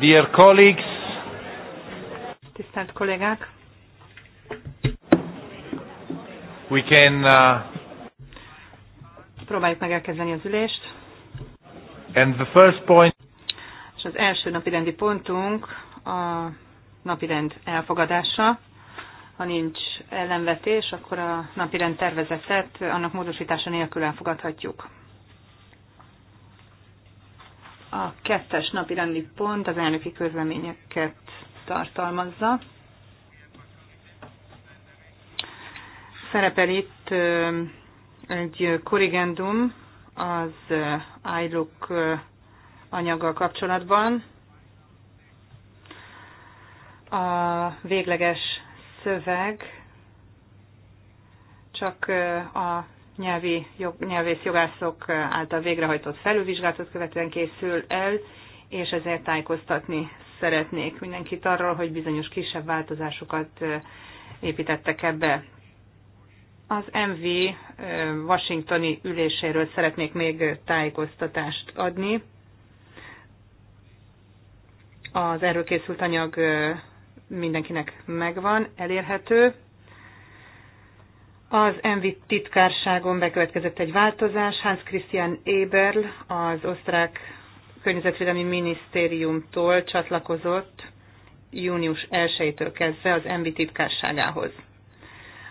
Dear colleagues, tisztelt kollégák, we can uh, próbáljuk meg elkezdeni az ülést. And the first point és az első napirendi pontunk a napirend elfogadása. Ha nincs ellenvetés, akkor a napirend tervezetet annak módosítása nélkül elfogadhatjuk a kettes napi rendi pont az elnöki közleményeket tartalmazza. Szerepel itt egy korrigendum az ILOC anyaggal kapcsolatban. A végleges szöveg csak a nyelvi, jog, nyelvész jogászok által végrehajtott felülvizsgálatot követően készül el, és ezért tájékoztatni szeretnék mindenkit arról, hogy bizonyos kisebb változásokat építettek ebbe. Az MV washingtoni üléséről szeretnék még tájékoztatást adni. Az erről készült anyag mindenkinek megvan, elérhető. Az Envi titkárságon bekövetkezett egy változás. Hans Christian Eberl az osztrák környezetvédelmi minisztériumtól csatlakozott június 1-től kezdve az Envi titkárságához.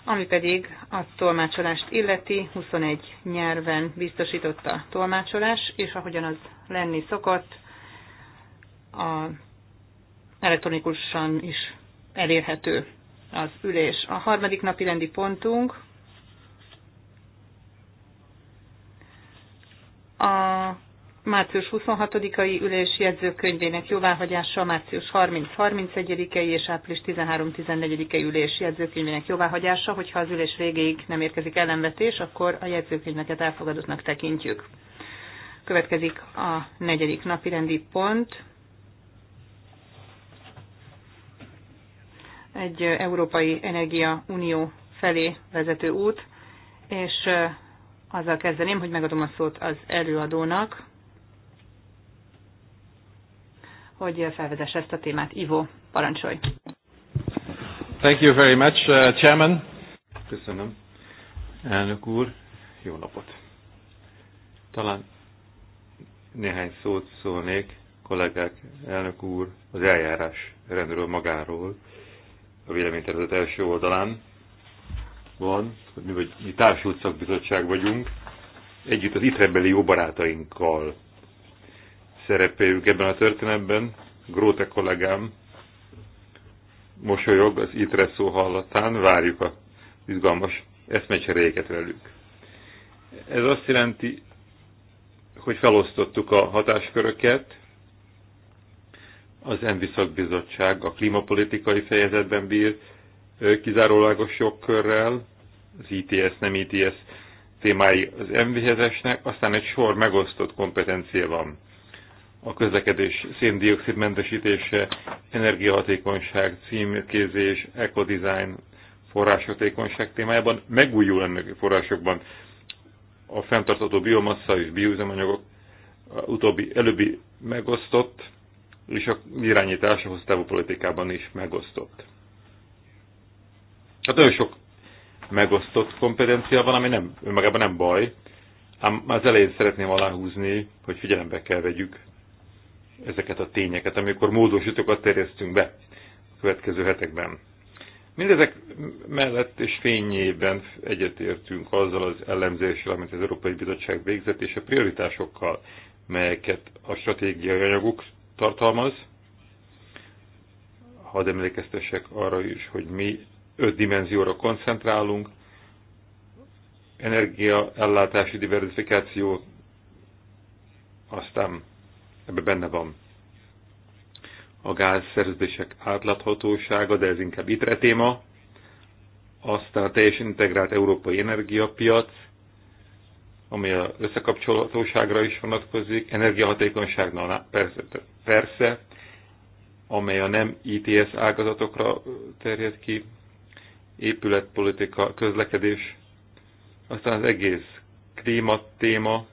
Ami pedig a tolmácsolást illeti, 21 nyelven biztosította tolmácsolás, és ahogyan az lenni szokott, a elektronikusan is elérhető az ülés. A harmadik napi rendi pontunk a március 26-ai ülés jegyzőkönyvének jóváhagyása, március 30-31-ei és április 13-14-ei ülés jegyzőkönyvének jóváhagyása, hogyha az ülés végéig nem érkezik ellenvetés, akkor a jegyzőkönyveket elfogadottnak tekintjük. Következik a negyedik napi rendi pont. Egy Európai Energia Unió felé vezető út, és azzal kezdeném, hogy megadom a szót az előadónak, hogy felvezesse ezt a témát. Ivo, parancsolj! Thank you very much, uh, Chairman. Köszönöm. Elnök úr, jó napot. Talán néhány szót szólnék, kollégák, elnök úr, az eljárás rendről magáról, a véleménytervezet első oldalán van, hogy mi, vagy, mi társult szakbizottság vagyunk, együtt az itrebeli jó barátainkkal szerepeljük ebben a történetben. Gróte kollégám mosolyog az itre szó hallatán, várjuk a izgalmas eszmecseréket velük. Ez azt jelenti, hogy felosztottuk a hatásköröket, az ENVI szakbizottság a klímapolitikai fejezetben bír, kizárólagos jogkörrel, az ITS, e nem ITS e témái az mvh esnek, aztán egy sor megosztott kompetencia van. A közlekedés széndiokszid mentesítése, energiahatékonyság, címkézés, ekodizájn, forráshatékonyság témájában, megújul ennek forrásokban a fenntartató biomassa és bióüzemanyagok utóbbi, előbbi megosztott, és a irányítás a politikában is megosztott. Hát nagyon sok megosztott kompetencia van, ami nem, önmagában nem baj, ám az elején szeretném aláhúzni, hogy figyelembe kell vegyük ezeket a tényeket, amikor módosítókat terjesztünk be a következő hetekben. Mindezek mellett és fényében egyetértünk azzal az ellenzéssel, amit az Európai Bizottság végzett, és a prioritásokkal, melyeket a stratégiai anyaguk tartalmaz. Hadd emlékeztessek arra is, hogy mi öt dimenzióra koncentrálunk, energiaellátási diversifikáció, aztán ebbe benne van a gázszerződések átláthatósága, de ez inkább itre téma, aztán a teljesen integrált európai energiapiac, ami a összekapcsolhatóságra is vonatkozik, energiahatékonyságnál persze, persze, amely a nem ITS ágazatokra terjed ki, épületpolitika, közlekedés, aztán az egész klímatéma,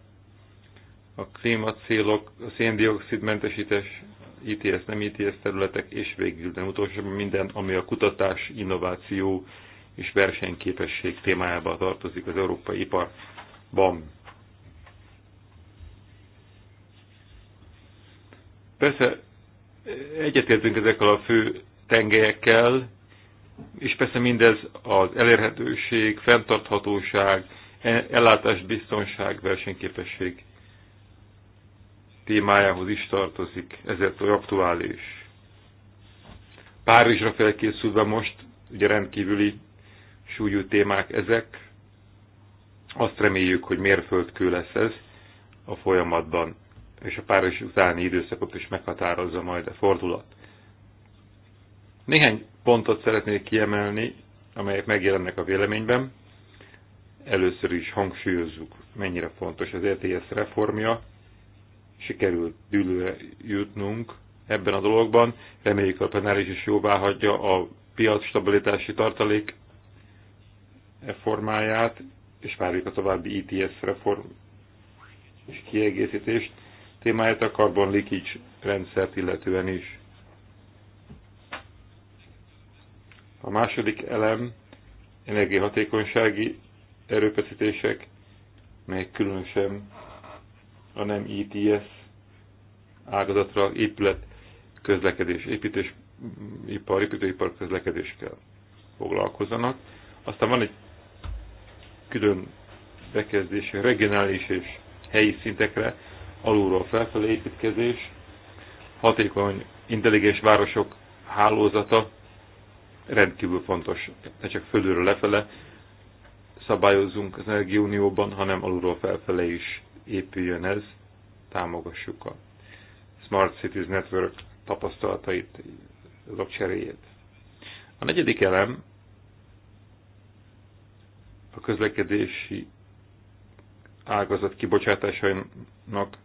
a klímacélok, a széndiokszidmentesítés, ITS, nem ITS területek, és végül, de utolsó, minden, ami a kutatás, innováció és versenyképesség témájába tartozik az európai iparban. Persze egyetértünk ezekkel a fő tengelyekkel, és persze mindez az elérhetőség, fenntarthatóság, e- ellátásbiztonság, versenyképesség témájához is tartozik, ezért olyan aktuális. Párizsra felkészülve most, ugye rendkívüli súlyú témák ezek, azt reméljük, hogy mérföldkő lesz ez a folyamatban, és a Párizs utáni időszakot is meghatározza majd a fordulat. Néhány pontot szeretnék kiemelni, amelyek megjelennek a véleményben. Először is hangsúlyozzuk, mennyire fontos az ETS reformja. Sikerült dűlőre jutnunk ebben a dologban. Reméljük a plenáris is jóvá hagyja a piac stabilitási tartalék reformáját, és várjuk a további ETS reform és kiegészítést témáját a Carbon Leakage rendszert illetően is. A második elem energiahatékonysági erőfeszítések, melyek különösen a nem ITS e ágazatra épület közlekedés, építés, ipar, építőipar közlekedéskel foglalkozanak. Aztán van egy külön bekezdés regionális és helyi szintekre, alulról felfelé építkezés, hatékony, intelligens városok hálózata, rendkívül fontos, ne csak fölülről lefele szabályozunk az Energiaunióban, hanem alulról felfele is épüljön ez, támogassuk a Smart Cities Network tapasztalatait, azok cseréjét. A negyedik elem a közlekedési ágazat kibocsátásainak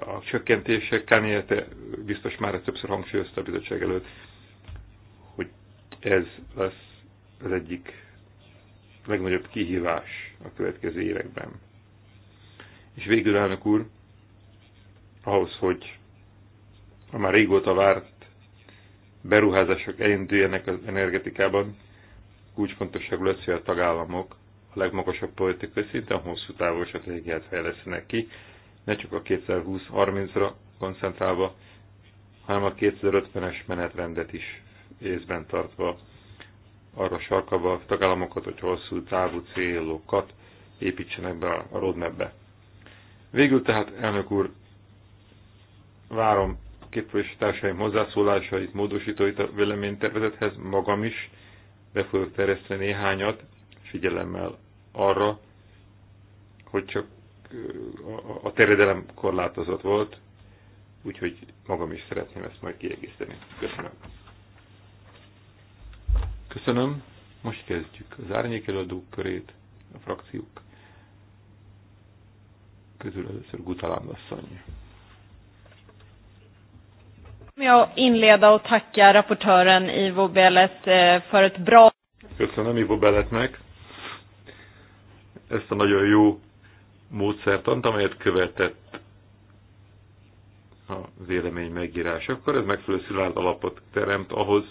a csökkentések, Kányérte biztos már többször hangsúlyozta a bizottság előtt, hogy ez lesz az egyik legnagyobb kihívás a következő években. És végül, elnök úr, ahhoz, hogy a már régóta várt beruházások elinduljanak az energetikában, kulcsfontosságú lesz, hogy a tagállamok a legmagasabb politikai szinten hosszú távú stratégiát fejlesztenek ki, ne csak a 2020-30-ra koncentrálva, hanem a 2050-es menetrendet is észben tartva arra sarkabba a tagállamokat, hogy hosszú távú célokat építsenek be a roadmapbe. Végül tehát, elnök úr, várom képviselőtársaim hozzászólásait, módosítóit a véleménytervezethez, magam is be fogok terjeszteni néhányat, figyelemmel arra, hogy csak a terjedelem korlátozott volt, úgyhogy magam is szeretném ezt majd kiegészíteni. Köszönöm. Köszönöm. Most kezdjük az árnyékelőadók körét, a frakciók közül először Gutalán asszony. Jag inleda och tacka rapportören Ivo Bellet eh, för ett bra... Köszönöm Ivo Belletnek ezt a nagyon jó módszertant, amelyet követett a vélemény megírás, akkor ez megfelelő szilárd alapot teremt ahhoz,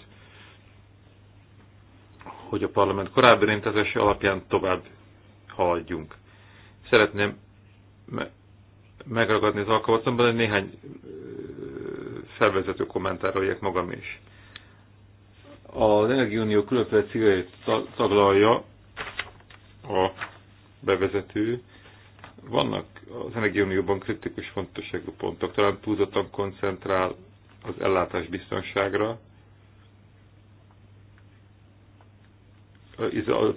hogy a parlament korábbi rendezési alapján tovább haladjunk. Szeretném me megragadni az alkalmat, szóval néhány felvezető kommentároljék magam is. Az Energiunió különféle cikkeit taglalja a bevezető, vannak az Energiaunióban kritikus fontosságú pontok, talán túlzottan koncentrál az ellátás biztonságra,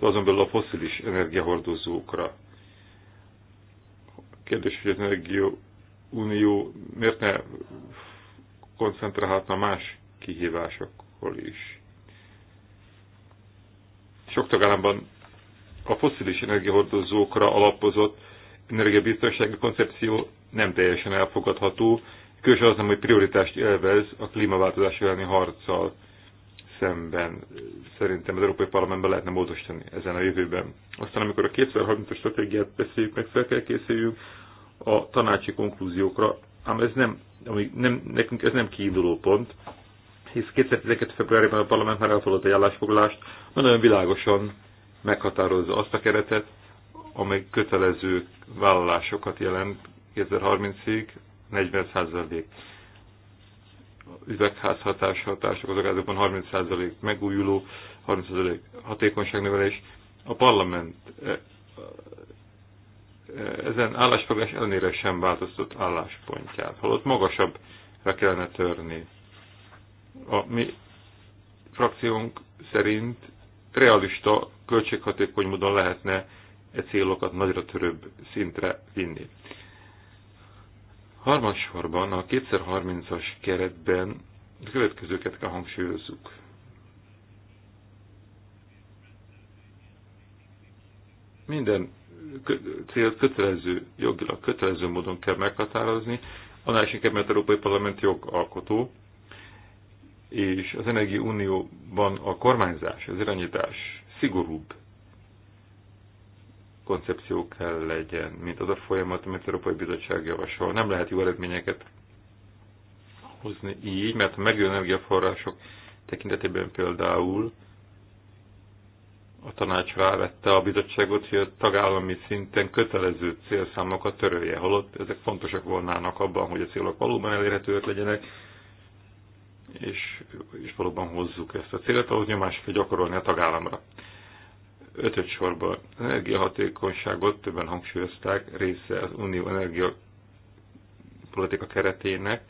azon belül a foszilis energiahordozókra. Kérdés, hogy az Energiaunió miért ne koncentrálhatna más kihívásokkal is. Sok tagállamban a foszilis energiahordozókra alapozott energiabiztonsági koncepció nem teljesen elfogadható, különösen az nem, hogy prioritást élvez a klímaváltozás elleni harccal szemben. Szerintem az Európai Parlamentben lehetne módosítani ezen a jövőben. Aztán amikor a 2030-as stratégiát beszéljük, meg fel kell készüljünk a tanácsi konklúziókra, ám ez nem, ami nem, nekünk ez nem kiinduló pont, hisz 2012. februárjában a parlament már elfogadott egy állásfoglalást, nagyon világosan meghatározza azt a keretet, amely kötelező vállalásokat jelent 2030-ig, 40% üvegházhatás hatások, azok azokban 30% megújuló, 30% hatékonyságnövelés. A parlament e, e, ezen állásfoglás ellenére sem változtott álláspontját, holott magasabbra kellene törni. A mi frakciónk szerint realista, költséghatékony módon lehetne e célokat nagyra törőbb szintre vinni. Harmadsorban a 2030-as keretben a következőket kell hangsúlyozzuk. Minden célt kötelező, jogilag kötelező módon kell meghatározni, annál is inkább, mert Európai Parlament jogalkotó, és az Energia Unióban a kormányzás, az irányítás szigorúbb, koncepció kell legyen, mint az a folyamat, amit az Európai Bizottság javasol. Nem lehet jó eredményeket hozni így, mert a megújuló energiaforrások tekintetében például a tanács rávette a bizottságot, hogy a tagállami szinten kötelező célszámokat törölje, holott ezek fontosak volnának abban, hogy a célok valóban elérhetőek legyenek, és, és valóban hozzuk ezt a célt, ahhoz nyomást kell gyakorolni a tagállamra. Ötöt sorban az energiahatékonyságot többen hangsúlyozták része az unió energiapolitika keretének,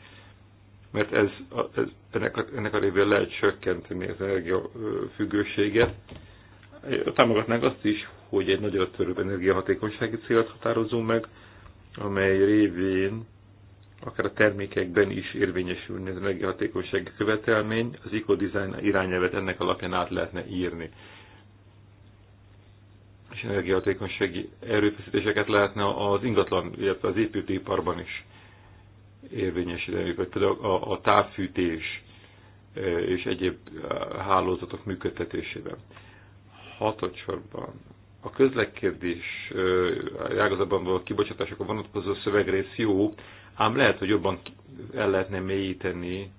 mert ez, ez ennek, a, ennek a révén lehet csökkenteni az energiafüggőséget. Támogatnánk azt is, hogy egy nagyobb törőbb energiahatékonysági célt határozunk meg, amely révén akár a termékekben is érvényesülni az energiahatékonysági követelmény, az ecodesign irányelvet ennek alapján át lehetne írni és energiahatékonysági erőfeszítéseket lehetne az ingatlan, illetve az építőiparban is érvényesíteni, például a, a távfűtés e, és egyéb e, hálózatok működtetésében. Hatodsorban a közlekedés e, ágazatban való kibocsátásokra vonatkozó szövegrész jó, ám lehet, hogy jobban el lehetne mélyíteni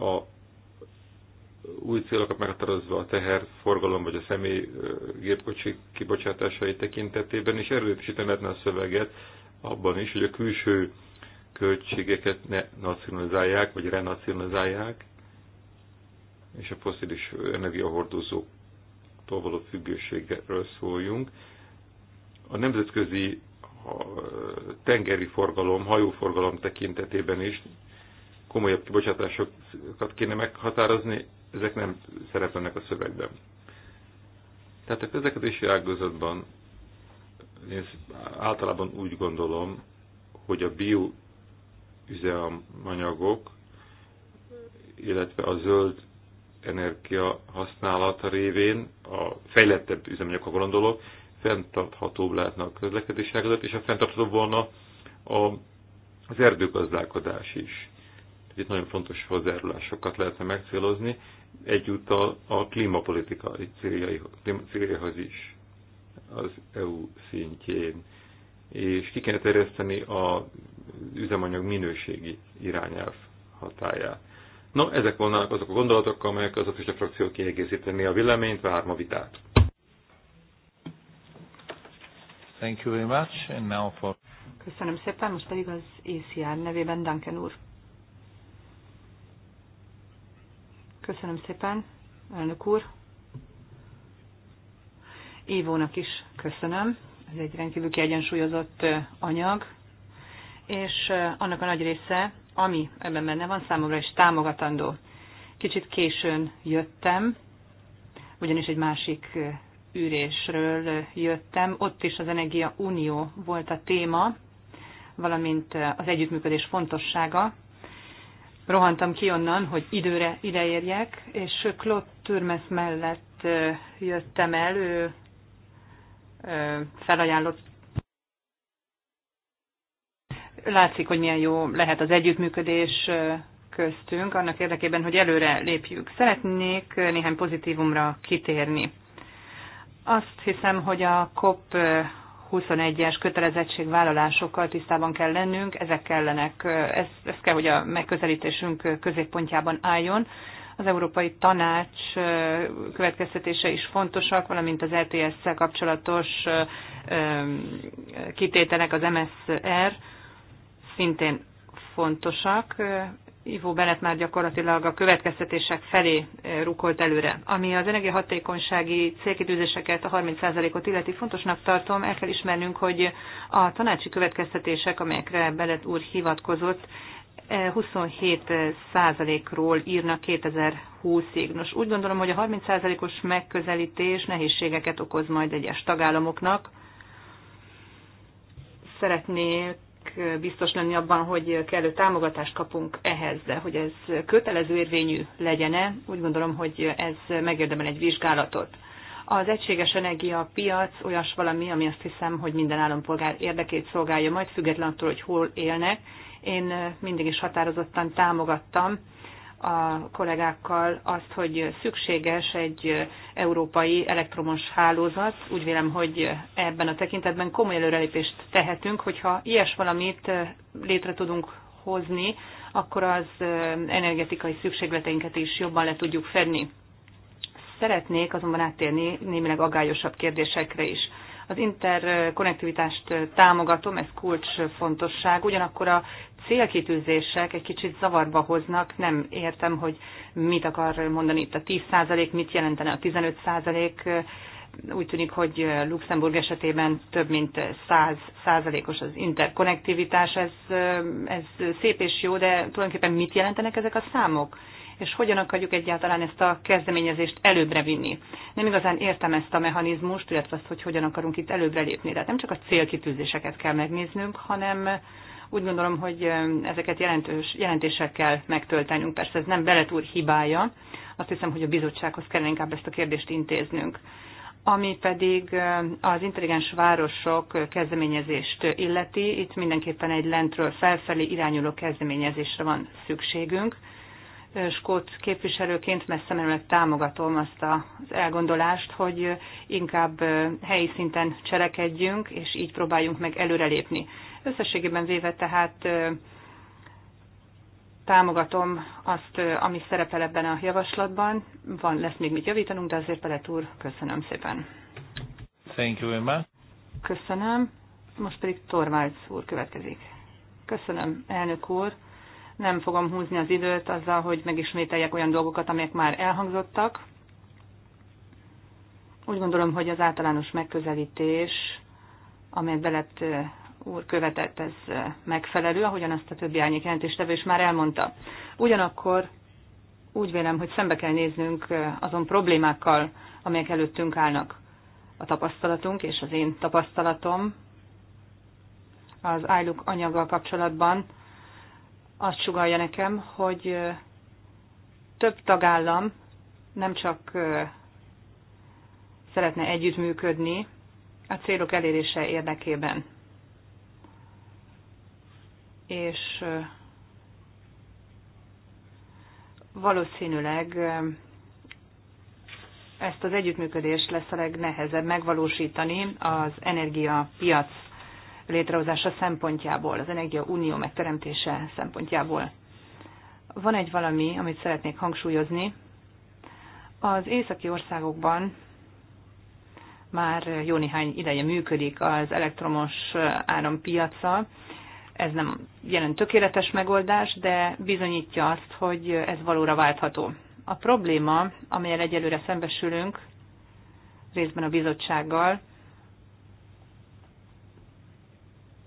a új célokat meghatározva a teherforgalom vagy a személy gépkocsi kibocsátásai tekintetében, és erősíteni lehetne a szöveget abban is, hogy a külső költségeket ne nacionalizálják, vagy renacionalizálják, és a foszilis energiahordozóktól való függőségről szóljunk. A nemzetközi tengeri forgalom, hajóforgalom tekintetében is komolyabb kibocsátásokat kéne meghatározni, ezek nem szerepelnek a szövegben. Tehát a közlekedési ágazatban én általában úgy gondolom, hogy a üzemanyagok, illetve a zöld energia használata révén, a fejlettebb üzemanyagokra gondolok, fenntarthatóbb lehetne a közlekedési ágazat, és a fenntarthatóbb volna a, az erdőgazdálkodás is hogy itt nagyon fontos hozzájárulásokat lehetne megcélozni, egyúttal a klímapolitikai céljaihoz is az EU szintjén. És ki kell terjeszteni az üzemanyag minőségi irányelv hatáját. No, ezek volnának azok a gondolatok, amelyek az a frakció kiegészíteni a véleményt, várom a vitát. Thank you very much, and now for... Köszönöm szépen, most pedig az ACR nevében Duncan úr. Köszönöm szépen, elnök úr. Évónak is köszönöm. Ez egy rendkívül kiegyensúlyozott anyag, és annak a nagy része, ami ebben benne van, számomra is támogatandó. Kicsit későn jöttem, ugyanis egy másik ürésről jöttem. Ott is az Energia Unió volt a téma, valamint az együttműködés fontossága, rohantam ki onnan, hogy időre ideérjek, és Klott Türmes mellett jöttem el, ő felajánlott. Látszik, hogy milyen jó lehet az együttműködés köztünk, annak érdekében, hogy előre lépjük. Szeretnék néhány pozitívumra kitérni. Azt hiszem, hogy a COP 21-es kötelezettségvállalásokkal tisztában kell lennünk, ezek kellenek, ez, ez kell, hogy a megközelítésünk középpontjában álljon. Az Európai Tanács következtetése is fontosak, valamint az RTS-szel e kapcsolatos kitételek, az MSR szintén fontosak. Ivo Bennett már gyakorlatilag a következtetések felé eh, rukolt előre. Ami az energiahatékonysági célkitűzéseket, a 30%-ot illeti fontosnak tartom, el kell ismernünk, hogy a tanácsi következtetések, amelyekre Bennett úr hivatkozott, 27%-ról eh, írnak 2020-ig. Nos, úgy gondolom, hogy a 30%-os megközelítés nehézségeket okoz majd egyes tagállamoknak. Szeretnék biztos lenni abban, hogy kellő támogatást kapunk ehhez, de hogy ez kötelező érvényű legyen-e, úgy gondolom, hogy ez megérdemel egy vizsgálatot. Az egységes piac olyas valami, ami azt hiszem, hogy minden állampolgár érdekét szolgálja, majd függetlenül attól, hogy hol élnek. Én mindig is határozottan támogattam a kollégákkal azt, hogy szükséges egy európai elektromos hálózat. Úgy vélem, hogy ebben a tekintetben komoly előrelépést tehetünk, hogyha ilyes valamit létre tudunk hozni, akkor az energetikai szükségleteinket is jobban le tudjuk fedni. Szeretnék azonban áttérni némileg agályosabb kérdésekre is. Az interkonnektivitást támogatom, ez kulcsfontosság, ugyanakkor a célkitűzések egy kicsit zavarba hoznak, nem értem, hogy mit akar mondani itt a 10%, mit jelentene a 15%, úgy tűnik, hogy Luxemburg esetében több mint 100 százalékos az interkonnektivitás, ez, ez szép és jó, de tulajdonképpen mit jelentenek ezek a számok? és hogyan akarjuk egyáltalán ezt a kezdeményezést előbbre vinni. Nem igazán értem ezt a mechanizmust, illetve azt, hogy hogyan akarunk itt előbbre lépni. Tehát nem csak a célkitűzéseket kell megnéznünk, hanem úgy gondolom, hogy ezeket jelentős, jelentésekkel kell megtöltenünk. Persze ez nem beletúr hibája, azt hiszem, hogy a bizottsághoz kellene inkább ezt a kérdést intéznünk ami pedig az intelligens városok kezdeményezést illeti. Itt mindenképpen egy lentről felfelé irányuló kezdeményezésre van szükségünk skót képviselőként messze menőleg támogatom azt az elgondolást, hogy inkább helyi szinten cselekedjünk, és így próbáljunk meg előrelépni. Összességében véve tehát támogatom azt, ami szerepel ebben a javaslatban. Van, lesz még mit javítanunk, de azért Pelet úr, köszönöm szépen. Thank you very much. Köszönöm. Most pedig Torvalds úr következik. Köszönöm, elnök úr. Nem fogom húzni az időt azzal, hogy megismételjek olyan dolgokat, amelyek már elhangzottak. Úgy gondolom, hogy az általános megközelítés, amely belett úr követett, ez megfelelő, ahogyan azt a többi árnyék jelentéstevő is már elmondta. Ugyanakkor úgy vélem, hogy szembe kell néznünk azon problémákkal, amelyek előttünk állnak. A tapasztalatunk és az én tapasztalatom az ájluk anyaggal kapcsolatban azt sugalja nekem, hogy több tagállam nem csak szeretne együttműködni a célok elérése érdekében. És valószínűleg ezt az együttműködést lesz a legnehezebb megvalósítani az energiapiac létrehozása szempontjából, az Energia Unió megteremtése szempontjából. Van egy valami, amit szeretnék hangsúlyozni. Az északi országokban már jó néhány ideje működik az elektromos árampiaca. Ez nem jelent tökéletes megoldás, de bizonyítja azt, hogy ez valóra váltható. A probléma, amelyel egyelőre szembesülünk, részben a bizottsággal,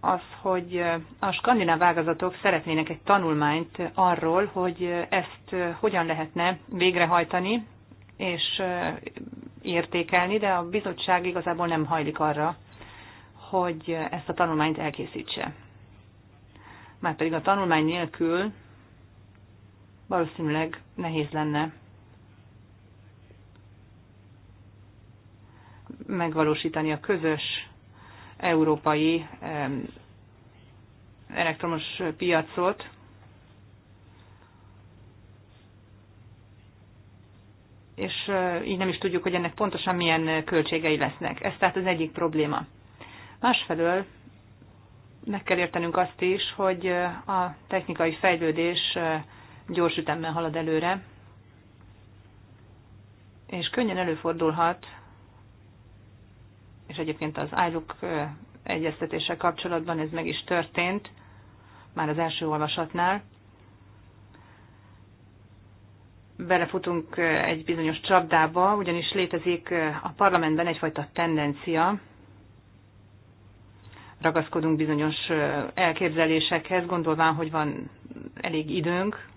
az, hogy a skandináv ágazatok szeretnének egy tanulmányt arról, hogy ezt hogyan lehetne végrehajtani és értékelni, de a bizottság igazából nem hajlik arra, hogy ezt a tanulmányt elkészítse. Márpedig a tanulmány nélkül valószínűleg nehéz lenne megvalósítani a közös európai elektromos piacot. És így nem is tudjuk, hogy ennek pontosan milyen költségei lesznek. Ez tehát az egyik probléma. Másfelől meg kell értenünk azt is, hogy a technikai fejlődés gyors ütemben halad előre, és könnyen előfordulhat, és egyébként az ILUK egyeztetése kapcsolatban ez meg is történt, már az első olvasatnál. Belefutunk egy bizonyos csapdába, ugyanis létezik a parlamentben egyfajta tendencia, ragaszkodunk bizonyos elképzelésekhez, gondolván, hogy van elég időnk,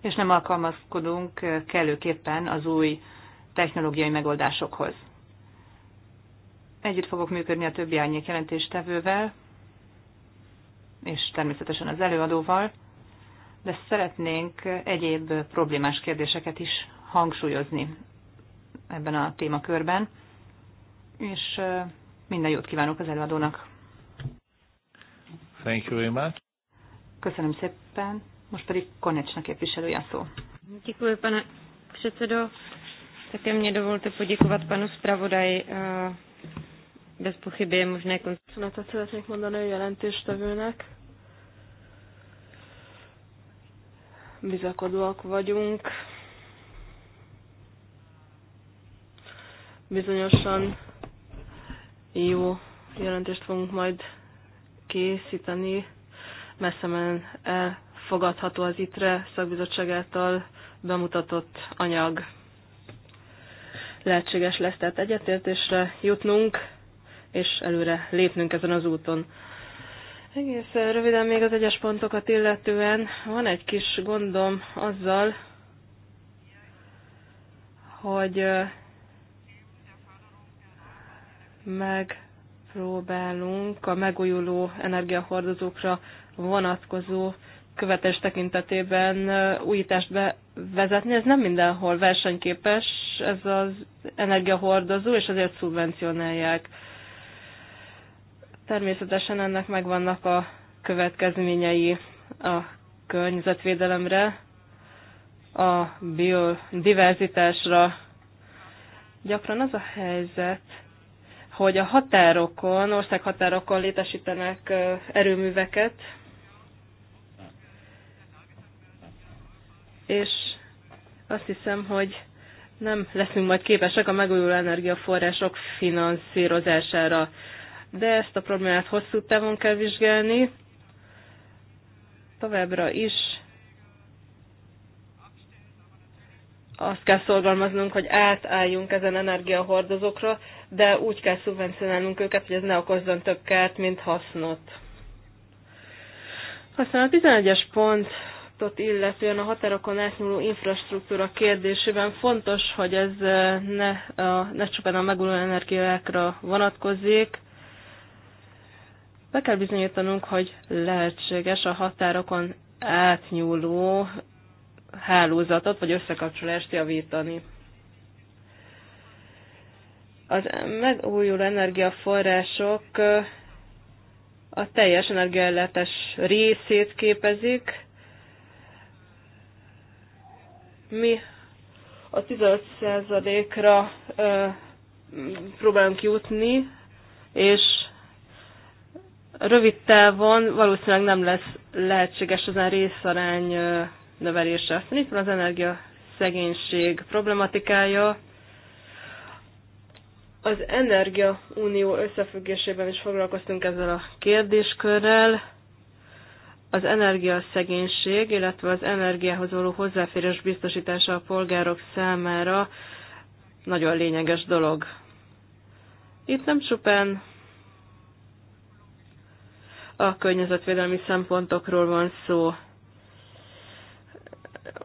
és nem alkalmazkodunk kellőképpen az új technológiai megoldásokhoz. Együtt fogok működni a többi árnyék jelentéstevővel, és természetesen az előadóval, de szeretnénk egyéb problémás kérdéseket is hangsúlyozni ebben a témakörben, és minden jót kívánok az előadónak. Thank you very much. Köszönöm szépen. Most pedig Konecsna képviselője a szó. Děkuji, pane předsedo. Také mě dovolte poděkovat panu zpravodaji eh, bez pochybě možné konzultace. szeretnék mondani a jelentéstevőnek. Bizakodóak vagyunk. Bizonyosan jó jelentést fogunk majd készíteni. Messze menően elfogadható az ITRE szakbizottság által bemutatott anyag. Lehetséges lesz tehát egyetértésre jutnunk és előre lépnünk ezen az úton. Egész röviden még az egyes pontokat illetően van egy kis gondom azzal, hogy megpróbálunk a megújuló energiahordozókra vonatkozó követés tekintetében újítást bevezetni. Ez nem mindenhol versenyképes, ez az energiahordozó, és azért szubvencionálják. Természetesen ennek megvannak a következményei a környezetvédelemre, a biodiverzitásra. Gyakran az a helyzet, hogy a határokon, országhatárokon létesítenek erőműveket, és azt hiszem, hogy nem leszünk majd képesek a megújuló energiaforrások finanszírozására de ezt a problémát hosszú távon kell vizsgálni. Továbbra is azt kell szorgalmaznunk, hogy átálljunk ezen energiahordozókra, de úgy kell szubvencionálnunk őket, hogy ez ne okozzon több kárt, mint hasznot. Aztán a 11-es pontot illetően a határokon átnyúló infrastruktúra kérdésében fontos, hogy ez eh, ne, a, ne csupán a megújuló energiákra vonatkozik, be kell bizonyítanunk, hogy lehetséges a határokon átnyúló hálózatot vagy összekapcsolást javítani. Az megújuló energiaforrások a teljes energiaellátás részét képezik. Mi a 15%-ra próbálunk jutni, és Rövid távon valószínűleg nem lesz lehetséges az a részarány növelése. Aztán itt van az energia szegénység problematikája. Az Energia Unió összefüggésében is foglalkoztunk ezzel a kérdéskörrel az energia szegénység, illetve az energiához való hozzáférés biztosítása a polgárok számára nagyon lényeges dolog. Itt nem csupán a környezetvédelmi szempontokról van szó.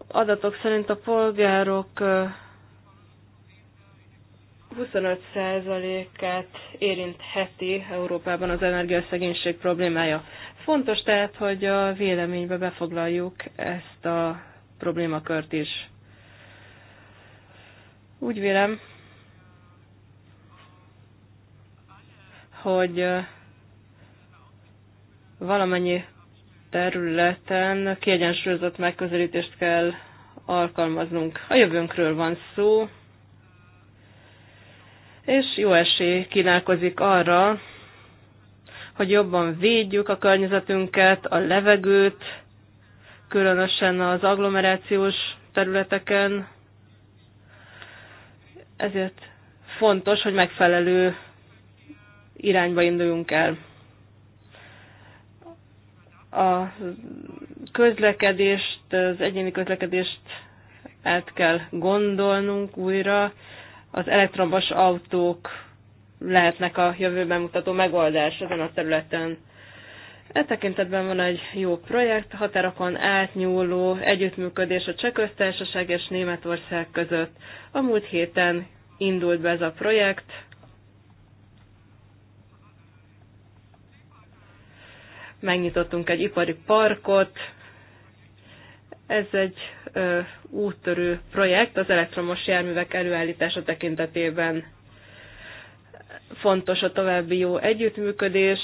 Adatok szerint a polgárok 25%-át érintheti Európában az energiaszegénység problémája. Fontos tehát, hogy a véleménybe befoglaljuk ezt a problémakört is. Úgy vélem, hogy valamennyi területen kiegyensúlyozott megközelítést kell alkalmaznunk. A jövőnkről van szó, és jó esély kínálkozik arra, hogy jobban védjük a környezetünket, a levegőt, különösen az agglomerációs területeken. Ezért fontos, hogy megfelelő irányba induljunk el. A közlekedést, az egyéni közlekedést át kell gondolnunk újra. Az elektromos autók lehetnek a jövőben mutató megoldás ezen a területen. E tekintetben van egy jó projekt, határokon átnyúló együttműködés a Cseh Köztársaság és Németország között. A múlt héten indult be ez a projekt, megnyitottunk egy ipari parkot, ez egy ö, úttörő projekt az elektromos járművek előállítása tekintetében. Fontos a további jó együttműködés,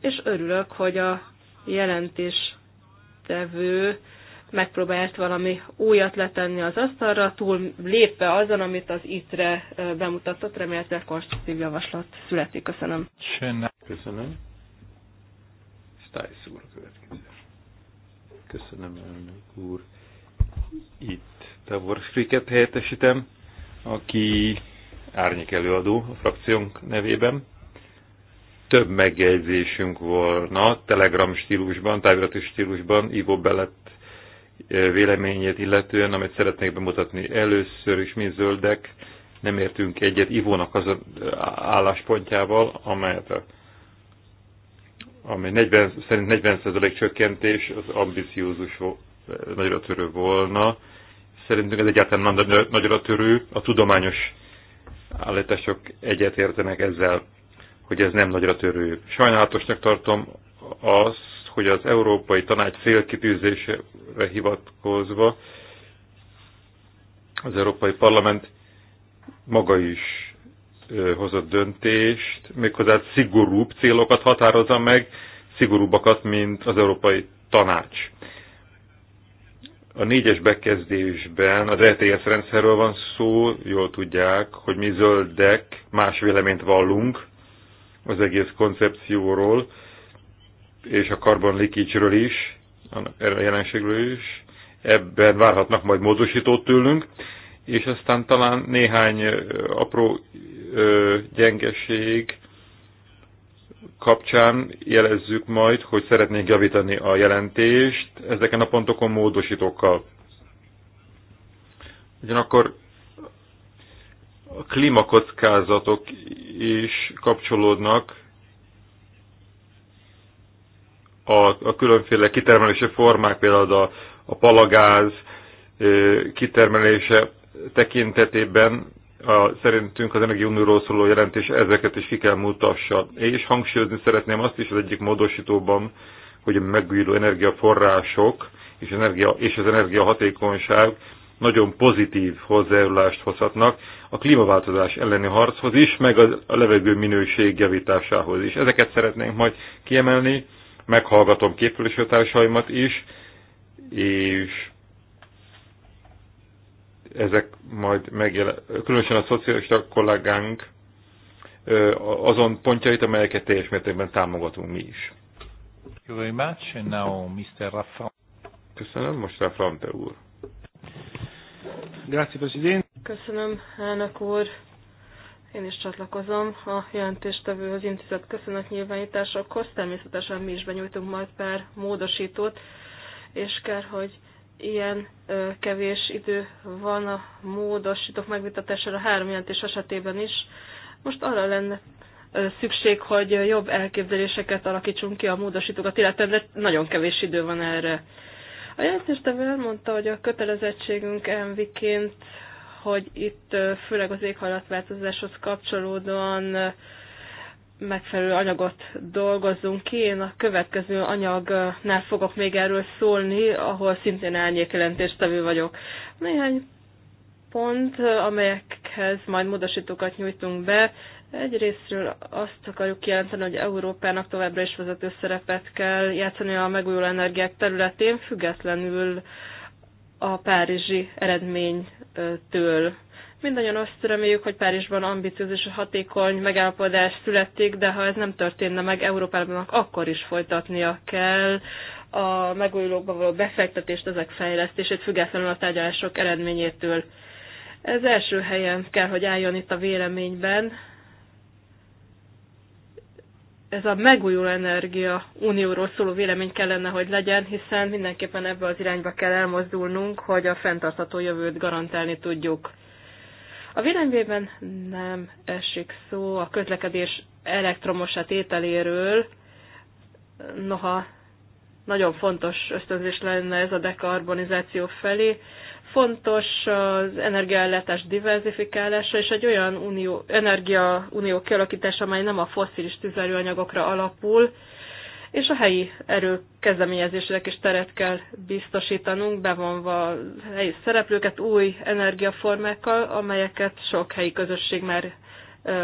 és örülök, hogy a jelentéstevő megpróbált valami újat letenni az asztalra, túl lépve azon, amit az ITRE bemutatott, remélhetőleg konstruktív javaslat születik. Köszönöm. Köszönöm. Stice úr a következő. Köszönöm, elnök úr. Itt Tavor Skriket helyettesítem, aki árnyék előadó a frakciónk nevében. Több megjegyzésünk volna telegram stílusban, távirati stílusban, Ivo Bellett eh, véleményét illetően, amit szeretnék bemutatni először is mi zöldek, nem értünk egyet Ivónak az eh, álláspontjával, amelyet a ami 40, szerint 40% csökkentés az ambiciózus nagyra törő volna. Szerintünk ez egyáltalán nem nagyra törő, a tudományos állítások egyetértenek ezzel, hogy ez nem nagyra törő. Sajnálatosnak tartom azt, hogy az Európai Tanács célkitűzésre hivatkozva az Európai Parlament maga is hozott döntést, méghozzá szigorúbb célokat határozza meg, szigorúbbakat, mint az Európai Tanács. A négyes bekezdésben az ETS rendszerről van szó, jól tudják, hogy mi zöldek más véleményt vallunk az egész koncepcióról, és a carbon leakage-ről is, a jelenségről is. Ebben várhatnak majd módosítót tőlünk és aztán talán néhány apró gyengeség kapcsán jelezzük majd, hogy szeretnénk javítani a jelentést ezeken a pontokon módosítókkal. Ugyanakkor a klímakockázatok is kapcsolódnak a, a különféle kitermelési formák, például a, a palagáz kitermelése tekintetében a, szerintünk az Unióról szóló jelentés ezeket is ki kell mutassa. És hangsúlyozni szeretném azt is az egyik módosítóban, hogy a megújuló energiaforrások és, energia, és az energiahatékonyság nagyon pozitív hozzájárulást hozhatnak a klímaváltozás elleni harchoz is, meg a levegő minőség javításához is. Ezeket szeretnénk majd kiemelni, meghallgatom képviselőtársaimat is, és ezek majd megjelen, különösen a szocialista kollégánk azon pontjait, amelyeket teljes mértékben támogatunk mi is. Köszönöm, most Raffronte úr. Köszönöm, elnök úr. Én is csatlakozom a az intézet köszönet nyilvánításokhoz. Természetesen mi is benyújtunk majd pár módosítót, és kell, hogy ilyen ö, kevés idő van a módosítók megvitatására három jelentés esetében is. Most arra lenne ö, szükség, hogy jobb elképzeléseket alakítsunk ki a módosítókat, illetve de nagyon kevés idő van erre. A jelentéstevő elmondta, hogy a kötelezettségünk mv hogy itt főleg az éghajlatváltozáshoz kapcsolódóan megfelelő anyagot dolgozzunk ki. Én a következő anyagnál fogok még erről szólni, ahol szintén elnyékjelentéstevő vagyok. Néhány pont, amelyekhez majd módosítókat nyújtunk be. Egyrésztről azt akarjuk jelenteni, hogy Európának továbbra is vezető szerepet kell játszani a megújuló energiák területén, függetlenül a párizsi eredménytől. Mindannyian azt reméljük, hogy Párizsban ambiciózus és hatékony megállapodás születik, de ha ez nem történne meg Európában, akkor is folytatnia kell a megújulókba való befektetést, ezek fejlesztését, függetlenül a tárgyalások eredményétől. Ez első helyen kell, hogy álljon itt a véleményben. Ez a megújuló energia unióról szóló vélemény kellene, hogy legyen, hiszen mindenképpen ebbe az irányba kell elmozdulnunk, hogy a fenntartható jövőt garantálni tudjuk. A véleményben nem esik szó a közlekedés elektromos tételéről, noha nagyon fontos ösztönzés lenne ez a dekarbonizáció felé. Fontos az energiaellátás diversifikálása és egy olyan unió, energiaunió kialakítása, amely nem a fosszilis tüzelőanyagokra alapul, és a helyi erő kezdeményezésének is teret kell biztosítanunk, bevonva a helyi szereplőket új energiaformákkal, amelyeket sok helyi közösség már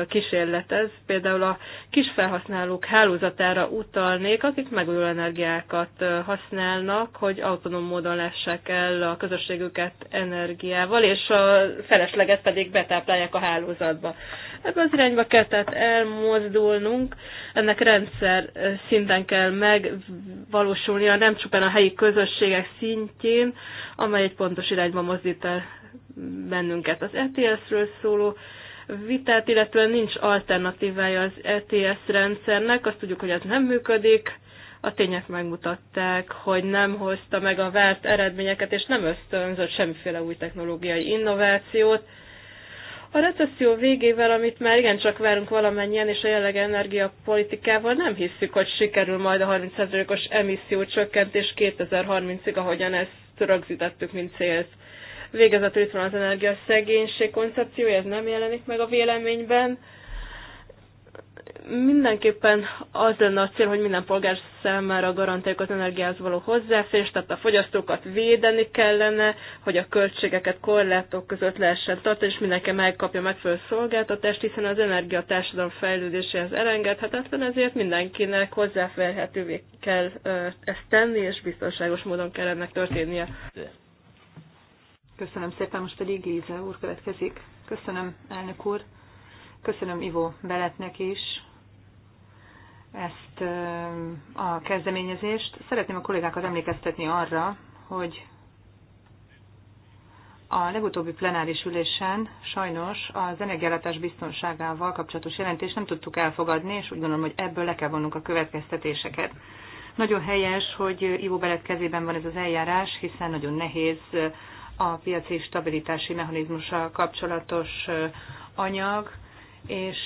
kísérletez. Például a kisfelhasználók hálózatára utalnék, akik megújuló energiákat használnak, hogy autonóm módon lássák el a közösségüket energiával, és a felesleget pedig betáplálják a hálózatba. Ebben az irányba kell tehát elmozdulnunk, ennek rendszer szinten kell megvalósulnia, nem csupán a helyi közösségek szintjén, amely egy pontos irányba mozdít el bennünket. Az ETS-ről szóló vitát, illetve nincs alternatívája az ETS rendszernek. Azt tudjuk, hogy ez nem működik. A tények megmutatták, hogy nem hozta meg a várt eredményeket, és nem ösztönzött semmiféle új technológiai innovációt. A recesszió végével, amit már igencsak várunk valamennyien, és a jelenlegi energiapolitikával nem hiszük, hogy sikerül majd a 30%-os emissziócsökkentés csökkentés 2030-ig, ahogyan ezt rögzítettük, mint célt. Végezetül itt van az energiaszegénység koncepciója, ez nem jelenik meg a véleményben. Mindenképpen az lenne a cél, hogy minden polgár számára garantáljuk az energiához való hozzáférést, tehát a fogyasztókat védeni kellene, hogy a költségeket korlátok között lehessen tartani, és mindenki megkapja megfelelő szolgáltatást, hiszen az energia társadalom fejlődéséhez elengedhetetlen, ezért mindenkinek hozzáférhetővé kell ezt tenni, és biztonságos módon kell ennek történnie. Köszönöm szépen, most pedig Géza úr következik. Köszönöm, elnök úr. Köszönöm Ivo Beletnek is ezt a kezdeményezést. Szeretném a kollégákat emlékeztetni arra, hogy a legutóbbi plenáris ülésen sajnos az energiállátás biztonságával kapcsolatos jelentést nem tudtuk elfogadni, és úgy gondolom, hogy ebből le kell vonnunk a következtetéseket. Nagyon helyes, hogy Ivo Belet kezében van ez az eljárás, hiszen nagyon nehéz a piaci stabilitási mechanizmusa kapcsolatos anyag, és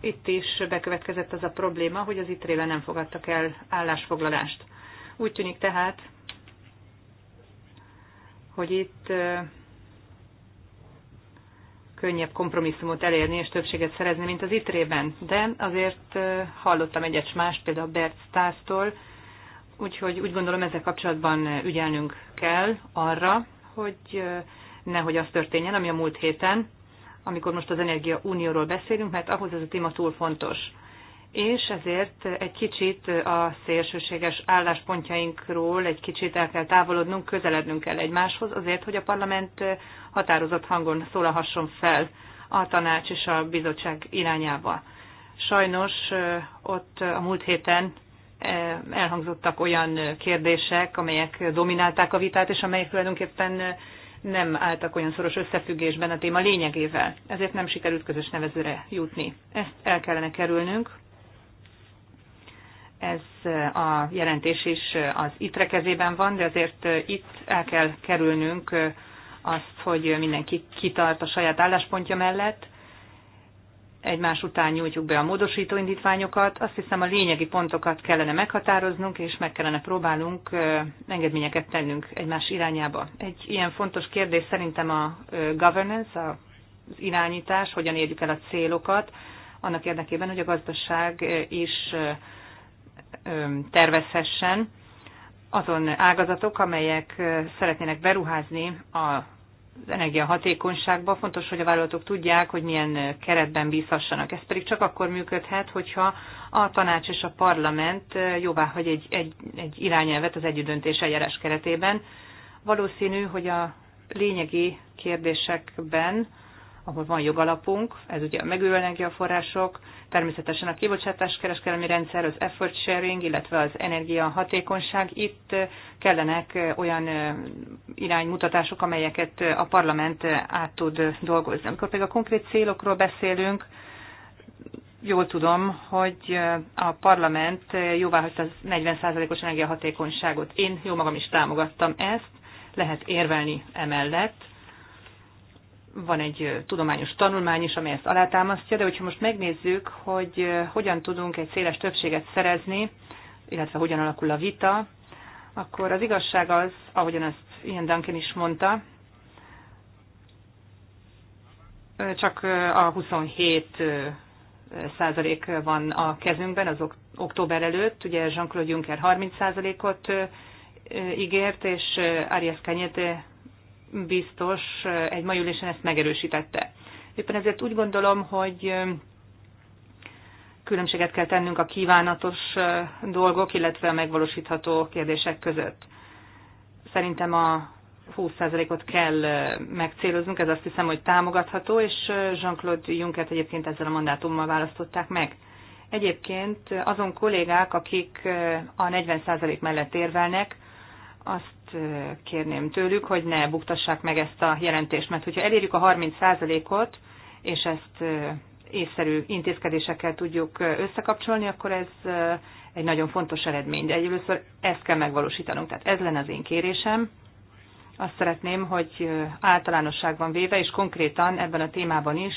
itt is bekövetkezett az a probléma, hogy az ITRÉ-le nem fogadtak el állásfoglalást. Úgy tűnik tehát, hogy itt könnyebb kompromisszumot elérni és többséget szerezni, mint az ITRÉ-ben. De azért hallottam egyet más, például Bert Stásztól, úgyhogy úgy gondolom ezzel kapcsolatban ügyelnünk kell arra, hogy nehogy az történjen, ami a múlt héten, amikor most az Energia Unióról beszélünk, mert ahhoz ez a téma túl fontos. És ezért egy kicsit a szélsőséges álláspontjainkról egy kicsit el kell távolodnunk, közelednünk kell egymáshoz, azért, hogy a parlament határozott hangon szólalhasson fel a tanács és a bizottság irányába. Sajnos ott a múlt héten elhangzottak olyan kérdések, amelyek dominálták a vitát, és amelyek tulajdonképpen nem álltak olyan szoros összefüggésben a téma lényegével. Ezért nem sikerült közös nevezőre jutni. Ezt el kellene kerülnünk. Ez a jelentés is az ITRE kezében van, de azért itt el kell kerülnünk azt, hogy mindenki kitart a saját álláspontja mellett, egymás után nyújtjuk be a módosító indítványokat. Azt hiszem a lényegi pontokat kellene meghatároznunk, és meg kellene próbálnunk engedményeket tennünk egymás irányába. Egy ilyen fontos kérdés szerintem a governance, az irányítás, hogyan érjük el a célokat, annak érdekében, hogy a gazdaság is tervezhessen azon ágazatok, amelyek szeretnének beruházni a energiahatékonyságba. Fontos, hogy a vállalatok tudják, hogy milyen keretben bízhassanak. Ez pedig csak akkor működhet, hogyha a tanács és a parlament jóvá hagy egy, egy, egy irányelvet az együttdöntés eljárás keretében. Valószínű, hogy a lényegi kérdésekben ahol van jogalapunk, ez ugye a megújuló energiaforrások, természetesen a kibocsátás kereskedelmi rendszer, az effort sharing, illetve az energia hatékonyság. Itt eh, kellenek eh, olyan eh, iránymutatások, amelyeket a parlament át tud dolgozni. Amikor pedig a konkrét célokról beszélünk, jól tudom, hogy a parlament jóváhagyta az 40%-os energiahatékonyságot. Én jó magam is támogattam ezt, lehet érvelni emellett, van egy tudományos tanulmány is, amely ezt alátámasztja, de hogyha most megnézzük, hogy hogyan tudunk egy széles többséget szerezni, illetve hogyan alakul a vita, akkor az igazság az, ahogyan ezt Ian Duncan is mondta, csak a 27 százalék van a kezünkben az október előtt. Ugye Jean-Claude Juncker 30 százalékot ígért, és Arias Kenyete biztos eh, egy mai ülésen ezt megerősítette. Éppen ezért úgy gondolom, hogy eh, különbséget kell tennünk a kívánatos eh, dolgok, illetve a megvalósítható kérdések között. Szerintem a 20%-ot kell megcéloznunk, ez azt hiszem, hogy támogatható, és Jean-Claude Junckert egyébként ezzel a mandátummal választották meg. Egyébként azon kollégák, akik a 40% mellett érvelnek, azt kérném tőlük, hogy ne buktassák meg ezt a jelentést, mert hogyha elérjük a 30%-ot, és ezt észszerű intézkedésekkel tudjuk összekapcsolni, akkor ez egy nagyon fontos eredmény. De először ezt kell megvalósítanunk. Tehát ez lenne az én kérésem. Azt szeretném, hogy általánosságban véve, és konkrétan ebben a témában is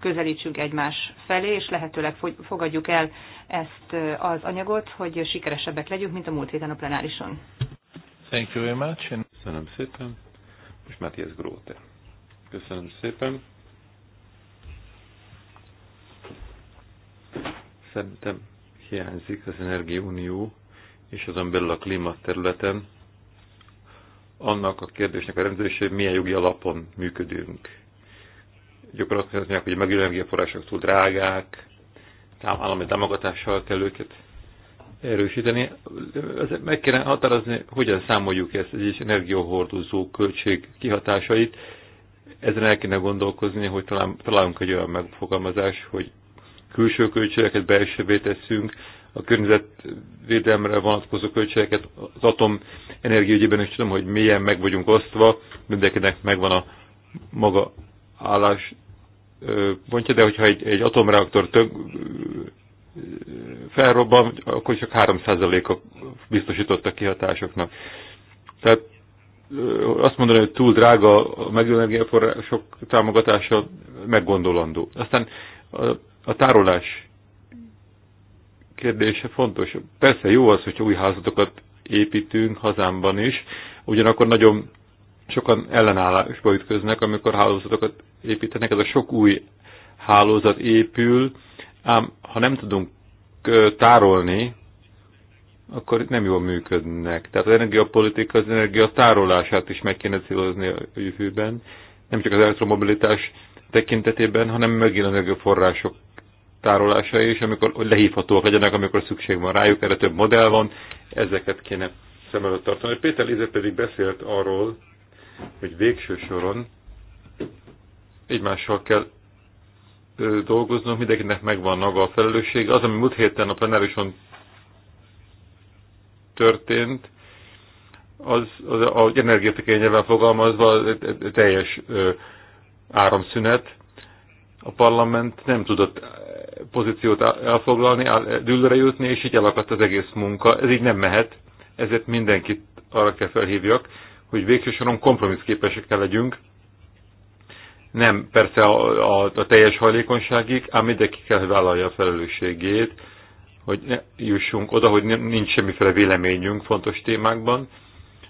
közelítsünk egymás felé, és lehetőleg fogadjuk el ezt az anyagot, hogy sikeresebbek legyünk, mint a múlt héten a plenárison. Thank you very much. And... Köszönöm szépen. Most Matthias Gróte. Köszönöm szépen. Szerintem hiányzik az Energiaunió és azon belül a klíma területen annak a kérdésnek a rendezése, hogy milyen jogi alapon működünk. Gyakran azt mondják, hogy a megjelenő energiaforrások túl drágák, állami támogatással kell őket erősíteni. Meg kéne határozni, hogyan számoljuk ezt az energiahordozó költség kihatásait. Ezen el kéne gondolkozni, hogy talán, találunk egy olyan megfogalmazás, hogy külső költségeket belsővé tesszünk, a környezetvédelemre vonatkozó költségeket, az atom energiaügyében is tudom, hogy milyen meg vagyunk osztva, mindenkinek megvan a maga állás pontja, de hogyha egy, egy atomreaktor tök, felrobban, akkor csak 3%-a biztosított a kihatásoknak. Tehát azt mondani, hogy túl drága a források támogatása meggondolandó. Aztán a, a tárolás kérdése fontos. Persze jó az, hogy új házatokat építünk hazámban is, ugyanakkor nagyon sokan ellenállásba ütköznek, amikor hálózatokat építenek. Ez a sok új hálózat épül, Ám ha nem tudunk tárolni, akkor nem jól működnek. Tehát az energiapolitika az energia tárolását is meg kéne célozni a jövőben, nem csak az elektromobilitás tekintetében, hanem megint az energiaforrások tárolása is, amikor hogy lehívhatóak legyenek, amikor szükség van rájuk, erre több modell van, ezeket kéne szem előtt tartani. Péter Lize pedig beszélt arról, hogy végső soron egymással kell dolgoznunk, mindenkinek megvan maga a felelősség. Az, ami múlt héten a plenárison történt, az, az, az energetikai nyelven fogalmazva teljes ö, áramszünet. A parlament nem tudott pozíciót elfoglalni, dűlőre jutni, és így elakadt az egész munka. Ez így nem mehet, ezért mindenkit arra kell felhívjak, hogy végsősoron soron kompromisszképesek kell legyünk, nem persze a, a, a teljes hajlékonyságig, ám mindenki kell, hogy vállalja a felelősségét, hogy ne jussunk oda, hogy nincs semmiféle véleményünk fontos témákban.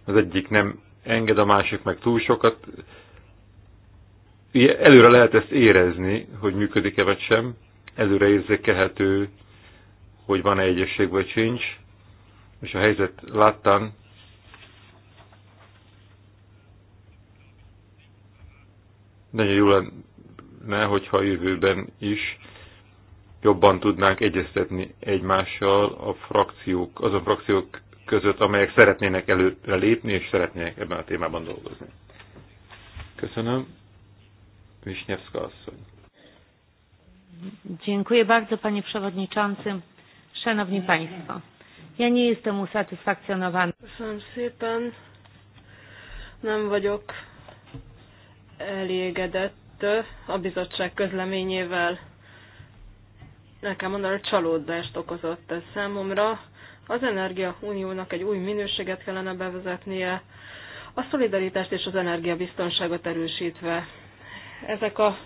Az egyik nem enged, a másik meg túl sokat. Előre lehet ezt érezni, hogy működik-e vagy sem. Előre érzékelhető, hogy van-e egyesség vagy sincs. És a helyzet láttán Nagyon jó lenne, hogyha a jövőben is jobban tudnánk egyeztetni egymással a frakciók, a frakciók között, amelyek szeretnének előre lépni és szeretnének ebben a témában dolgozni. Köszönöm. Wisniewska asszony. Dziękuję bardzo panie przewodniczący. Szanowni państwo. Ja nie jestem usatysfakcjonowany. Köszönöm szépen. Nem vagyok elégedett a bizottság közleményével. Nekem hogy csalódást okozott ez számomra. Az Energia Uniónak egy új minőséget kellene bevezetnie, a szolidaritást és az energiabiztonságot erősítve. Ezek a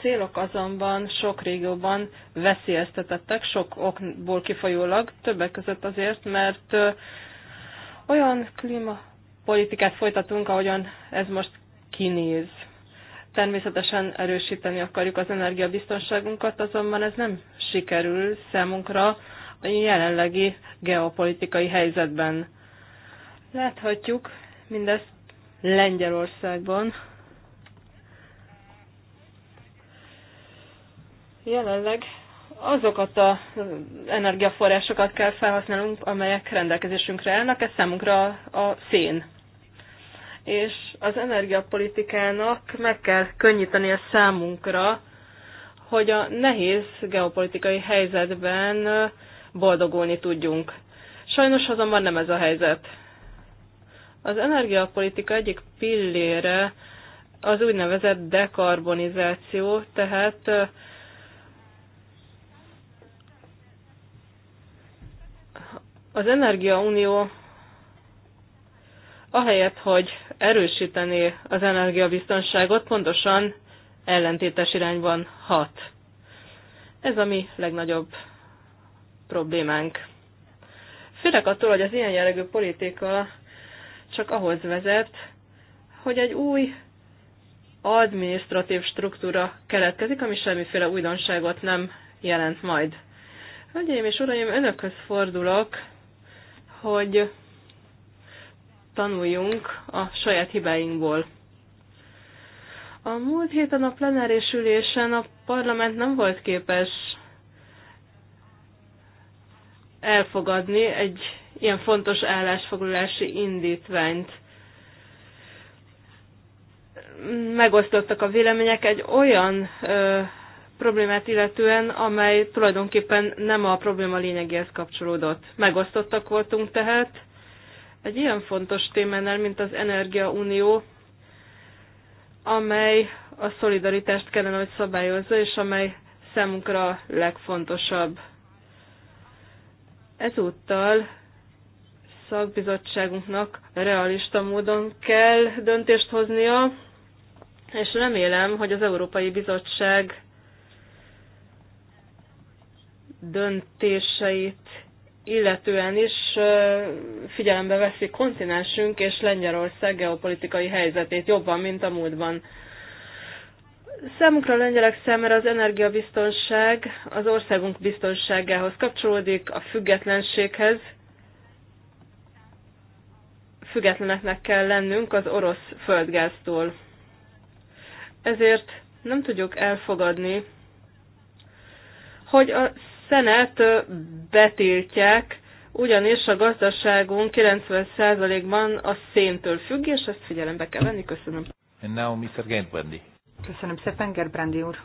célok azonban sok régióban veszélyeztetettek, sok okból kifolyólag, többek között azért, mert olyan klímapolitikát folytatunk, ahogyan ez most kinéz. Természetesen erősíteni akarjuk az energiabiztonságunkat, azonban ez nem sikerül számunkra a jelenlegi geopolitikai helyzetben. Láthatjuk mindezt Lengyelországban. Jelenleg azokat a energiaforrásokat kell felhasználnunk, amelyek rendelkezésünkre állnak, ez számunkra a szén és az energiapolitikának meg kell könnyíteni a számunkra, hogy a nehéz geopolitikai helyzetben boldogulni tudjunk. Sajnos azonban nem ez a helyzet. Az energiapolitika egyik pillére az úgynevezett dekarbonizáció, tehát az Energiaunió ahelyett, hogy erősítené az energiabiztonságot, pontosan ellentétes irányban hat. Ez a mi legnagyobb problémánk. Főleg attól, hogy az ilyen jellegű politika csak ahhoz vezet, hogy egy új administratív struktúra keletkezik, ami semmiféle újdonságot nem jelent majd. Hölgyeim és uraim, önökhöz fordulok, hogy tanuljunk a saját hibáinkból. A múlt héten a plenáris ülésen a parlament nem volt képes elfogadni egy ilyen fontos állásfoglalási indítványt. Megosztottak a vélemények egy olyan ö, problémát illetően, amely tulajdonképpen nem a probléma lényegéhez kapcsolódott. Megosztottak voltunk tehát, egy ilyen fontos témánál, mint az Energiaunió, amely a szolidaritást kellene, hogy szabályozza, és amely számunkra a legfontosabb. Ezúttal szakbizottságunknak realista módon kell döntést hoznia, és remélem, hogy az Európai Bizottság döntéseit illetően is figyelembe veszi kontinensünk és Lengyelország geopolitikai helyzetét jobban, mint a múltban. Számukra a lengyelek számára az energiabiztonság az országunk biztonságához kapcsolódik, a függetlenséghez. Függetleneknek kell lennünk az orosz földgáztól. Ezért nem tudjuk elfogadni, hogy a szenet betiltják, ugyanis a gazdaságunk 90%-ban a széntől függ, és ezt figyelembe kell venni. Köszönöm. And now Mr. Gerbrandi. Köszönöm szépen, Gerbrandi úr.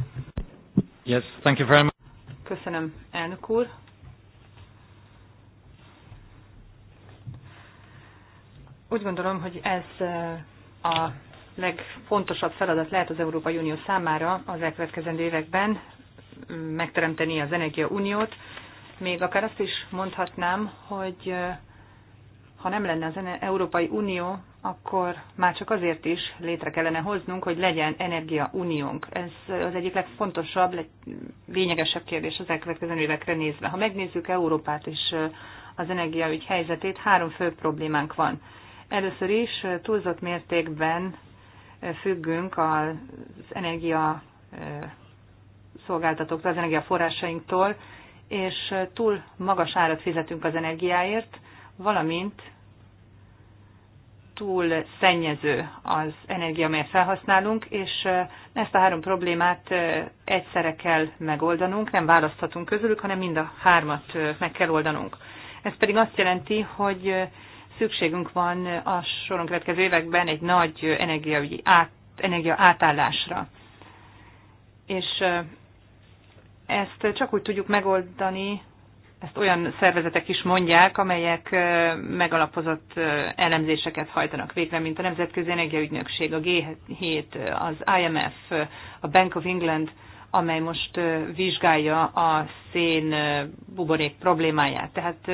Yes, thank you very much. Köszönöm, elnök úr. Úgy gondolom, hogy ez a legfontosabb feladat lehet az Európai Unió számára az elkövetkezendő években megteremteni az Energia Uniót. Még akár azt is mondhatnám, hogy ha nem lenne az Európai Unió, akkor már csak azért is létre kellene hoznunk, hogy legyen Energia Uniónk. Ez az egyik legfontosabb, lényegesebb kérdés az elkövetkező évekre nézve. Ha megnézzük Európát és az energiaügy helyzetét, három fő problémánk van. Először is túlzott mértékben függünk az energia szolgáltatók az energiaforrásainktól, és túl magas árat fizetünk az energiáért, valamint túl szennyező az energia, amelyet felhasználunk, és ezt a három problémát egyszerre kell megoldanunk, nem választhatunk közülük, hanem mind a hármat meg kell oldanunk. Ez pedig azt jelenti, hogy szükségünk van a soron következő években egy nagy energia át, energia átállásra. És ezt csak úgy tudjuk megoldani, ezt olyan szervezetek is mondják, amelyek megalapozott elemzéseket hajtanak végre, mint a Nemzetközi Energiaügynökség, a G7, az IMF, a Bank of England, amely most vizsgálja a szén buborék problémáját. Tehát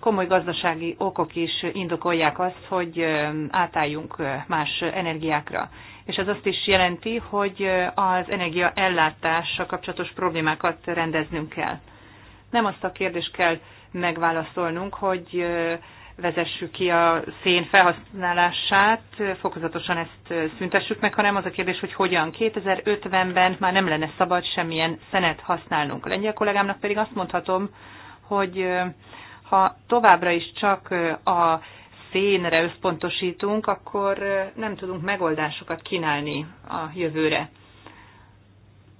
komoly gazdasági okok is indokolják azt, hogy átálljunk más energiákra és ez azt is jelenti, hogy az energia ellátással kapcsolatos problémákat rendeznünk kell. Nem azt a kérdést kell megválaszolnunk, hogy vezessük ki a szén felhasználását, fokozatosan ezt szüntessük meg, hanem az a kérdés, hogy hogyan. 2050-ben már nem lenne szabad semmilyen szenet használnunk. A lengyel kollégámnak pedig azt mondhatom, hogy ha továbbra is csak a szénre összpontosítunk, akkor nem tudunk megoldásokat kínálni a jövőre.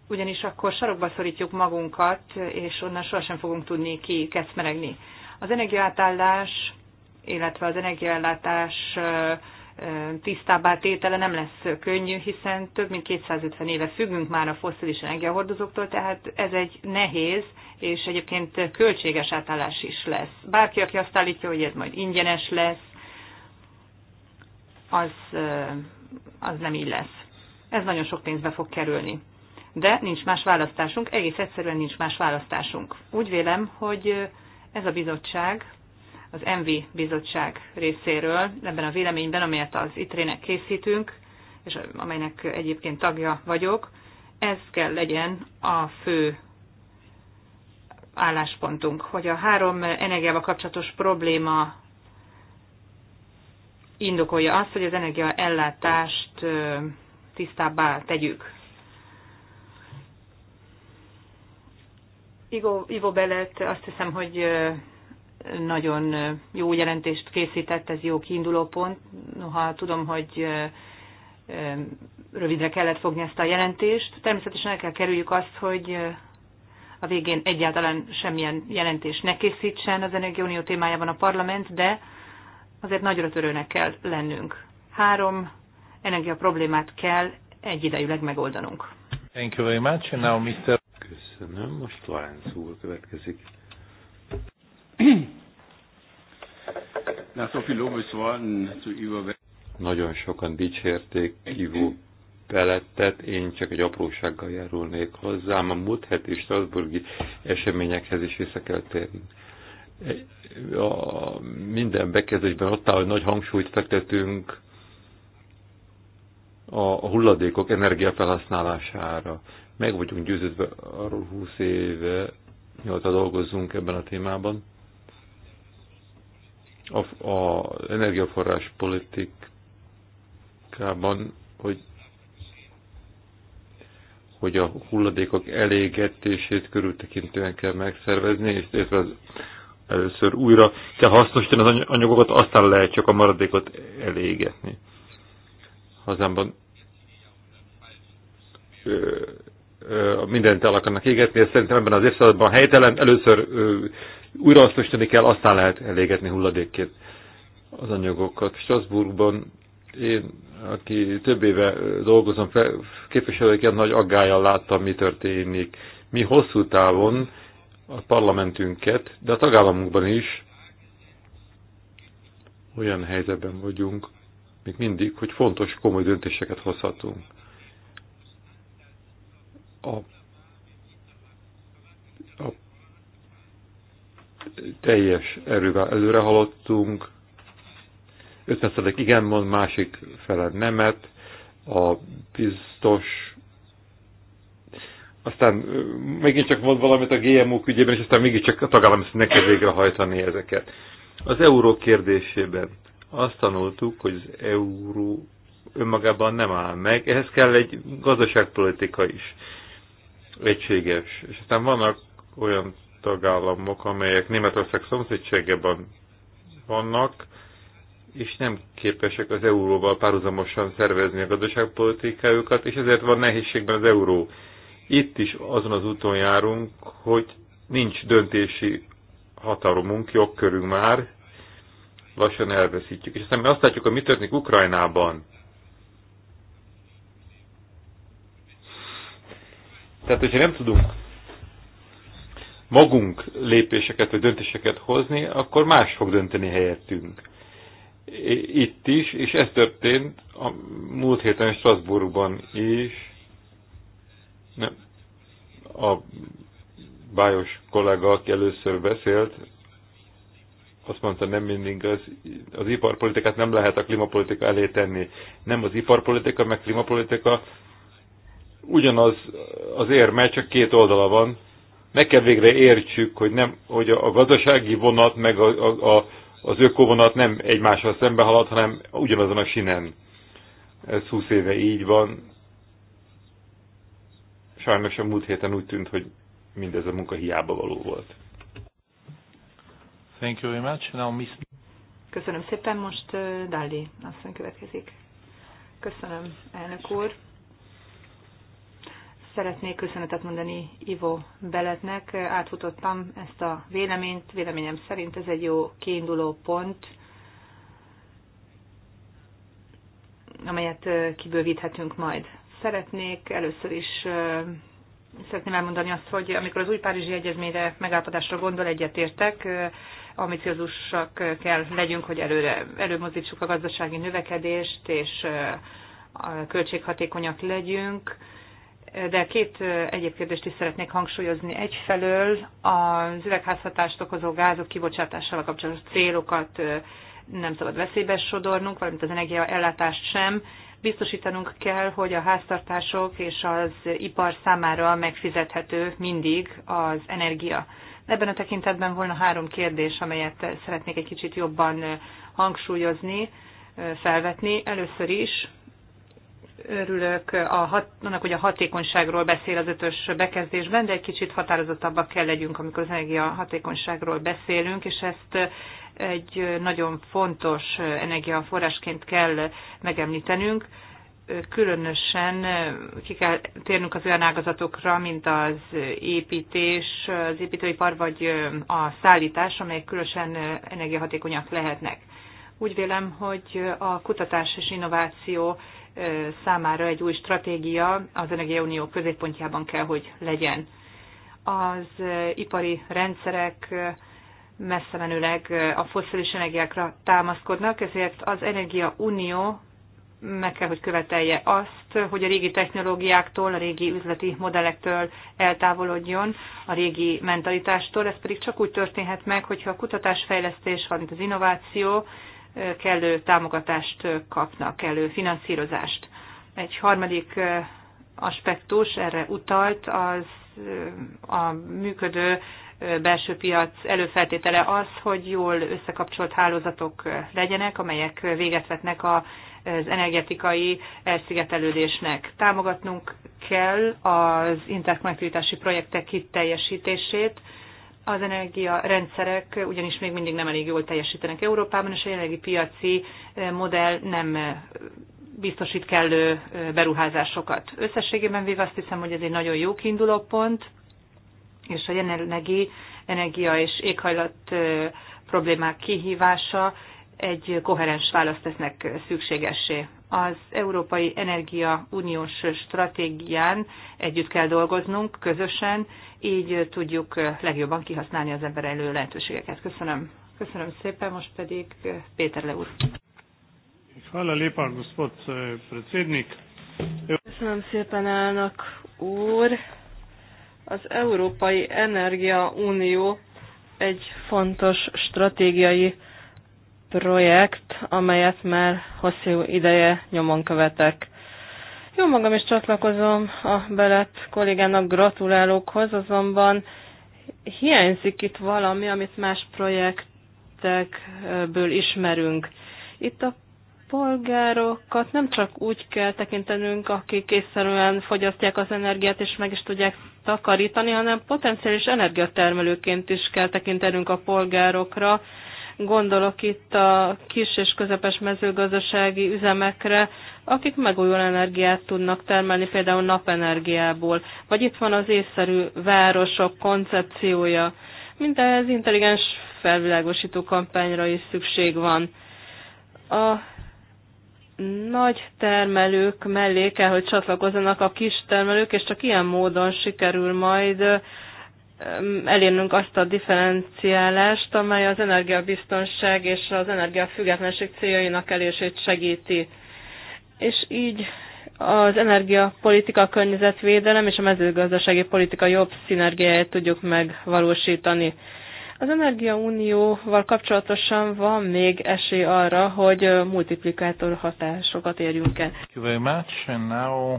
Ugyanis akkor sarokba szorítjuk magunkat, és onnan sohasem fogunk tudni ki kecmeregni. Az energiátállás, illetve az energiállátás tisztábbá tétele nem lesz könnyű, hiszen több mint 250 éve függünk már a fosszilis energiahordozóktól, tehát ez egy nehéz és egyébként költséges átállás is lesz. Bárki, aki azt állítja, hogy ez majd ingyenes lesz, az, az nem így lesz. Ez nagyon sok pénzbe fog kerülni. De nincs más választásunk, egész egyszerűen nincs más választásunk. Úgy vélem, hogy ez a bizottság, az MV bizottság részéről, ebben a véleményben, amelyet az ITRE-nek készítünk, és amelynek egyébként tagja vagyok, ez kell legyen a fő álláspontunk, hogy a három energiával kapcsolatos probléma indokolja azt, hogy az energiaellátást tisztábbá tegyük. Ivo, Ivo Belet azt hiszem, hogy nagyon jó jelentést készített, ez jó kiinduló pont. Noha tudom, hogy rövidre kellett fogni ezt a jelentést. Természetesen el kell kerüljük azt, hogy a végén egyáltalán semmilyen jelentést ne készítsen az Energiaunió témájában a parlament, de azért nagyra törőnek kell lennünk. Három energia problémát kell egyidejűleg megoldanunk. Thank you very much. And now Mr. Köszönöm. Most Lorenz úr következik. Nagyon sokan dicsérték Ivo belettet, én csak egy aprósággal járulnék hozzám. ám a múlt heti Strasburgi eseményekhez is vissza kell térni a minden bekezdésben ott áll, hogy nagy hangsúlyt fektetünk a hulladékok energiafelhasználására. Meg vagyunk győződve arról 20 éve, mióta dolgozzunk ebben a témában. A, a energiaforrás politikában, hogy hogy a hulladékok elégetését körültekintően kell megszervezni, és ez az Először újra kell hasznosítani az anyagokat, aztán lehet csak a maradékot elégetni. Hazámban mindent el akarnak égetni, ez szerintem ebben az évszázadban helytelen. Először ö, újra hasznosítani kell, aztán lehet elégetni hulladékként az anyagokat. Strasbourgban én, aki több éve dolgozom, képviselőként nagy aggájjal láttam, mi történik. Mi hosszú távon a parlamentünket, de a tagállamunkban is olyan helyzetben vagyunk, még mindig, hogy fontos, komoly döntéseket hozhatunk. A, a teljes erővel előre haladtunk, 50% igen mond, másik fele nemet, a biztos aztán megint csak mond valamit a GMO ügyében, és aztán mégiscsak a tagállam színnek kell végrehajtani ezeket. Az euró kérdésében azt tanultuk, hogy az euró önmagában nem áll meg, ehhez kell egy gazdaságpolitika is egységes. És aztán vannak olyan tagállamok, amelyek Németország szomszédségeben vannak, és nem képesek az euróval párhuzamosan szervezni a gazdaságpolitikájukat, és ezért van nehézségben az euró itt is azon az úton járunk, hogy nincs döntési hatalomunk, jogkörünk már, lassan elveszítjük. És aztán azt látjuk, hogy mi történik Ukrajnában. Tehát, hogyha nem tudunk magunk lépéseket vagy döntéseket hozni, akkor más fog dönteni helyettünk. Itt is, és ez történt a múlt héten Strasbourgban is, nem. A bájos kollega, aki először beszélt, azt mondta, nem mindig az, az iparpolitikát nem lehet a klimapolitika elé tenni. Nem az iparpolitika, meg klimapolitika. ugyanaz az érme, csak két oldala van. Meg kell végre értsük, hogy, nem, hogy a gazdasági vonat, meg a, a, a, az ökovonat nem egymással szembe halad, hanem ugyanazon a sinen. Ez 20 éve így van, Sajnos a múlt héten úgy tűnt, hogy mindez a munka hiába való volt. Thank you very much. Now miss... Köszönöm szépen, most uh, Dalli asszony következik. Köszönöm, elnök úr. Szeretnék köszönetet mondani Ivo Beletnek. Átfutottam ezt a véleményt. Véleményem szerint ez egy jó kiinduló pont, amelyet kibővíthetünk majd. Szeretnék először is szeretném elmondani azt, hogy amikor az új Párizsi Egyezményre megállapodásra gondol, egyetértek, ambiciózusak kell legyünk, hogy előre, előmozdítsuk a gazdasági növekedést, és költséghatékonyak legyünk. De két egyéb kérdést is szeretnék hangsúlyozni. Egyfelől az üvegházhatást okozó gázok kibocsátásával kapcsolatos célokat nem szabad veszélybe sodornunk, valamint az energiaellátást sem, biztosítanunk kell, hogy a háztartások és az ipar számára megfizethető mindig az energia. Ebben a tekintetben volna három kérdés, amelyet szeretnék egy kicsit jobban hangsúlyozni, felvetni. Először is örülök a hat, annak, hogy a hatékonyságról beszél az ötös bekezdésben, de egy kicsit határozottabbak kell legyünk, amikor az energia hatékonyságról beszélünk, és ezt egy nagyon fontos energiaforrásként kell megemlítenünk. Különösen ki kell térnünk az olyan ágazatokra, mint az építés, az építőipar vagy a szállítás, amelyek különösen energiahatékonyak lehetnek. Úgy vélem, hogy a kutatás és innováció számára egy új stratégia az Energiaunió középpontjában kell, hogy legyen. Az ipari rendszerek messze menőleg a foszilis energiákra támaszkodnak, ezért az Energia Unió meg kell, hogy követelje azt, hogy a régi technológiáktól, a régi üzleti modellektől eltávolodjon, a régi mentalitástól. Ez pedig csak úgy történhet meg, hogyha a kutatásfejlesztés, valamint az innováció kellő támogatást kapnak, kellő finanszírozást. Egy harmadik aspektus erre utalt az a működő belső piac előfeltétele az, hogy jól összekapcsolt hálózatok legyenek, amelyek véget vetnek az energetikai elszigetelődésnek. Támogatnunk kell az interkonnektivitási projektek kiteljesítését, az energiarendszerek ugyanis még mindig nem elég jól teljesítenek Európában, és a jelenlegi piaci eh, modell nem eh, biztosít kellő eh, beruházásokat. Összességében véve azt hiszem, hogy ez egy nagyon jó kiinduló pont, és a jelenlegi energia és éghajlat problémák kihívása egy koherens választ tesznek szükségessé. Az Európai Energia Uniós stratégián együtt kell dolgoznunk közösen, így tudjuk legjobban kihasználni az ember elő lehetőségeket. Köszönöm. Köszönöm szépen, most pedig Péter Le úr. Köszönöm szépen, elnök úr. Az Európai Energia Unió egy fontos stratégiai projekt, amelyet már hosszú ideje nyomon követek. Jó magam is csatlakozom a Belet kollégának gratulálókhoz, azonban hiányzik itt valami, amit más projektekből ismerünk. Itt a polgárokat nem csak úgy kell tekintenünk, akik észszerűen fogyasztják az energiát, és meg is tudják takarítani, hanem potenciális energiatermelőként is kell tekintenünk a polgárokra. Gondolok itt a kis és közepes mezőgazdasági üzemekre, akik megújuló energiát tudnak termelni, például napenergiából. Vagy itt van az észszerű városok koncepciója. Mindez intelligens felvilágosító kampányra is szükség van. A nagy termelők mellé kell, hogy csatlakozzanak a kis termelők, és csak ilyen módon sikerül majd elérnünk azt a differenciálást, amely az energiabiztonság és az energiafüggetlenség céljainak elését segíti. És így az energiapolitika, a környezetvédelem és a mezőgazdasági politika jobb szinergiáját tudjuk megvalósítani. Az Energiaunióval kapcsolatosan van még esély arra, hogy multiplikátor hatásokat érjünk el. Uh,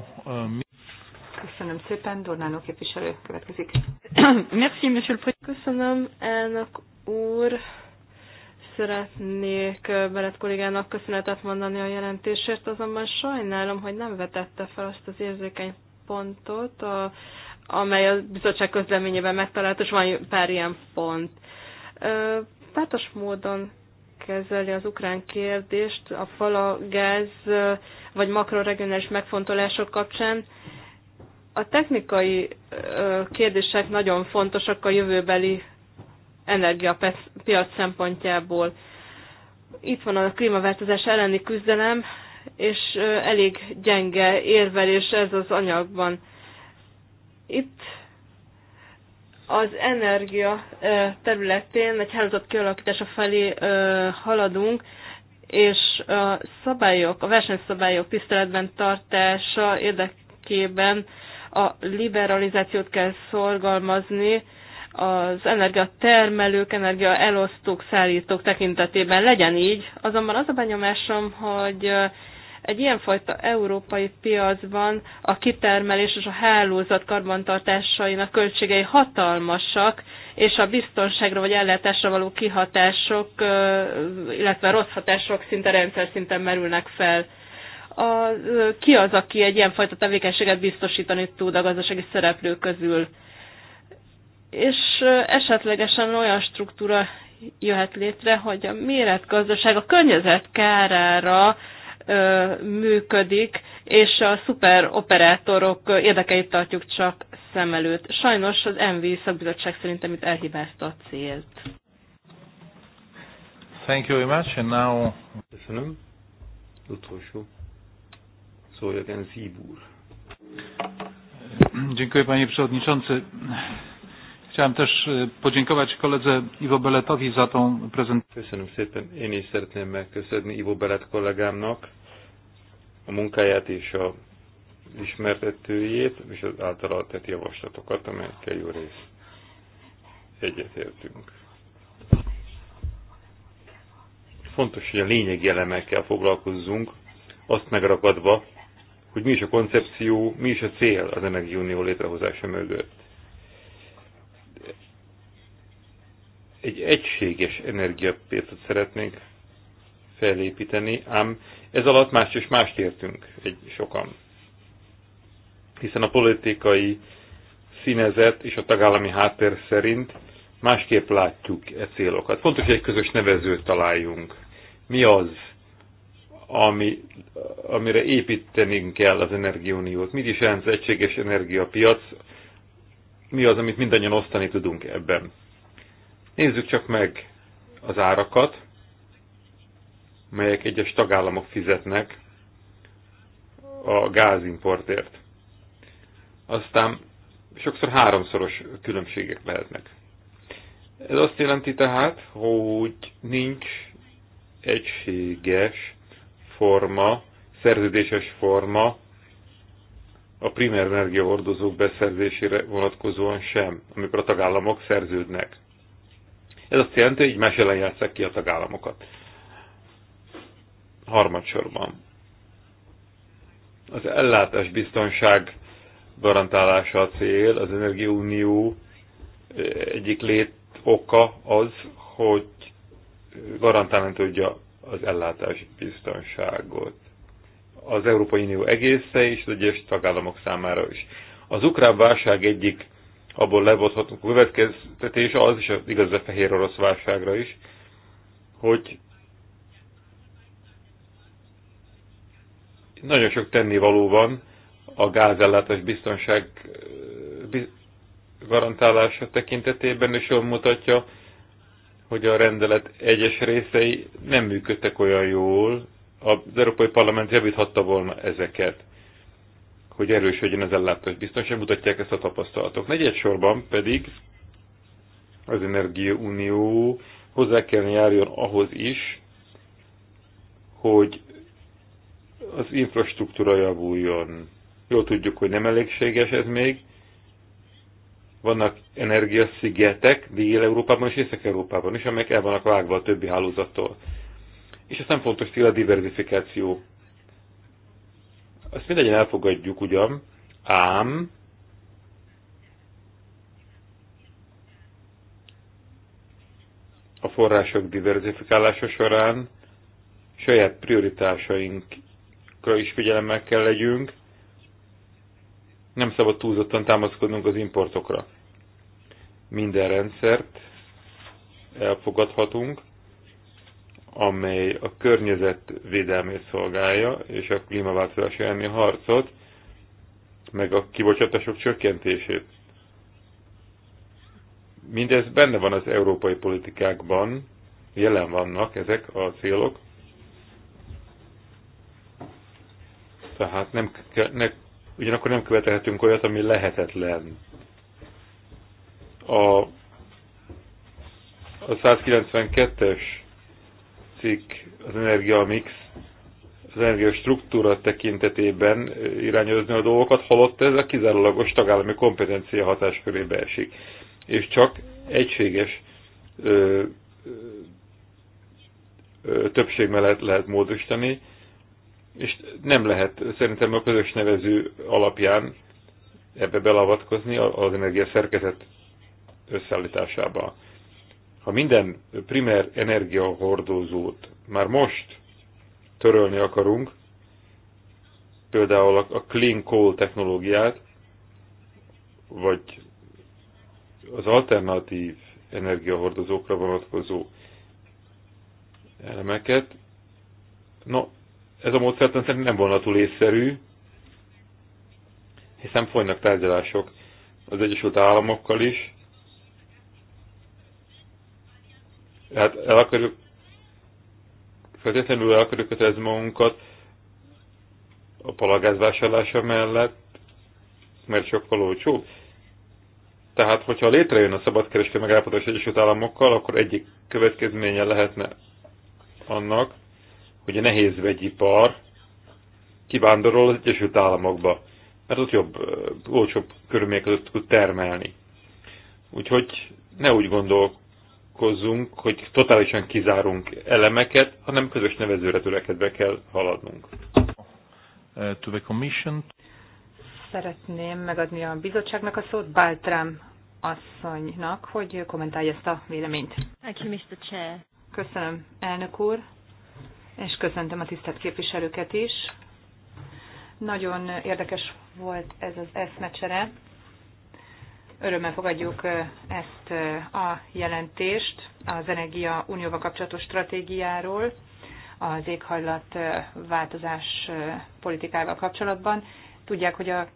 Köszönöm szépen, Dornánó képviselő következik. Merci, monsieur le Köszönöm, elnök úr szeretnék Beret kollégának köszönetet mondani a jelentésért, azonban sajnálom, hogy nem vetette fel azt az érzékeny pontot, a, amely a bizottság közleményében megtalált, és van pár ilyen pont pártos módon kezeli az ukrán kérdést a fala, gáz vagy makroregionális megfontolások kapcsán. A technikai kérdések nagyon fontosak a jövőbeli energiapiac szempontjából. Itt van a klímaváltozás elleni küzdelem, és elég gyenge érvelés ez az anyagban. Itt az energia területén egy hálózat kialakítása felé haladunk, és a szabályok, a versenyszabályok tiszteletben tartása érdekében a liberalizációt kell szorgalmazni az energiatermelők, energiaelosztók, szállítók tekintetében legyen így. Azonban az a benyomásom, hogy egy ilyenfajta európai piacban a kitermelés és a hálózat karbantartásainak költségei hatalmasak, és a biztonságra vagy ellátásra való kihatások, illetve rossz hatások szinte rendszer szinten merülnek fel. A, ki az, aki egy ilyenfajta tevékenységet biztosítani tud a gazdasági szereplő közül? És esetlegesen olyan struktúra jöhet létre, hogy a méretgazdaság a környezet kárára működik, és a szuper operátorok érdekeit tartjuk csak szem előtt. Sajnos az MV szakbizottság szerintem itt elhibázta a célt. Thank you very much, and now... Köszönöm. Utolsó. Szóljak, Enzibúr. Dziękuję panie przewodniczący. Chciałem też e, podziękować koledze Iwo Beletowi za tą prezentację. szépen. Én is szeretném megköszönni Ivo Belet kollégámnak a munkáját és a ismertetőjét, és az általa tett javaslatokat, amelyekkel jó rész egyetértünk. Fontos, hogy a lényegi elemekkel foglalkozzunk, azt megrakadva, hogy mi is a koncepció, mi is a cél az Energiunió létrehozása mögött egy egységes energiapiacot szeretnénk felépíteni, ám ez alatt más és mást értünk egy sokan. Hiszen a politikai színezet és a tagállami háttér szerint másképp látjuk e célokat. Fontos, hogy egy közös nevezőt találjunk. Mi az, ami, amire építenünk kell az energiauniót? Mit is jelent az egységes energiapiac? Mi az, amit mindannyian osztani tudunk ebben? Nézzük csak meg az árakat, melyek egyes tagállamok fizetnek a gázimportért. Aztán sokszor háromszoros különbségek lehetnek. Ez azt jelenti tehát, hogy nincs egységes forma, szerződéses forma a primer energiahordozók beszerzésére vonatkozóan sem, amikor a tagállamok szerződnek. Ez azt jelenti, hogy mesélen ellen játsszák ki a tagállamokat. Harmadsorban. Az ellátás biztonság garantálása a cél, az Energiaunió egyik lét oka az, hogy garantálni tudja az ellátás biztonságot. Az Európai Unió egésze és az egyes tagállamok számára is. Az ukrán válság egyik abból levozhatunk a következtetés, az is igaz a fehér orosz válságra is, hogy nagyon sok tennivaló van a gázellátás biztonság eh, garantálása tekintetében, és jól mutatja, hogy a rendelet egyes részei nem működtek olyan jól, az Európai Parlament javíthatta volna ezeket hogy erősödjön az ellátás biztonság, mutatják ezt a tapasztalatok. Negyed sorban pedig az energia Unió hozzá kell járjon ahhoz is, hogy az infrastruktúra javuljon. Jól tudjuk, hogy nem elégséges ez még. Vannak energiaszigetek Dél-Európában és Észak-Európában is, amelyek el vannak vágva a többi hálózattól. És aztán fontos cél a diversifikáció. Azt mindegyen elfogadjuk ugyan, ám a források diverzifikálása során saját prioritásainkra is figyelemmel kell legyünk, nem szabad túlzottan támaszkodnunk az importokra. Minden rendszert elfogadhatunk, amely a környezet védelmét szolgálja, és a klímaváltozás elleni harcot, meg a kibocsátások csökkentését. Mindez benne van az európai politikákban, jelen vannak ezek a célok, tehát nem, ne, ugyanakkor nem követelhetünk olyat, ami lehetetlen. A, a 192-es cikk az energiamix, az energia struktúra tekintetében irányozni a dolgokat, holott ez a kizárólagos tagállami kompetencia hatáskörébe esik. És csak egységes ö, ö, többség mellett lehet módosítani, és nem lehet szerintem a közös nevező alapján ebbe belavatkozni az energia szerkezet összeállításába. Ha minden primer energiahordozót már most törölni akarunk, például a clean coal technológiát, vagy az alternatív energiahordozókra vonatkozó elemeket. No, ez a módszertan szerint nem volna túl észszerű, hiszen folynak tárgyalások az Egyesült Államokkal is, hát el akarjuk, feltétlenül el akarjuk kötelezni magunkat a palagázvásárlása mellett, mert sokkal olcsó. Tehát, hogyha létrejön a szabadkereskedelmi megállapodás Egyesült Államokkal, akkor egyik következménye lehetne annak, hogy a nehéz vegyipar kivándorol az Egyesült Államokba, mert ott jobb, olcsóbb körülmények között tud termelni. Úgyhogy ne úgy gondolok, nyilatkozzunk, hogy totálisan kizárunk elemeket, hanem közös nevezőre törekedve kell haladnunk. Uh, to the commission. Szeretném megadni a bizottságnak a szót Baltram asszonynak, hogy kommentálja ezt a véleményt. Thank you, Mr. Chair. Köszönöm, elnök úr, és köszöntöm a tisztelt képviselőket is. Nagyon érdekes volt ez az eszmecsere Örömmel fogadjuk ezt a jelentést az Energia Unióval kapcsolatos stratégiáról, az éghajlat változás politikával kapcsolatban. Tudják, hogy a,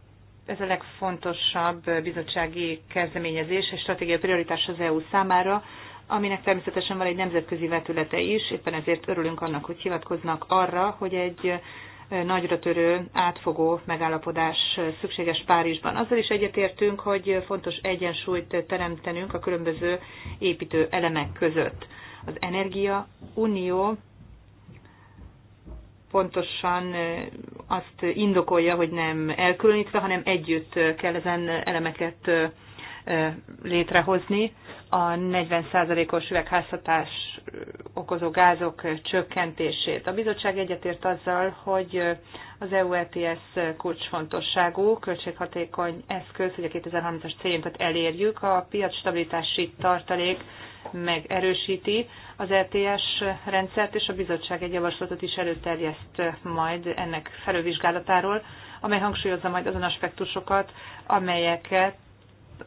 ez a legfontosabb bizottsági kezdeményezés és stratégiai prioritás az EU számára, aminek természetesen van egy nemzetközi vetülete is, éppen ezért örülünk annak, hogy hivatkoznak arra, hogy egy nagyra törő, átfogó megállapodás szükséges Párizsban. Azzal is egyetértünk, hogy fontos egyensúlyt teremtenünk a különböző építő elemek között. Az Energia Unió pontosan azt indokolja, hogy nem elkülönítve, hanem együtt kell ezen elemeket létrehozni a 40%-os üvegházhatás okozó gázok csökkentését. A bizottság egyetért azzal, hogy az EU ETS kulcsfontosságú, költséghatékony eszköz, hogy a 2030-as céljunkat elérjük. A piac stabilitási tartalék megerősíti az ETS rendszert, és a bizottság egy javaslatot is előterjeszt majd ennek felővizsgálatáról, amely hangsúlyozza majd azon aspektusokat, amelyeket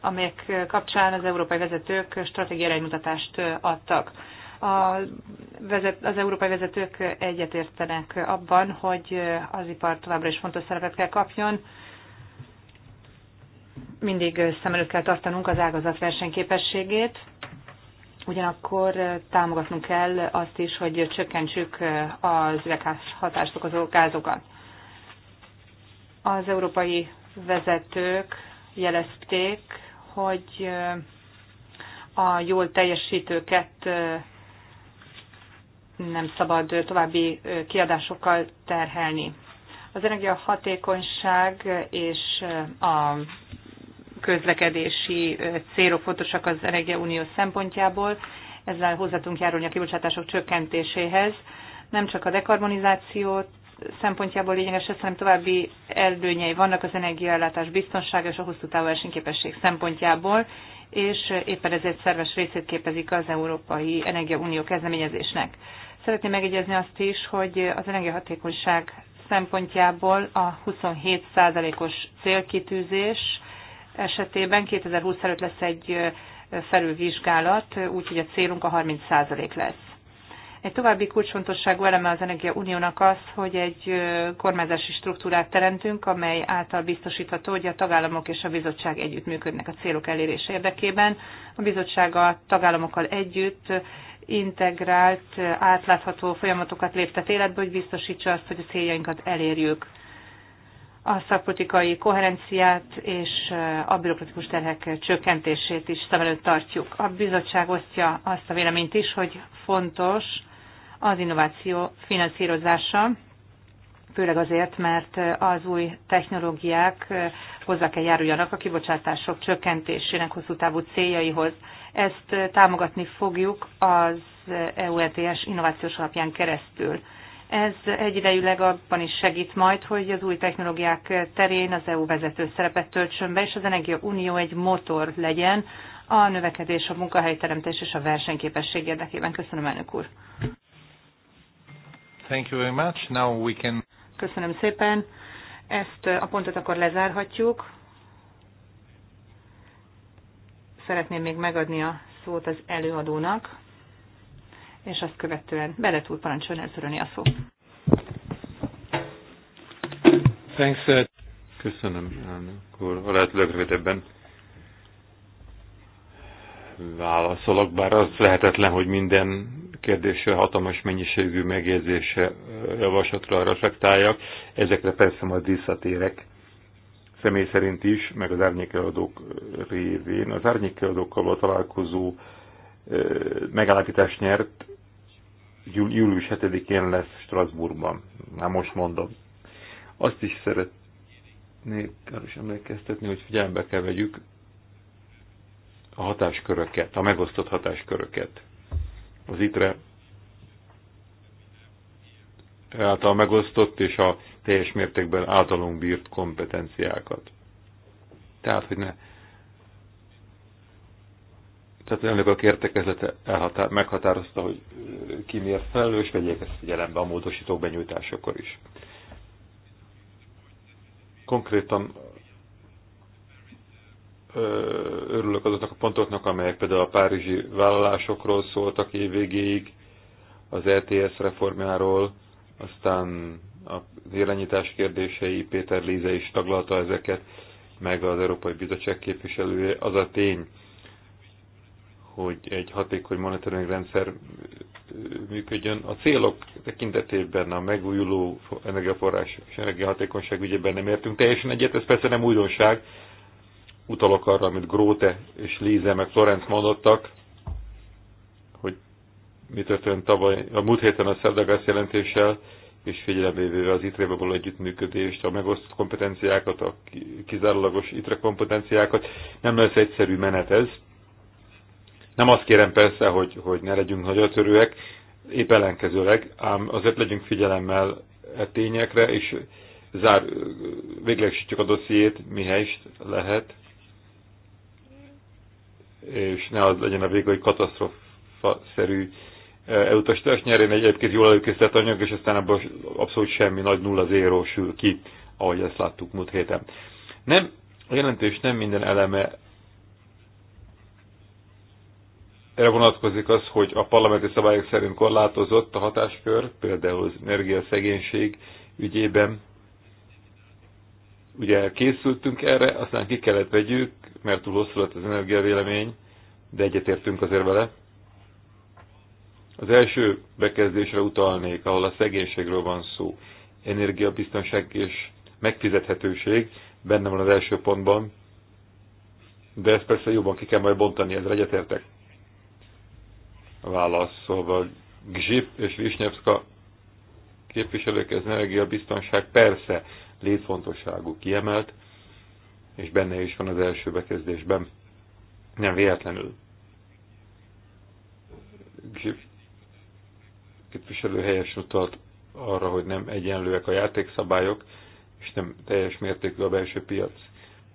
amelyek kapcsán az európai vezetők stratégiai iránymutatást adtak. A vezet, az európai vezetők egyetértenek abban, hogy az ipar továbbra is fontos szerepet kell kapjon. Mindig szem előtt kell tartanunk az ágazat versenyképességét, ugyanakkor támogatnunk kell azt is, hogy csökkentsük az üvegházhatást okozó gázokat. Az európai vezetők jelezték, hogy a jól teljesítőket nem szabad további kiadásokkal terhelni. Az energiahatékonyság és a közlekedési célok fontosak az Energiaunió szempontjából, ezzel hozzá tudunk járulni a kibocsátások csökkentéséhez. Nem csak a dekarbonizációt szempontjából lényeges, hanem további előnyei vannak az energiaellátás biztonsága és a hosszú távú versenyképesség szempontjából, és éppen ezért szerves részét képezik az Európai Energiaunió kezdeményezésnek. Szeretném megjegyezni azt is, hogy az energiahatékonyság szempontjából a 27%-os célkitűzés esetében 2020 előtt lesz egy felülvizsgálat, úgyhogy a célunk a 30% lesz. Egy további kulcsfontosságú eleme az Energia Uniónak az, hogy egy kormányzási struktúrát teremtünk, amely által biztosítható, hogy a tagállamok és a bizottság együttműködnek a célok elérése érdekében. A bizottság a tagállamokkal együtt integrált, átlátható folyamatokat léptet életbe, hogy biztosítsa azt, hogy a céljainkat elérjük. A szakpolitikai koherenciát és a bürokratikus terhek csökkentését is szem előtt tartjuk. A bizottság osztja azt a véleményt is, hogy fontos az innováció finanszírozása, főleg azért, mert az új technológiák hozzá kell járuljanak a kibocsátások csökkentésének hosszú távú céljaihoz. Ezt támogatni fogjuk az EUETS innovációs alapján keresztül. Ez egyidejűleg abban is segít majd, hogy az új technológiák terén az EU vezető szerepet töltsön be, és az Energia Unió egy motor legyen a növekedés, a munkahelyteremtés és a versenyképesség érdekében. Köszönöm, elnök úr! Thank you very much. Now we can... Köszönöm szépen. Ezt a pontot akkor lezárhatjuk. Szeretném még megadni a szót az előadónak, és azt követően beletúl parancsoljon elszörölni a szó. Thanks, uh, Köszönöm, elnök úr. lehet legrövidebben válaszolok, bár az lehetetlen, hogy minden kérdésre hatalmas mennyiségű megjegyzése javaslatra reflektáljak. Ezekre persze majd visszatérek személy szerint is, meg az árnyékeladók révén. Az árnyékeladókkal a találkozó megállapítás nyert, július 7-én lesz Strasbourgban. Már most mondom. Azt is szeretnék arra is emlékeztetni, hogy figyelembe kell vegyük, a hatásköröket, a megosztott hatásköröket. Az ITRE által megosztott és a teljes mértékben általunk bírt kompetenciákat. Tehát, hogy ne. Tehát az a értekezlete elhatá, meghatározta, hogy ki miért felelős, vegyék ezt figyelembe a módosítók benyújtásakor is. Konkrétan örülök azoknak a pontoknak, amelyek például a párizsi vállalásokról szóltak évvégéig, az ETS reformjáról, aztán a irányítás kérdései, Péter Líze is taglalta ezeket, meg az Európai Bizottság képviselője. Az a tény, hogy egy hatékony monitoring rendszer működjön. A célok tekintetében a megújuló energiaforrás és energiahatékonyság ügyében nem értünk teljesen egyet, ez persze nem újdonság, utalok arra, amit Gróte és Líze meg Florenc mondottak, hogy mi történt tavaly, a múlt héten a Szerdagász jelentéssel, és figyelembe az itre való együttműködést, a megosztott kompetenciákat, a kizárólagos ITRE kompetenciákat. Nem lesz egyszerű menet ez. Nem azt kérem persze, hogy, hogy ne legyünk nagyatörőek, épp ellenkezőleg, ám azért legyünk figyelemmel e tényekre, és zár, véglegesítjük a dossziét, mihelyst lehet és ne az legyen a vége, hogy katasztrofa-szerű e, elutasítás Nyerén egy egyébként jól előkészített anyag, és aztán abból abszolút semmi nagy nulla zéró sül ki, ahogy ezt láttuk múlt héten. Nem, a jelentés nem minden eleme erre vonatkozik az, hogy a parlamenti szabályok szerint korlátozott a hatáskör, például az energiaszegénység ügyében. Ugye készültünk erre, aztán ki kellett vegyük, mert túl hosszú lett az energiavélemény, de egyetértünk azért vele. Az első bekezdésre utalnék, ahol a szegénységről van szó. Energiabiztonság és megfizethetőség benne van az első pontban, de ezt persze jobban ki kell majd bontani, ezzel egyetértek. Válasz, szóval Gzsip és Visnyevska képviselők, ez energiabiztonság persze létfontosságú kiemelt, és benne is van az első bekezdésben. Nem véletlenül. Képviselő helyesen utalt arra, hogy nem egyenlőek a játékszabályok, és nem teljes mértékű a belső piac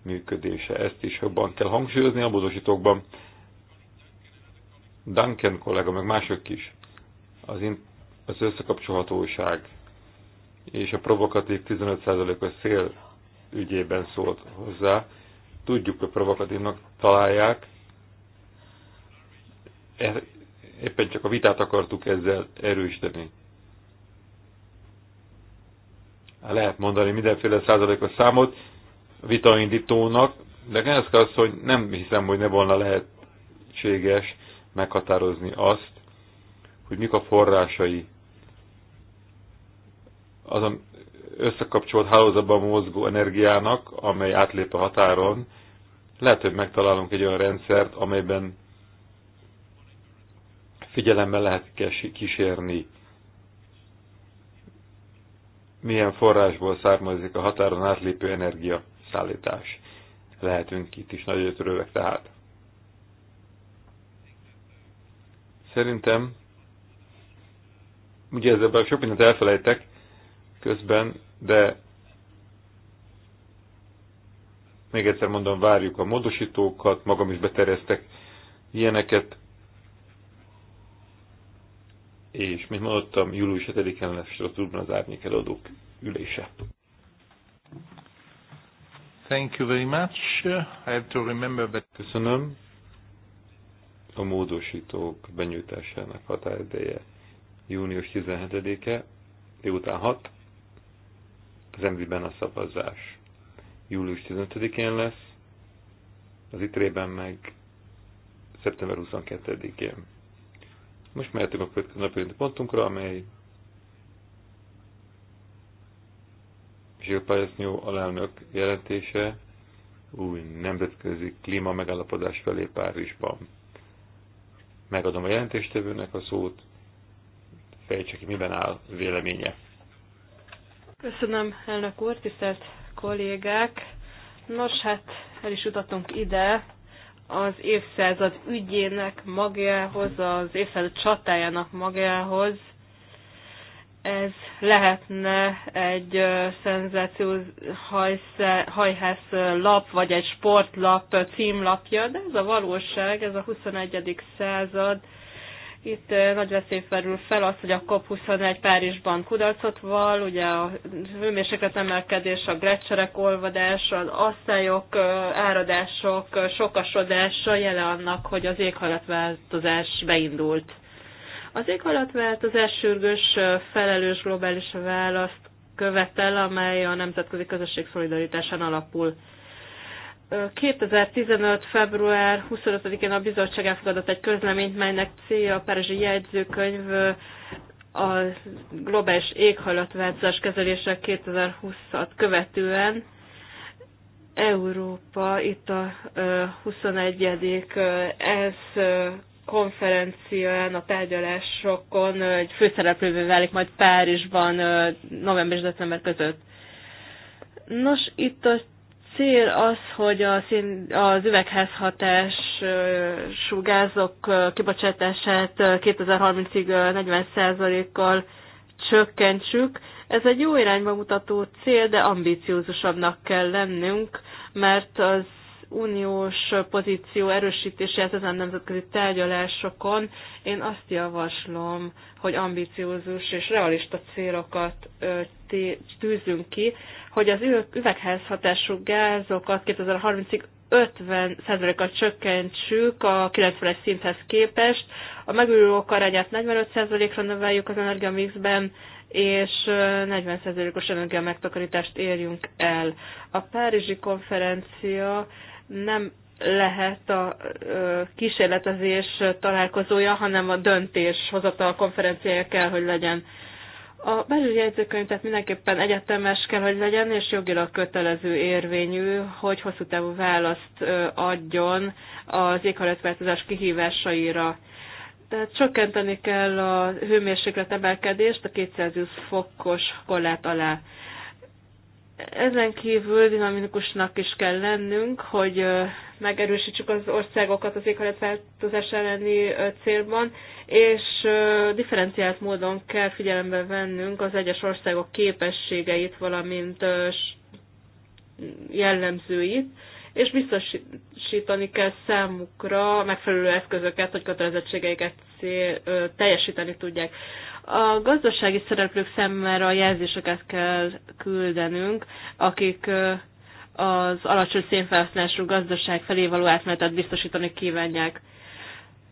működése. Ezt is jobban kell hangsúlyozni a módosítókban. Duncan kollega, meg mások is, az, in, az összekapcsolhatóság és a provokatív 15%-os szél ügyében szólt hozzá. Tudjuk, hogy provokatívnak találják. E, éppen csak a vitát akartuk ezzel erősíteni. Lehet mondani mindenféle százalékos számot vitaindítónak, de ez azt, hogy nem hiszem, hogy ne volna lehetséges meghatározni azt, hogy mik a forrásai azon összekapcsolt hálózatban mozgó energiának, amely átlép a határon, lehet, hogy megtalálunk egy olyan rendszert, amelyben figyelemmel lehet kísérni, milyen forrásból származik a határon átlépő energia szállítás. Lehetünk itt is nagy ötörőek tehát. Szerintem, ugye ezzel sok mindent elfelejtek, közben, de még egyszer mondom, várjuk a módosítókat, magam is beterjesztek ilyeneket, és, mint mondottam, július 7-en lesz Strasbourgban az árnyék eladók ülése. Thank you very much. I have to remember that... Köszönöm. A módosítók benyújtásának határideje június 17-e, délután 6 az MV-ben a szavazás július 15-én lesz, az ITRE-ben meg szeptember 22-én. Most mehetünk a következő napi pontunkra, amely Gilles Pajasznyó alelnök jelentése új nemzetközi klíma megállapodás felé Párizsban. Megadom a jelentéstevőnek a szót, fejtse ki, miben áll véleménye. Köszönöm, elnök úr, tisztelt kollégák. Nos, hát el is jutottunk ide az évszázad ügyének magához, az évszázad csatájának magához. Ez lehetne egy hajház lap, vagy egy sportlap címlapja, de ez a valóság, ez a 21. század, itt nagy veszély felül fel az, hogy a COP21 Párizsban kudarcot val, ugye a hőmérséklet emelkedés, a grecserek olvadása, az asszályok, áradások, sokasodása jele annak, hogy az éghajlatváltozás beindult. Az éghajlatváltozás sürgős, felelős globális választ követel, amely a nemzetközi közösség szolidaritásán alapul. 2015. február 25-én a bizottság elfogadott egy közleményt, melynek célja a Párizsi jegyzőkönyv a globális éghajlatváltozás kezelése 2020-at követően. Európa itt a 21. ez konferencián, a tárgyalásokon egy főszereplővé válik majd Párizsban november és december között. Nos, itt a cél az, hogy a szín, az üvegházhatású gázok kibocsátását 2030-ig 40%-kal csökkentsük. Ez egy jó irányba mutató cél, de ambíciózusabbnak kell lennünk, mert az uniós pozíció erősítéséhez ezen nemzetközi tárgyalásokon én azt javaslom, hogy ambiciózus és realista célokat tűzünk ki, hogy az üvegházhatású gázokat 2030-ig 50%-kal csökkentsük a 90-es szinthez képest, a megújulók arányát 45%-ra növeljük az energiamixben, és 40%-os energiamegtakarítást érjünk el. A Párizsi konferencia nem lehet a kísérletezés találkozója, hanem a döntéshozatal konferenciája kell, hogy legyen. A belügyi jegyzőkönyv tehát mindenképpen egyetemes kell, hogy legyen, és jogilag kötelező érvényű, hogy hosszú távú választ adjon az éghajlatváltozás kihívásaira. Tehát csökkenteni kell a hőmérséklet emelkedést a 220 fokos korlát alá. Ezen kívül dinamikusnak is kell lennünk, hogy megerősítsük az országokat az éghajlatváltozás elleni célban, és differenciált módon kell figyelembe vennünk az egyes országok képességeit, valamint jellemzőit, és biztosítani kell számukra megfelelő eszközöket, hogy kötelezettségeiket teljesíteni tudják. A gazdasági szereplők számára a jelzéseket kell küldenünk, akik az alacsony szénfelhasználású gazdaság felé való átmenetet biztosítani kívánják.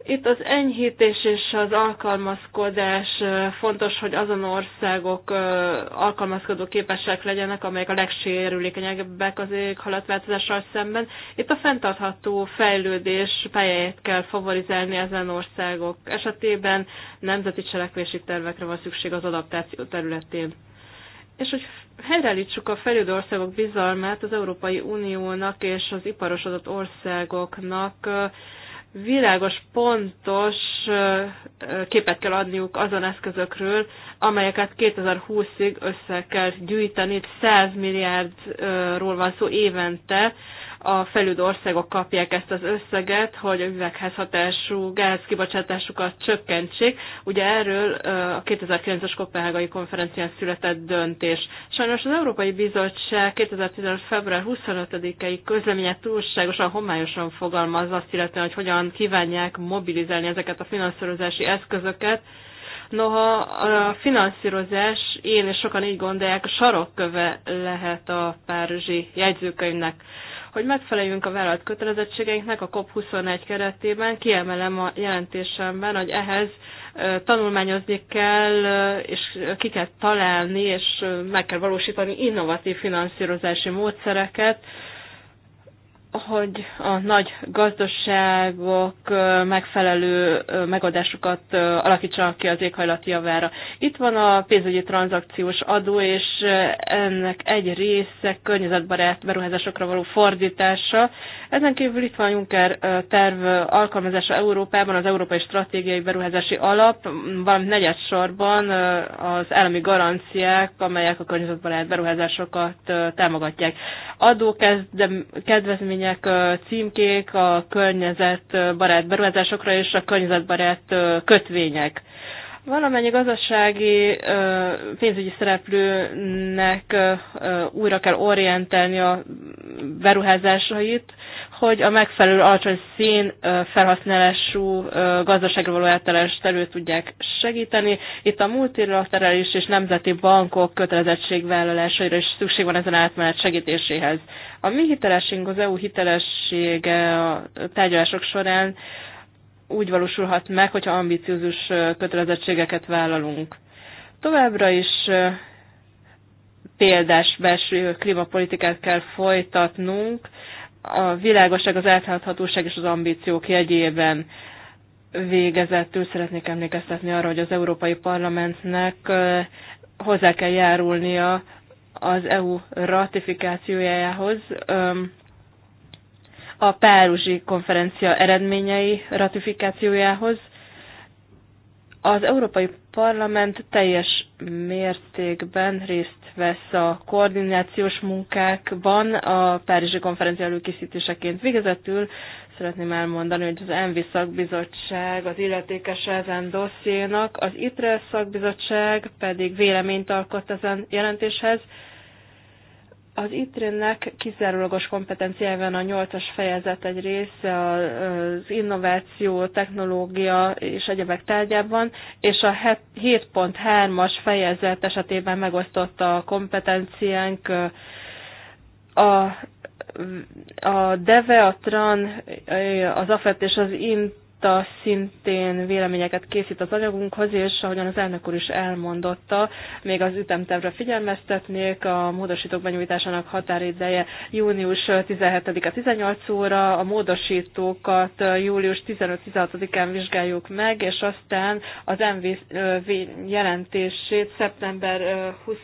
Itt az enyhítés és az alkalmazkodás fontos, hogy azon országok alkalmazkodó képesek legyenek, amelyek a legsérülékenyebbek az éghalatváltozással szemben. Itt a fenntartható fejlődés pályáját kell favorizálni ezen országok esetében, nemzeti cselekvési tervekre van szükség az adaptáció területén. És hogy helyreállítsuk a fejlődő országok bizalmát az Európai Uniónak és az iparosodott országoknak, világos, pontos képet kell adniuk azon eszközökről, amelyeket 2020-ig össze kell gyűjteni. 100 milliárdról van szó évente, a felüld országok kapják ezt az összeget, hogy a üvegházhatású gázkibocsátásukat csökkentsék. Ugye erről a 2009-es Kopenhágai konferencián született döntés. Sajnos az Európai Bizottság 2015. február 25-i közleménye túlságosan homályosan fogalmaz azt illetően, hogy hogyan kívánják mobilizálni ezeket a finanszírozási eszközöket, Noha a finanszírozás, én és sokan így gondolják, a sarokköve lehet a párizsi jegyzőkönyvnek hogy megfeleljünk a vállalt kötelezettségeinknek a COP21 keretében. Kiemelem a jelentésemben, hogy ehhez tanulmányozni kell, és ki kell találni, és meg kell valósítani innovatív finanszírozási módszereket, hogy a nagy gazdaságok megfelelő megoldásokat alakítsanak ki az éghajlat javára. Itt van a pénzügyi tranzakciós adó, és ennek egy része környezetbarát beruházásokra való fordítása. Ezen kívül itt van a Juncker terv alkalmazása Európában, az Európai Stratégiai Beruházási Alap, valamint negyed sorban az állami garanciák, amelyek a környezetbarát beruházásokat támogatják. kedvezmény események, címkék, a környezetbarát beruházásokra és a környezetbarát kötvények. Valamennyi gazdasági pénzügyi szereplőnek újra kell orientálni a beruházásait, hogy a megfelelő alacsony szín felhasználású gazdaságra való átállást elő tudják segíteni. Itt a multilaterális és nemzeti bankok kötelezettségvállalásaira is szükség van ezen átmenet segítéséhez. A mi hitelességünk, az EU hitelessége a tárgyalások során úgy valósulhat meg, hogyha ambiciózus kötelezettségeket vállalunk. Továbbra is példás belső klímapolitikát kell folytatnunk, a világosság, az átláthatóság és az ambíciók jegyében Végezettül szeretnék emlékeztetni arra, hogy az Európai Parlamentnek hozzá kell járulnia az EU ratifikációjához a Párizsi konferencia eredményei ratifikációjához. Az Európai Parlament teljes mértékben részt vesz a koordinációs munkákban a Párizsi konferencia előkészítéseként. Végezetül szeretném elmondani, hogy az ENVI szakbizottság az illetékes ezen dossziénak, az ITRE szakbizottság pedig véleményt alkot ezen jelentéshez, az ITRIN-nek kizárólagos kompetenciájában a nyolcas fejezet egy része az innováció, technológia és egyebek tárgyában, és a 7.3-as fejezet esetében megosztott a kompetenciánk a, a DEVE, a TRAN, az AFET és az INT INTA szintén véleményeket készít az anyagunkhoz, és ahogyan az elnök úr is elmondotta, még az ütemtervre figyelmeztetnék, a módosítók benyújtásának határideje június 17 a 18 óra, a módosítókat július 15-16-án vizsgáljuk meg, és aztán az MV jelentését szeptember 20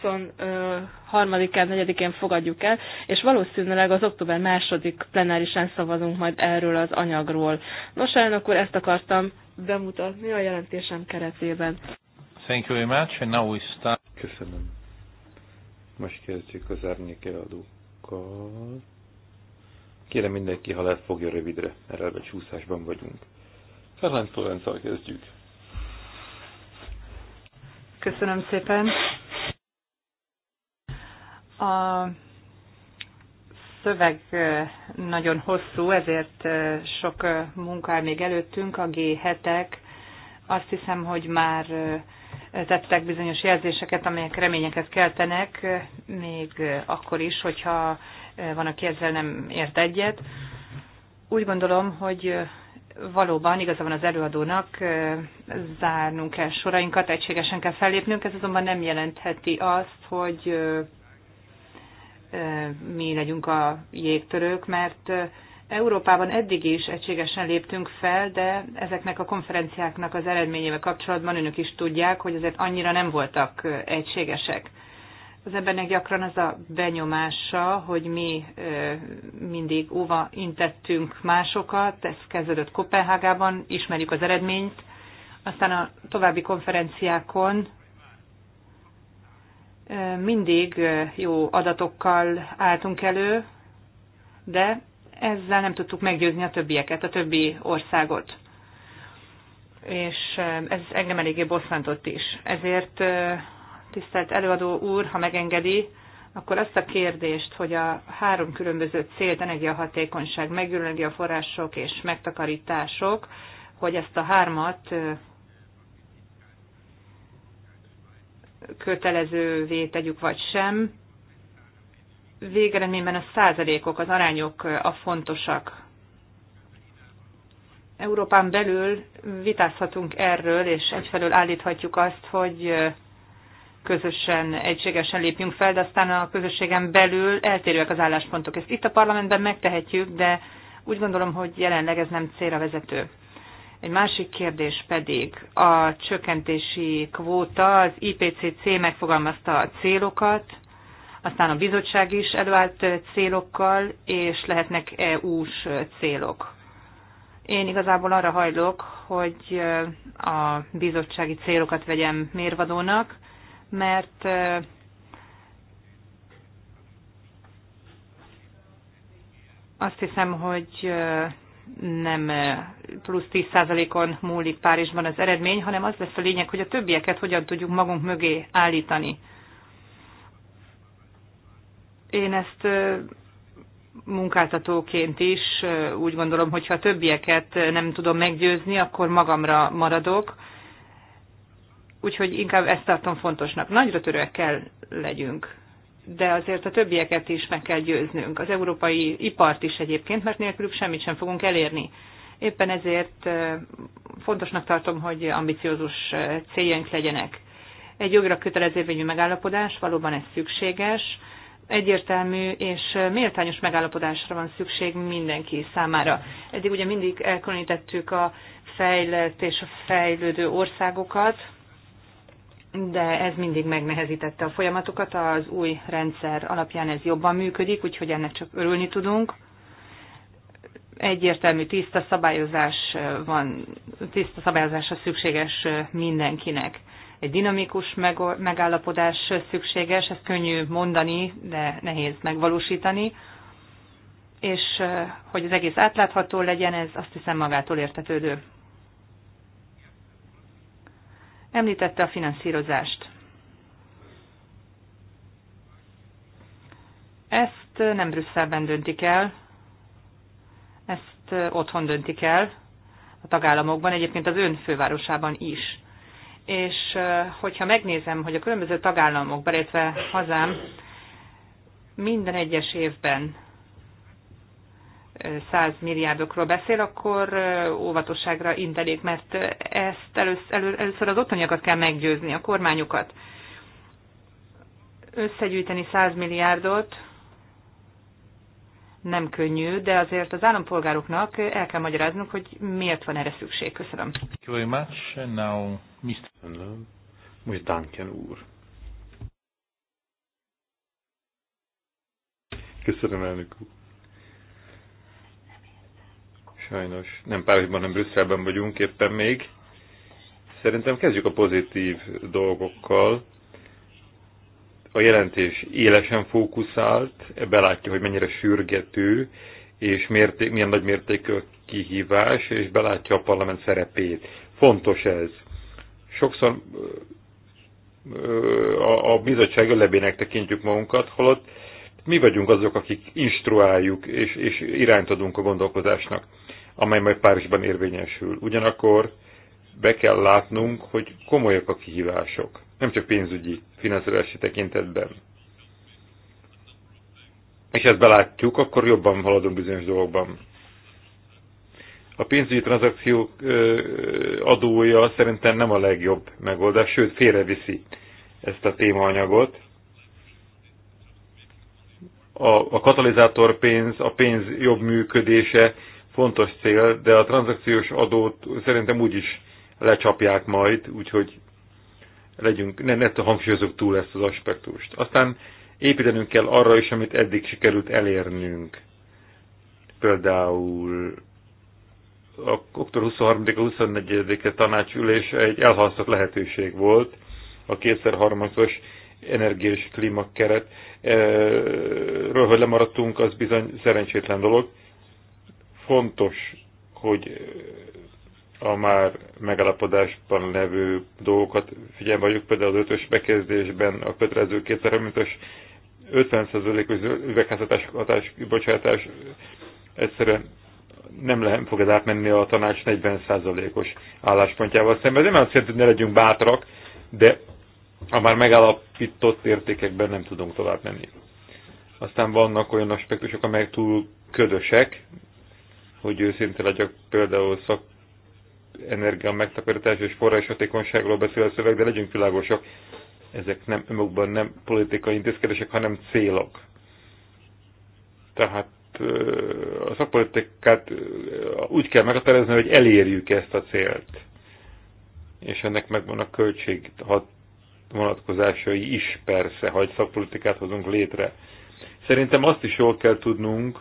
harmadikán, negyedikén fogadjuk el, és valószínűleg az október második plenárisan szavazunk majd erről az anyagról. Nos, elnök úr, ezt akartam bemutatni a jelentésem keretében. Thank you very much, and now we start. Köszönöm. Most kezdjük az árnyékeladókkal. Kérem mindenki, ha lehet, fogja rövidre, mert ebben csúszásban vagyunk. Ferenc Lorenzal kezdjük. Köszönöm szépen. A szöveg nagyon hosszú, ezért sok munka még előttünk, a G7-ek. Azt hiszem, hogy már tettek bizonyos jelzéseket, amelyek reményeket keltenek, még akkor is, hogyha van, aki ezzel nem ért egyet. Úgy gondolom, hogy valóban igaza van az előadónak, zárnunk kell sorainkat, egységesen kell fellépnünk, ez azonban nem jelentheti azt, hogy mi legyünk a jégtörők, mert Európában eddig is egységesen léptünk fel, de ezeknek a konferenciáknak az eredményével kapcsolatban önök is tudják, hogy azért annyira nem voltak egységesek. Az embernek gyakran az a benyomása, hogy mi mindig óva intettünk másokat, ez kezdődött Kopenhágában, ismerjük az eredményt, aztán a további konferenciákon mindig jó adatokkal álltunk elő, de ezzel nem tudtuk meggyőzni a többieket, a többi országot. És ez engem eléggé bosszantott is. Ezért, tisztelt előadó úr, ha megengedi, akkor azt a kérdést, hogy a három különböző célt, energiahatékonyság, megülő energiaforrások és megtakarítások, hogy ezt a hármat kötelezővé tegyük vagy sem, végeredményben a százalékok, az arányok a fontosak. Európán belül vitázhatunk erről, és egyfelől állíthatjuk azt, hogy közösen, egységesen lépjünk fel, de aztán a közösségen belül eltérőek az álláspontok. Ezt itt a parlamentben megtehetjük, de úgy gondolom, hogy jelenleg ez nem célra vezető. Egy másik kérdés pedig a csökkentési kvóta, az IPCC megfogalmazta a célokat, aztán a bizottság is előállt célokkal, és lehetnek EU-s célok. Én igazából arra hajlok, hogy a bizottsági célokat vegyem mérvadónak, mert azt hiszem, hogy nem plusz 10%-on múlik Párizsban az eredmény, hanem az lesz a lényeg, hogy a többieket hogyan tudjuk magunk mögé állítani. Én ezt munkáltatóként is úgy gondolom, hogy ha a többieket nem tudom meggyőzni, akkor magamra maradok. Úgyhogy inkább ezt tartom fontosnak. Nagyra törőek kell legyünk de azért a többieket is meg kell győznünk, az európai ipart is egyébként, mert nélkülük semmit sem fogunk elérni. Éppen ezért fontosnak tartom, hogy ambiciózus céljaink legyenek. Egy jogra kötelezővényű megállapodás, valóban ez szükséges, egyértelmű és méltányos megállapodásra van szükség mindenki számára. Eddig ugye mindig elkülönítettük a fejlett és a fejlődő országokat, de ez mindig megnehezítette a folyamatokat. Az új rendszer alapján ez jobban működik, úgyhogy ennek csak örülni tudunk. Egyértelmű tiszta szabályozás van, tiszta szabályozásra szükséges mindenkinek. Egy dinamikus megállapodás szükséges, ez könnyű mondani, de nehéz megvalósítani és eh, hogy az egész átlátható legyen, ez azt hiszem magától értetődő. Említette a finanszírozást. Ezt nem Brüsszelben döntik el, ezt otthon döntik el, a tagállamokban, egyébként az ön fővárosában is. És hogyha megnézem, hogy a különböző tagállamok, illetve hazám minden egyes évben 100 milliárdokról beszél, akkor óvatosságra intelék, mert ezt először, először az otthoniakat kell meggyőzni, a kormányokat. Összegyűjteni 100 milliárdot nem könnyű, de azért az állampolgároknak el kell magyaráznunk, hogy miért van erre szükség. Köszönöm. Thank úr. Köszönöm, elnök úr. Sajnos nem Párizsban, nem Brüsszelben vagyunk éppen még. Szerintem kezdjük a pozitív dolgokkal. A jelentés élesen fókuszált, belátja, hogy mennyire sürgető, és mérték, milyen nagy mértékű a kihívás, és belátja a parlament szerepét. Fontos ez. Sokszor a, a bizottság ölebének tekintjük magunkat, holott mi vagyunk azok, akik instruáljuk és, és irányt adunk a gondolkozásnak amely majd Párizsban érvényesül. Ugyanakkor be kell látnunk, hogy komolyak a kihívások, nem csak pénzügyi, finanszírozási tekintetben. És ezt belátjuk, akkor jobban haladunk bizonyos dolgokban. A pénzügyi tranzakciók adója szerintem nem a legjobb megoldás, sőt félreviszi ezt a témaanyagot. A, a katalizátor pénz, a pénz jobb működése fontos cél, de a tranzakciós adót szerintem úgy is lecsapják majd, úgyhogy legyünk, ne, ne hangsúlyozok túl ezt az aspektust. Aztán építenünk kell arra is, amit eddig sikerült elérnünk. Például a október 23-24-e tanácsülés egy elhasztott lehetőség volt, a kétszer harmadszos energia és klímakeret. hogy lemaradtunk, az bizony szerencsétlen dolog. Fontos, hogy a már megalapodásban levő dolgokat figyelme vagyok, például az ötös bekezdésben a kötelező kétszerűmintos 50%-os üvegházhatás hatás, bocsátás egyszerűen nem lehet, fog ez átmenni a tanács 40%-os álláspontjával szemben. Ez nem azt jelenti, hogy ne legyünk bátrak, de a már megalapított értékekben nem tudunk tovább menni. Aztán vannak olyan aspektusok, amelyek túl ködösek, hogy őszinte legyek, például szak energia megtakarítás és forrás hatékonyságról beszél a szöveg, de legyünk világosak, ezek nem önmagukban nem politikai intézkedések, hanem célok. Tehát a szakpolitikát úgy kell meghatározni, hogy elérjük ezt a célt. És ennek megvan a költség vonatkozásai is persze, ha egy szakpolitikát hozunk létre. Szerintem azt is jól kell tudnunk,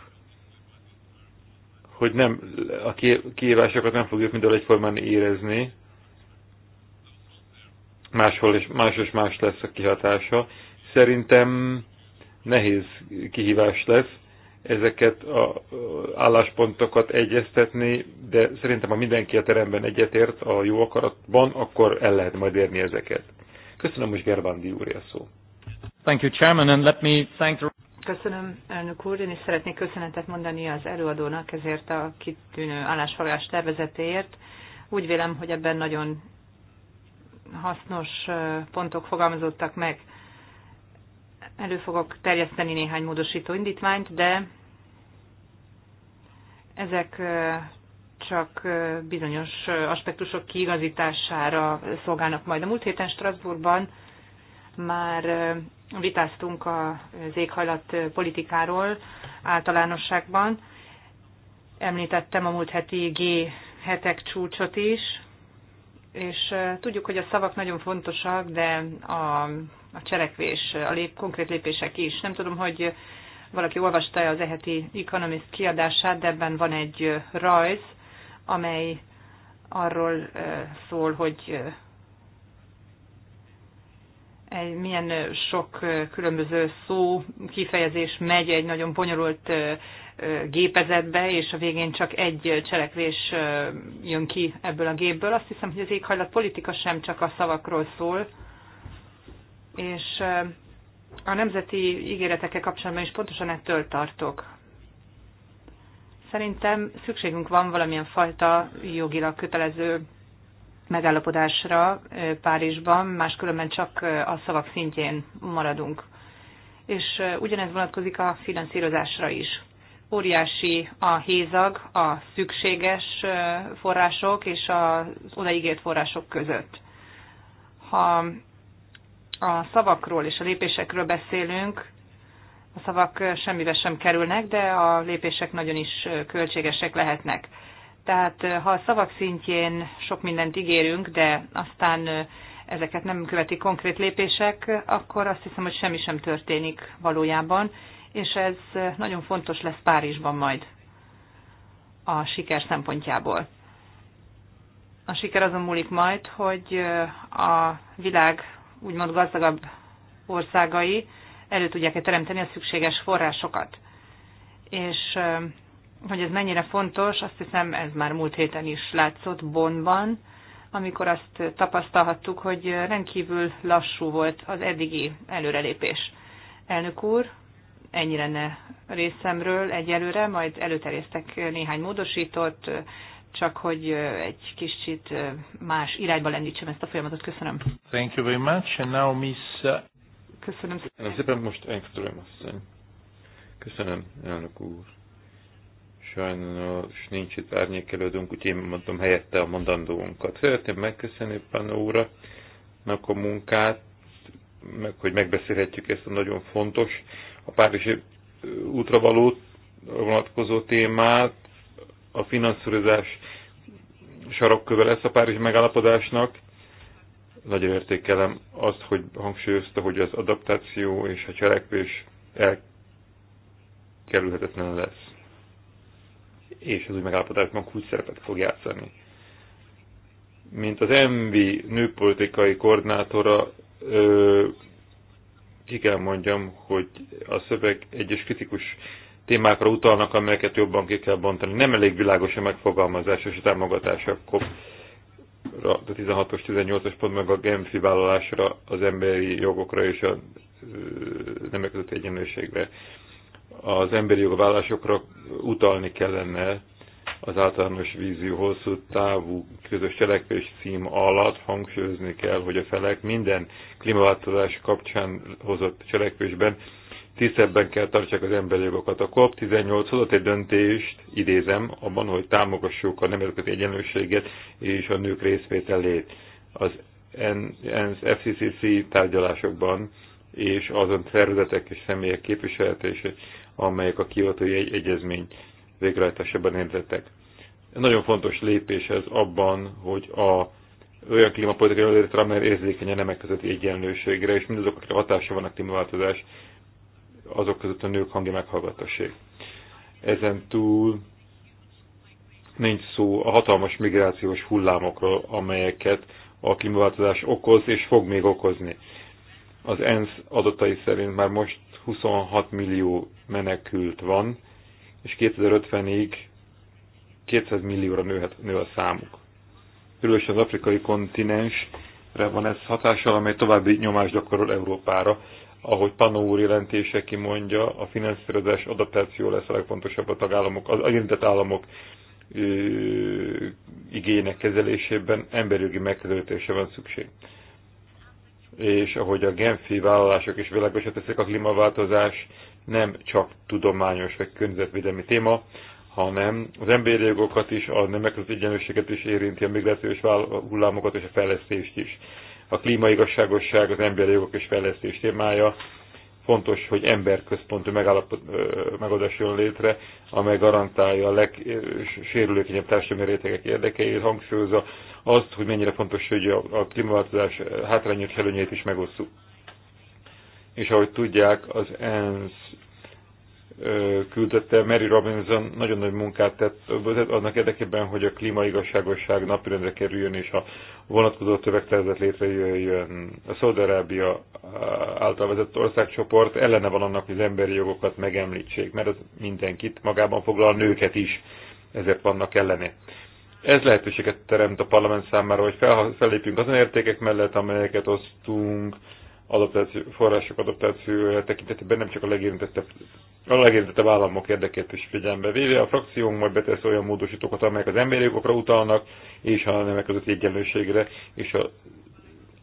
hogy nem, a kihívásokat nem fogjuk mindenhol egyformán érezni, máshol és más és más lesz a kihatása. Szerintem nehéz kihívás lesz ezeket a álláspontokat egyeztetni, de szerintem ha mindenki a teremben egyetért a jó akaratban, akkor el lehet majd érni ezeket. Köszönöm, hogy Gerbándi úr a szó. Thank you, Chairman, and let me thank the... Köszönöm, elnök úr. Én is szeretnék köszönetet mondani az előadónak ezért a kitűnő állásfoglalás tervezetéért. Úgy vélem, hogy ebben nagyon hasznos pontok fogalmazottak meg. Elő fogok terjeszteni néhány módosító indítványt, de ezek csak bizonyos aspektusok kiigazítására szolgálnak majd. A múlt héten Strasbourgban már vitáztunk az éghajlat politikáról általánosságban. Említettem a múlt heti g hetek csúcsot is, és tudjuk, hogy a szavak nagyon fontosak, de a, a cselekvés, a lép, konkrét lépések is. Nem tudom, hogy valaki olvasta az eheti Economist kiadását, de ebben van egy rajz, amely arról szól, hogy milyen sok különböző szó, kifejezés megy egy nagyon bonyolult gépezetbe, és a végén csak egy cselekvés jön ki ebből a gépből. Azt hiszem, hogy az éghajlat politika sem csak a szavakról szól, és a nemzeti ígéretekkel kapcsolatban is pontosan ettől tartok. Szerintem szükségünk van valamilyen fajta jogilag kötelező megállapodásra Párizsban, máskülönben csak a szavak szintjén maradunk. És ugyanez vonatkozik a finanszírozásra is. Óriási a hézag a szükséges források és az odaígért források között. Ha a szavakról és a lépésekről beszélünk, a szavak semmibe sem kerülnek, de a lépések nagyon is költségesek lehetnek. Tehát eh, ha a szavak szintjén sok mindent ígérünk, de aztán eh, ezeket nem követi konkrét lépések, akkor azt hiszem, hogy semmi sem történik valójában, és ez eh, nagyon fontos lesz Párizsban majd a siker szempontjából. A siker azon múlik majd, hogy a világ úgymond gazdagabb országai elő tudják-e teremteni a szükséges forrásokat. És hogy ez mennyire fontos, azt hiszem ez már múlt héten is látszott Bonban, amikor azt tapasztalhattuk, hogy rendkívül lassú volt az eddigi előrelépés. Elnök úr, ennyi lenne részemről egyelőre, majd előterjesztek néhány módosított, csak hogy egy kicsit más irányba lendítsem ezt a folyamatot. Köszönöm. Thank you very much, and now Miss... Uh, Köszönöm szépen. Köszönöm szépen most Engström asszony. Köszönöm, elnök úr sajnos nincs itt árnyékelődünk, úgyhogy én mondom helyette a mondandóunkat. Szeretném megköszönni Panó úrnak a munkát, meg, hogy megbeszélhetjük ezt a nagyon fontos, a Párizsi útra való vonatkozó témát, a finanszírozás sarokköve lesz a Párizsi megállapodásnak. Nagyon értékelem azt, hogy hangsúlyozta, hogy az adaptáció és a cselekvés elkerülhetetlen lesz és az új megállapodásban kulcs szerepet fog játszani. Mint az MV nőpolitikai koordinátora, ö, ki kell mondjam, hogy a szöveg egyes kritikus témákra utalnak, amelyeket jobban ki kell bontani. Nem elég világos a megfogalmazás és a támogatás a a 16-os, 18-os pont meg a Genfi vállalásra, az emberi jogokra és a nemek közötti egyenlőségre az emberi jogvállásokra utalni kellene az általános vízió hosszú távú közös cselekvés cím alatt hangsúlyozni kell, hogy a felek minden klímaváltozás kapcsán hozott cselekvésben tisztebben kell tartsák az emberi jogokat. A COP18 hozott egy döntést, idézem, abban, hogy támogassuk a nemzetközi egyenlőséget és a nők részvételét az ENSZ FCCC tárgyalásokban és azon szervezetek és személyek képviseletését, amelyek a kiotói egy egyezmény végrehajtásában érzettek. Nagyon fontos lépés ez abban, hogy a olyan klímapolitikai előre, amely érzékeny a nemek közötti egyenlőségre, és mindazok, akik hatása van a klímaváltozás, azok között a nők hangja meghallgatassék. Ezen túl nincs szó a hatalmas migrációs hullámokról, amelyeket a klímaváltozás okoz és fog még okozni. Az ENSZ adatai szerint már most 26 millió menekült van, és 2050-ig 200 millióra nőhet, nő a számuk. Különösen az afrikai kontinensre van ez hatással, amely további nyomást gyakorol Európára. Ahogy Pano úr jelentése kimondja, a finanszírozás adaptáció lesz a legfontosabb a tagállamok, az érintett államok ö, igények kezelésében emberjogi megközelítése van szükség és ahogy a Genfi vállalások is világosra teszik, a klímaváltozás nem csak tudományos vagy környezetvédelmi téma, hanem az emberi jogokat is, a nemek az egyenlőséget is érinti, a migrációs hullámokat és a fejlesztést is. A klímaigazságosság, az emberi jogok és fejlesztés témája, fontos, hogy emberközpontú megoldás jön létre, amely garantálja a legsérülékenyebb társadalmi rétegek érdekeit, hangsúlyozza azt, hogy mennyire fontos, hogy a klímaváltozás hátrányos előnyét is megosszuk. És ahogy tudják, az ENSZ küldette, Mary Robinson nagyon nagy munkát tett annak érdekében, hogy a klímaigazságosság napirendre kerüljön és a vonatkozó tövegtervezet létrejöjjön. A Szaudarábia által vezett országcsoport ellene van annak, hogy az emberi jogokat megemlítsék, mert az mindenkit magában foglal a nőket is, ezért vannak ellene. Ez lehetőséget teremt a parlament számára, hogy fel, fellépjünk azon értékek mellett, amelyeket osztunk, adaptáció, források adaptációja tekintetében nem csak a legérintettebb, a legérintettebb államok érdekét is figyelembe véve. A frakciónk majd betesz olyan módosítókat, amelyek az emberi jogokra utalnak, és a nemek között egyenlőségre, és a,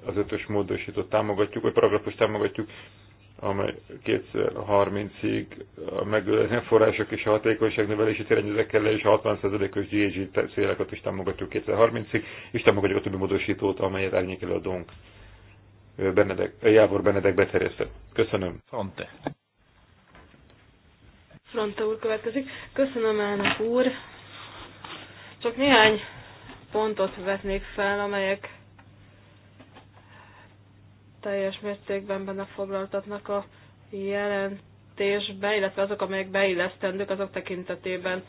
az ötös módosítót támogatjuk, vagy paragrafust támogatjuk, amely 2030-ig a megőrizni források és a hatékonyság növelési célrendezetekkel le, és a 60%-os GHG célokat is támogatjuk 2030-ig, és támogatjuk a többi módosítót, amelyet árnyékelőadónk Benedek, Jávor Benedek beterjesztett. Köszönöm. Fronte. Fronte úr következik. Köszönöm, elnök úr. Csak néhány pontot vetnék fel, amelyek teljes mértékben benne foglaltatnak a jelentésbe, illetve azok, amelyek beillesztendők, azok tekintetében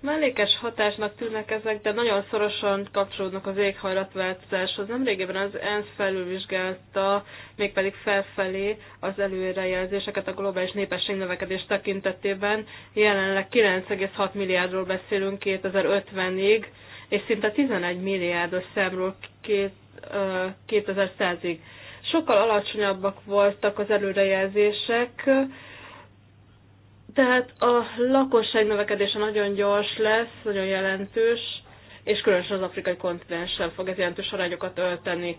mellékes hatásnak tűnnek ezek, de nagyon szorosan kapcsolódnak az éghajlatváltozáshoz. Nemrégében az ENSZ felülvizsgálta, mégpedig felfelé az előrejelzéseket a globális népesség növekedés tekintetében. Jelenleg 9,6 milliárdról beszélünk 2050-ig, és szinte 11 milliárdos számról 2100-ig sokkal alacsonyabbak voltak az előrejelzések, tehát a lakosság növekedése nagyon gyors lesz, nagyon jelentős, és különösen az afrikai kontinensen fog ez jelentős arányokat ölteni.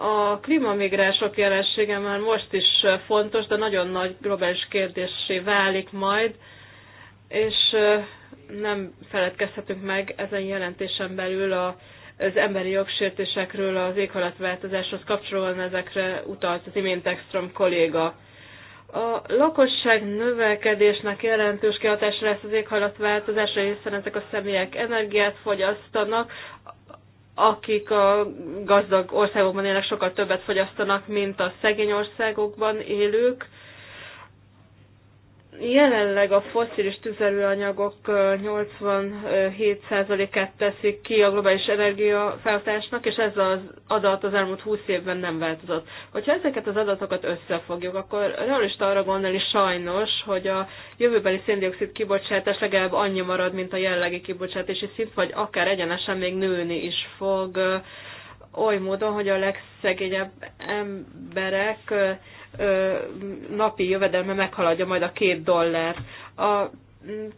A klímamigrások jelensége már most is fontos, de nagyon nagy globális kérdésé válik majd, és nem feledkezhetünk meg ezen jelentésen belül a az emberi jogsértésekről az éghajlatváltozáshoz kapcsolóan ezekre utalt az imént Ekström kolléga. A lakosság növekedésnek jelentős kihatása lesz az éghajlatváltozásra, hiszen ezek a személyek energiát fogyasztanak, akik a gazdag országokban élnek, sokkal többet fogyasztanak, mint a szegény országokban élők jelenleg a foszilis tüzelőanyagok 87%-át teszik ki a globális energiafeltásnak, és ez az adat az elmúlt 20 évben nem változott. Hogyha ezeket az adatokat összefogjuk, akkor realista arra gondolni sajnos, hogy a jövőbeli széndiokszid kibocsátás legalább annyi marad, mint a jellegi kibocsátási szint, vagy akár egyenesen még nőni is fog oly módon, hogy a legszegényebb emberek napi jövedelme meghaladja majd a két dollár. A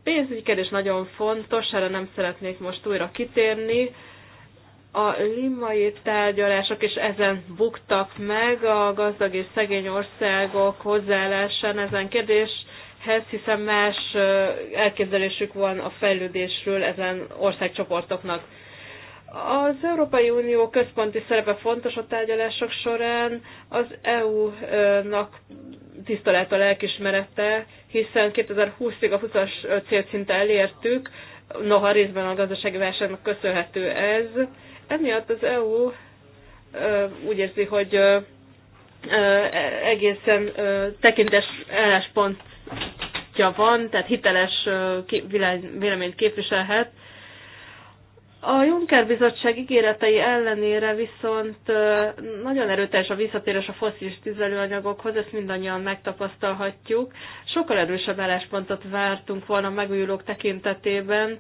pénzügyi kérdés nagyon fontos, erre nem szeretnék most újra kitérni. A limai tárgyalások és ezen buktak meg a gazdag és szegény országok hozzáállásán ezen kérdés. hiszen más elképzelésük van a fejlődésről ezen országcsoportoknak. Az Európai Unió központi szerepe fontos a tárgyalások során, az EU-nak tisztelet a lelkismerete, hiszen 2020-ig a 20-as célszinte elértük, noha részben a gazdasági válságnak köszönhető ez. Emiatt az EU úgy érzi, hogy egészen tekintes álláspontja van, tehát hiteles véleményt képviselhet, a Juncker bizottság ígéretei ellenére viszont nagyon erőteljes a visszatérés a foszilis tüzelőanyagokhoz, ezt mindannyian megtapasztalhatjuk. Sokkal erősebb álláspontot vártunk volna a megújulók tekintetében,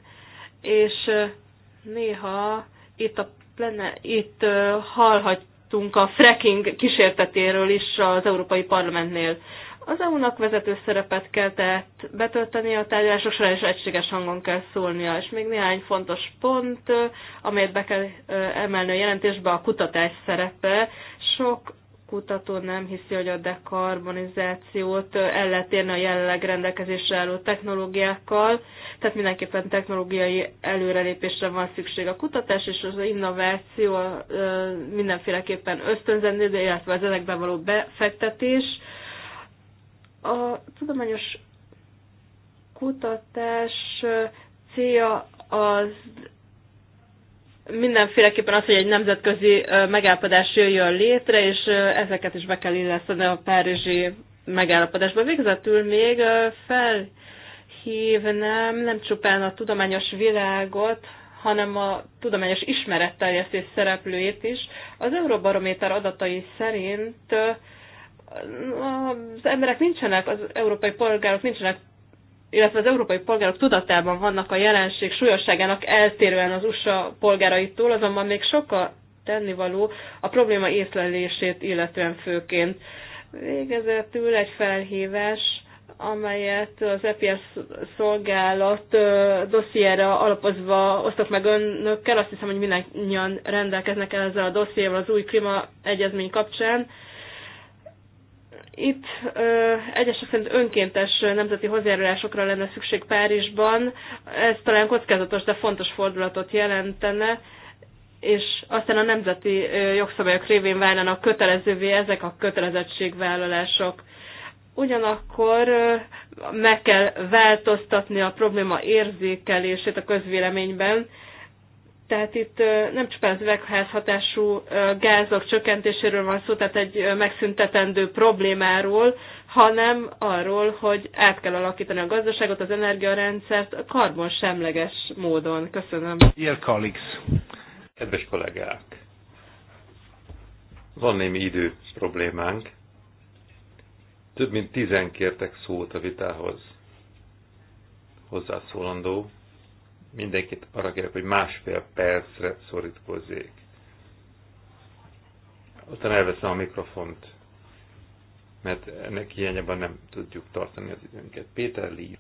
és néha itt, a plene, itt hallhatjuk a fracking kísértetéről is az Európai Parlamentnél. Az EU-nak vezető szerepet kell tehát betölteni a tárgyalásokra, és egységes hangon kell szólnia. És még néhány fontos pont, amelyet be kell emelni a jelentésbe, a kutatás szerepe. Sok kutató nem hiszi, hogy a dekarbonizációt el lehet érni a jelenleg rendelkezésre álló technológiákkal, tehát mindenképpen technológiai előrelépésre van szükség. A kutatás és az innováció mindenféleképpen ösztönzendő, illetve az ezekben való befektetés a tudományos kutatás célja az mindenféleképpen az, hogy egy nemzetközi megállapodás jöjjön létre, és ezeket is be kell illeszteni a párizsi megállapodásba. Végzetül még felhívnám nem csupán a tudományos világot, hanem a tudományos ismeretteljesztés szereplőjét is. Az Euróbarométer adatai szerint az emberek nincsenek, az európai polgárok nincsenek, illetve az európai polgárok tudatában vannak a jelenség súlyosságának eltérően az USA polgáraitól, azonban még sokkal tennivaló a probléma észlelését illetően főként. Végezetül egy felhívás, amelyet az EPS szolgálat dossziéra alapozva osztok meg önökkel. Azt hiszem, hogy mindannyian rendelkeznek ezzel a dossziéval az új klímaegyezmény kapcsán. Itt ö, egyesek szerint önkéntes nemzeti hozzájárulásokra lenne szükség Párizsban. Ez talán kockázatos, de fontos fordulatot jelentene, és aztán a nemzeti ö, jogszabályok révén válnának kötelezővé ezek a kötelezettségvállalások. Ugyanakkor ö, meg kell változtatni a probléma érzékelését a közvéleményben, tehát itt nem csupán az üvegházhatású gázok csökkentéséről van szó, tehát egy megszüntetendő problémáról, hanem arról, hogy át kell alakítani a gazdaságot, az energiarendszert semleges módon. Köszönöm. Dear colleagues, kedves kollégák, van némi idő problémánk. Több mint tizen kértek szót a vitához. Hozzászólandó mindenkit arra kérek, hogy másfél percre szorítkozzék. Aztán elveszem a mikrofont, mert ennek hiányában nem tudjuk tartani az időnket. Péter Lee.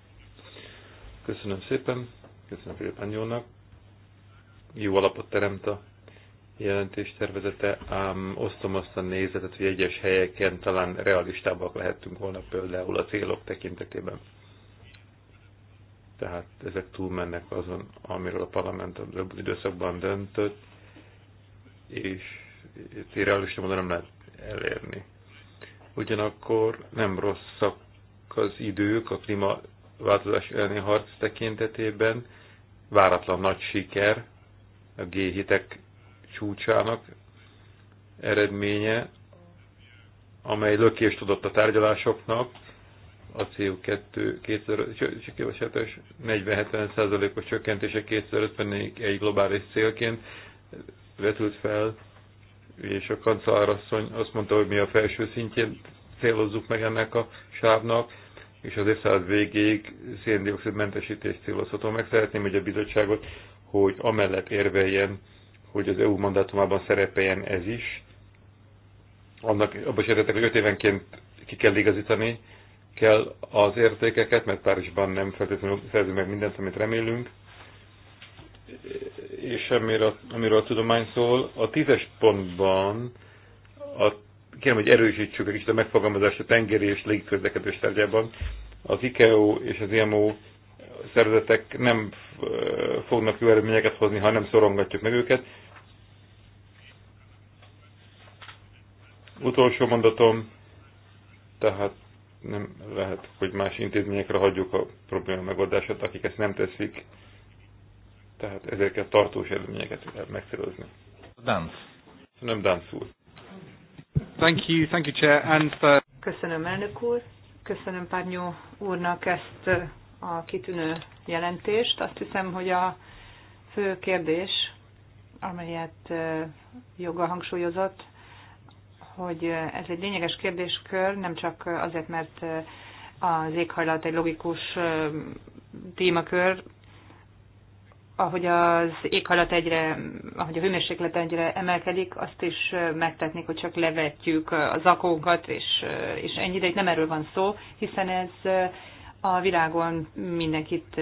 Köszönöm szépen, köszönöm Filip Angyónak. Jó alapot teremt a jelentés tervezete, ám osztom azt a nézetet, hogy egyes helyeken talán realistábbak lehettünk volna például a célok tekintetében tehát ezek túlmennek azon, amiről a parlament az időszakban döntött, és realista módon nem lehet elérni. Ugyanakkor nem rosszak az idők a klímaváltozás elleni harc tekintetében, váratlan nagy siker a g csúcsának eredménye, amely lökést adott a tárgyalásoknak, a co 2 40 40-70%-os csökkentése 2050-ig egy globális célként vetült fel, és a kancellárasszony azt mondta, hogy mi a felső szintjén célozzuk meg ennek a sávnak, és az évszáz végéig széndiokszid mentesítést célozható. Meg szeretném, hogy a bizottságot, hogy amellett érveljen, hogy az EU mandátumában szerepeljen ez is, annak abban is hogy 5 évenként ki kell igazítani, kell az értékeket, mert Párizsban nem feltétlenül szerzünk meg mindent, amit remélünk, és amiről, amiről a tudomány szól, a tízes pontban a, kérem, hogy erősítsük egy kicsit a megfogalmazást a tengeri és légiközlekedés tárgyában. Az ICAO és az IMO szervezetek nem fognak jó eredményeket hozni, ha nem szorongatjuk meg őket. Utolsó mondatom, tehát nem lehet, hogy más intézményekre hagyjuk a probléma megoldását, akik ezt nem teszik. Tehát ezért kell tartós eredményeket megszerezni. Dánc. Nem Dánc úr. Thank you, thank you, Chair. And for... Uh, Köszönöm, elnök úr. Köszönöm Párnyó úrnak ezt uh, a kitűnő jelentést. Azt hiszem, hogy a fő kérdés, amelyet uh, joga hangsúlyozott, hogy ez egy lényeges kérdéskör, nem csak azért, mert az éghajlat egy logikus témakör, ahogy az éghajlat egyre, ahogy a hőmérséklet egyre emelkedik, azt is megtetnék, hogy csak levetjük az akókat, és, és ennyi, de itt nem erről van szó, hiszen ez a világon mindenkit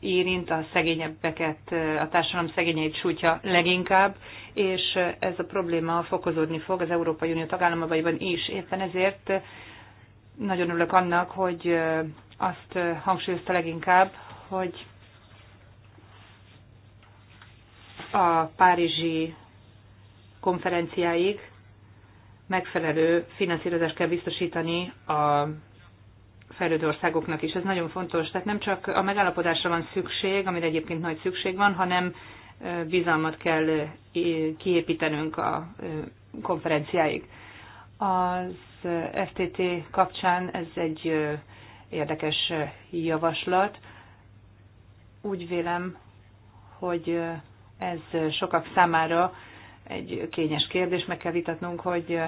érint, a szegényebbeket, a társadalom szegényeit sújtja leginkább, és ez a probléma fokozódni fog az Európai Unió tagállamaiban is. Éppen ezért nagyon örülök annak, hogy azt hangsúlyozta leginkább, hogy a párizsi konferenciáig megfelelő finanszírozást kell biztosítani a fejlődő országoknak is. Ez nagyon fontos. Tehát nem csak a megállapodásra van szükség, amire egyébként nagy szükség van, hanem bizalmat kell kiépítenünk a konferenciáig. Az FTT kapcsán ez egy érdekes javaslat. Úgy vélem, hogy ez sokak számára egy kényes kérdés, meg kell vitatnunk, hogy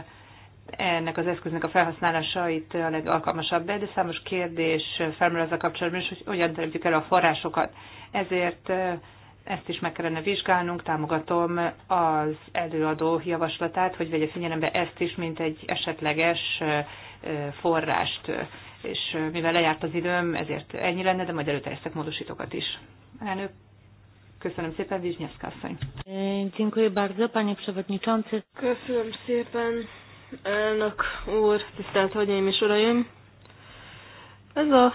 ennek az eszköznek a felhasználása itt a legalkalmasabb, de számos kérdés felmerül az a kapcsolatban is, hogy hogyan teremtjük el a forrásokat. Ezért ezt is meg kellene vizsgálnunk, támogatom az előadó javaslatát, hogy vegye figyelembe ezt is, mint egy esetleges forrást. És mivel lejárt az időm, ezért ennyi lenne, de majd előterjesztek módosítókat is. Elnök, köszönöm szépen, Vizsnyevszka asszony. Köszönöm szépen, elnök úr, tisztelt hölgyeim és uraim! Ez a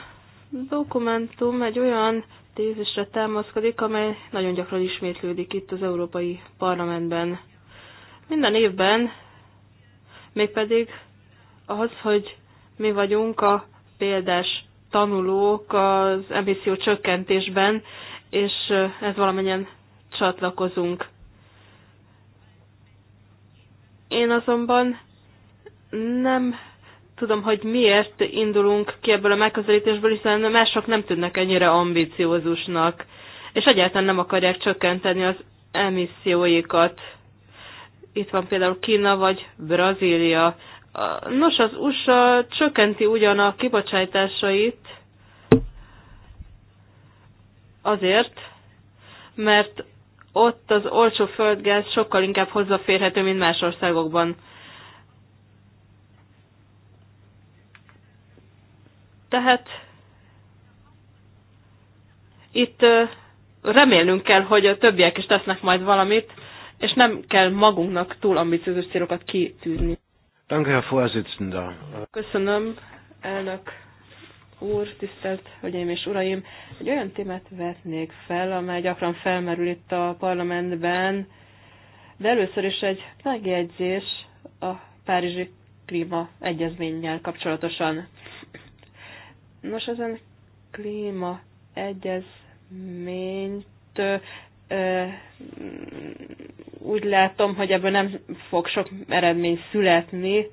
dokumentum egy olyan tézisre támaszkodik, amely nagyon gyakran ismétlődik itt az Európai Parlamentben. Minden évben, mégpedig az, hogy mi vagyunk a példás tanulók az emisszió csökkentésben, és ez valamennyien csatlakozunk. Én azonban nem tudom, hogy miért indulunk ki ebből a megközelítésből, hiszen mások nem tűnnek ennyire ambiciózusnak, és egyáltalán nem akarják csökkenteni az emisszióikat. Itt van például Kína vagy Brazília. Nos, az USA csökkenti ugyan a kibocsátásait azért, mert ott az olcsó földgáz sokkal inkább hozzáférhető, mint más országokban. Tehát itt remélnünk kell, hogy a többiek is tesznek majd valamit, és nem kell magunknak túl ambiciózus célokat kitűzni. Köszönöm, elnök úr, tisztelt hölgyeim és uraim. Egy olyan témát vetnék fel, amely gyakran felmerül itt a parlamentben, de először is egy megjegyzés a Párizsi Klíma Egyezménnyel kapcsolatosan. Nos, ezen klíma egyezményt úgy látom, hogy ebből nem fog sok eredmény születni,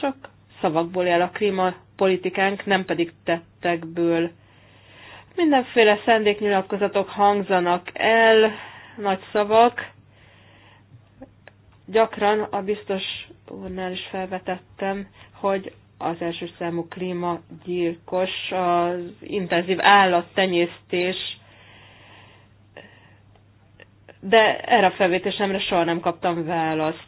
csak szavakból él a klímapolitikánk, nem pedig tettekből. Mindenféle szendéknyilatkozatok hangzanak el, nagy szavak. Gyakran a biztos úrnál is felvetettem, hogy az első számú klímagyilkos, az intenzív állattenyésztés, de erre a felvétésemre soha nem kaptam választ.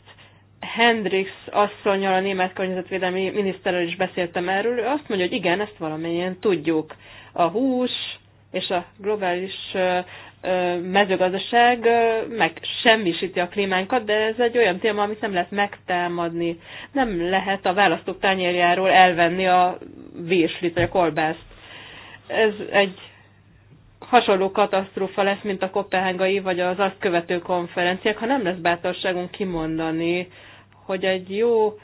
Hendrix asszonyal, a német környezetvédelmi miniszterrel is beszéltem erről, ő azt mondja, hogy igen, ezt valamennyien tudjuk. A hús, és a globális mezőgazdaság meg semmisíti a klímánkat, de ez egy olyan téma, amit nem lehet megtámadni. Nem lehet a választók tányérjáról elvenni a vírslit vagy a kolbászt. Ez egy hasonló katasztrófa lesz, mint a kopenhágai vagy az azt követő konferenciák, ha nem lesz bátorságunk kimondani, hogy egy jó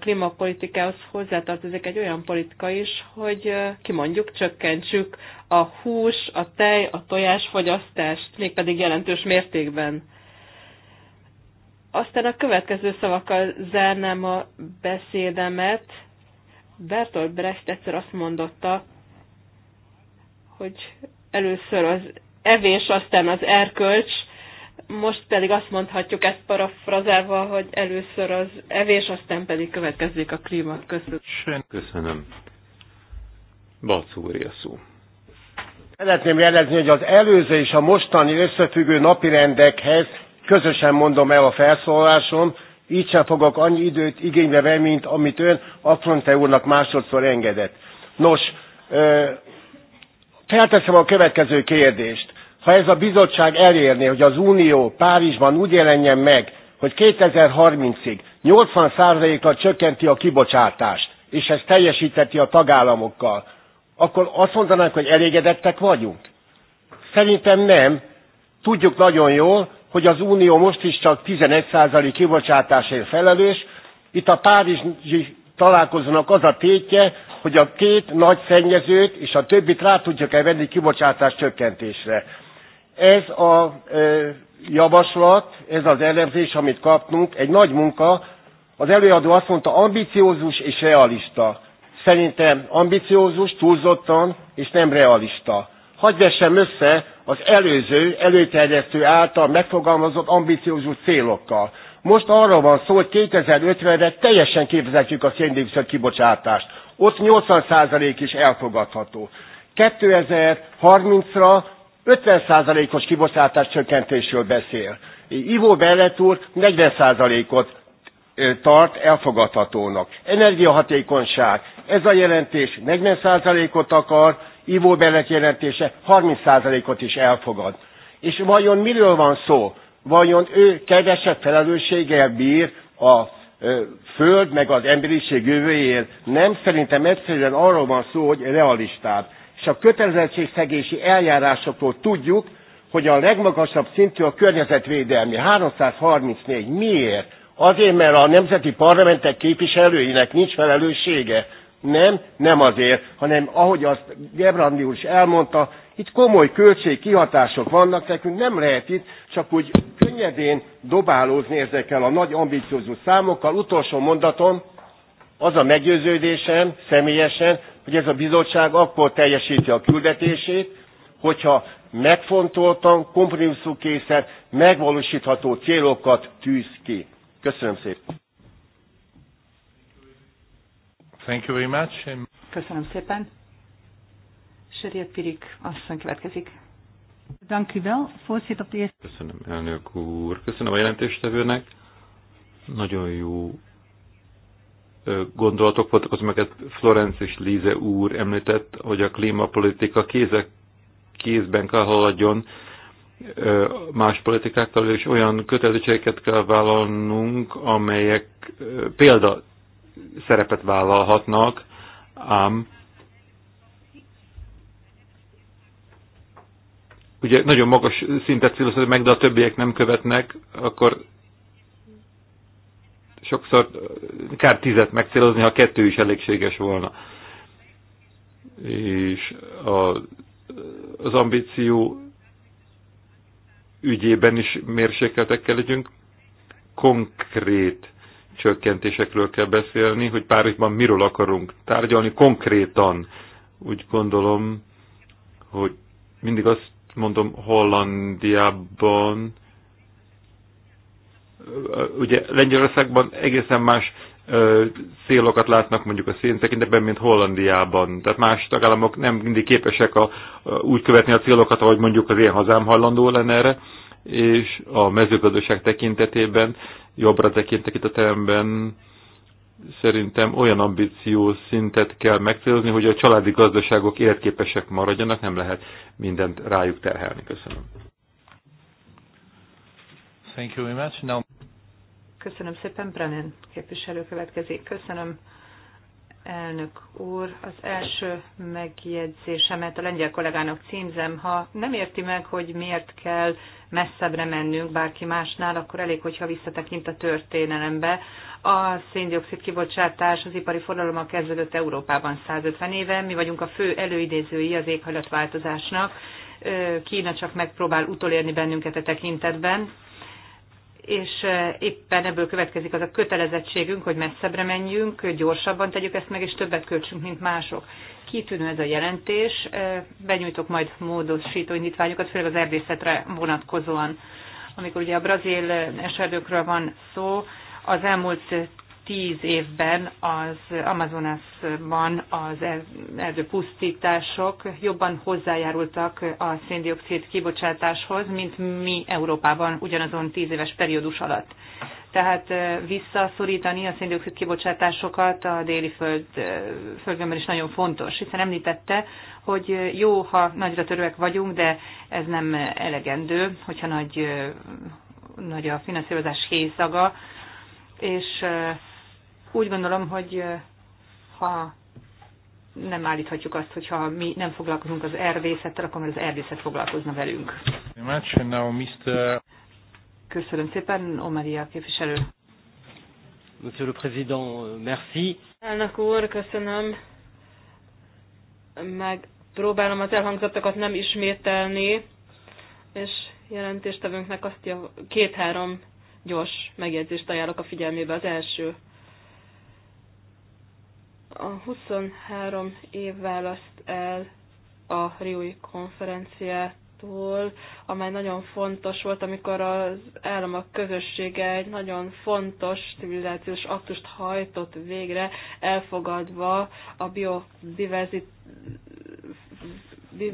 klímapolitikához hozzátartozik egy olyan politika is, hogy kimondjuk, csökkentsük a hús, a tej, a tojás fogyasztást, mégpedig jelentős mértékben. Aztán a következő szavakkal zárnám a beszédemet. Bertolt Brecht egyszer azt mondotta, hogy először az evés, aztán az erkölcs, most pedig azt mondhatjuk ezt parafrazával, hogy először az evés, aztán pedig következik a klíma. Köszönöm. Köszönöm. Balc a szó. Szeretném jelezni, hogy az előző és a mostani összefüggő napirendekhez közösen mondom el a felszólásom, így sem fogok annyi időt igénybe venni, mint amit ön Affronte úrnak másodszor engedett. Nos, felteszem a következő kérdést. Ha ez a bizottság elérné, hogy az Unió Párizsban úgy jelenjen meg, hogy 2030-ig 80%-kal csökkenti a kibocsátást, és ezt teljesíteti a tagállamokkal, akkor azt mondanánk, hogy elégedettek vagyunk? Szerintem nem. Tudjuk nagyon jól, hogy az Unió most is csak 11% kibocsátásért felelős. Itt a Párizsi találkozónak az a tétje, hogy a két nagy szennyezőt és a többit rá tudjuk-e venni kibocsátás csökkentésre. Ez a javaslat, ez az elemzés, amit kaptunk, egy nagy munka. Az előadó azt mondta, ambiciózus és realista. Szerintem ambiciózus, túlzottan és nem realista. Hagyj vessem össze az előző, előterjesztő által megfogalmazott ambiciózus célokkal. Most arra van szó, hogy 2050-re teljesen képzeljük a széndiokszid kibocsátást. Ott 80% is elfogadható. 2030-ra 50%-os kibocsátás csökkentésről beszél. Ivo Bellet úr 40%-ot tart elfogadhatónak. Energiahatékonyság. Ez a jelentés 40%-ot akar, Ivo Bellet jelentése 30%-ot is elfogad. És vajon miről van szó? Vajon ő kevesebb felelősséggel bír a föld meg az emberiség jövőjéért? Nem, szerintem egyszerűen arról van szó, hogy realistább és a kötelezettségszegési eljárásokról tudjuk, hogy a legmagasabb szintű a környezetvédelmi 334. Miért? Azért, mert a nemzeti parlamentek képviselőinek nincs felelőssége. Nem, nem azért, hanem ahogy azt Gebrandi úr is elmondta, itt komoly kihatások vannak, nekünk nem lehet itt csak úgy könnyedén dobálózni ezekkel a nagy ambiciózus számokkal. Utolsó mondatom, az a meggyőződésem személyesen, hogy ez a bizottság akkor teljesíti a küldetését, hogyha megfontoltan, kompromisszumkészen, megvalósítható célokat tűz ki. Köszönöm szépen. Thank you very much. Köszönöm szépen. Sörjet Pirik asszony következik. Dank u wel, voorzitter. Köszönöm, elnök úr. Köszönöm a jelentéstevőnek. Nagyon jó gondolatok voltak az, amiket hát Florence és lize úr említett, hogy a klímapolitika kézek, kézben kell haladjon más politikákkal, és olyan kötelezettségeket kell vállalnunk, amelyek példa szerepet vállalhatnak, ám ugye nagyon magas szintet célozhat meg, de a többiek nem követnek, akkor sokszor eh, kár tizet megcélozni, ha kettő is elégséges volna. És a, az ambíció ügyében is mérsékeltek kell legyünk. Konkrét csökkentésekről kell beszélni, hogy Párizsban miről akarunk tárgyalni konkrétan. Úgy gondolom, hogy mindig azt mondom Hollandiában, ugye Lengyelországban egészen más célokat látnak mondjuk a szén tekintetben, mint Hollandiában. Tehát más tagállamok nem mindig képesek a, a, úgy követni a célokat, ahogy mondjuk az én hazám hajlandó lenne erre, és a mezőgazdaság tekintetében, jobbra tekintek itt a teremben, szerintem olyan ambíció szintet kell megcélozni, hogy a családi gazdaságok életképesek maradjanak, nem lehet mindent rájuk terhelni. Köszönöm. Thank you very much. Now... Köszönöm szépen, Brennan képviselő következik. Köszönöm, elnök úr. Az első megjegyzésemet a lengyel kollégának címzem. Ha nem érti meg, hogy miért kell messzebbre mennünk bárki másnál, akkor elég, hogyha visszatekint a történelembe. A széndiokszid kibocsátás az ipari a kezdődött Európában 150 éve. Mi vagyunk a fő előidézői az éghajlatváltozásnak. Kína csak megpróbál utolérni bennünket a e tekintetben és eh, éppen ebből következik az a kötelezettségünk, hogy messzebbre menjünk, gyorsabban tegyük ezt meg, és többet költsünk, mint mások. Kitűnő ez a jelentés, eh, benyújtok majd módosító indítványokat, főleg az erdészetre vonatkozóan. Amikor ugye a brazil eh, eserdőkről van szó, az elmúlt tíz évben az Amazonasban az erdőpusztítások jobban hozzájárultak a széndiokszid kibocsátáshoz, mint mi Európában ugyanazon tíz éves periódus alatt. Tehát visszaszorítani a széndiokszid kibocsátásokat a déli föld, földgömbben is nagyon fontos, hiszen említette, hogy jó, ha nagyra törőek vagyunk, de ez nem elegendő, hogyha nagy, nagy a finanszírozás hészaga, és úgy gondolom, hogy ha nem állíthatjuk azt, hogyha mi nem foglalkozunk az erdészettel, akkor már az erdészet foglalkozna velünk. Köszönöm szépen, Omaria képviselő. Monsieur le Président, euh, merci. Elnök úr, köszönöm. Meg próbálom az elhangzottakat nem ismételni, és jelentéstevőnknek azt a két-három gyors megjegyzést ajánlok a figyelmébe. Az első a 23 év választ el a Riói konferenciától, amely nagyon fontos volt, amikor az államok közössége egy nagyon fontos civilizációs aktust hajtott végre, elfogadva a biodiverzit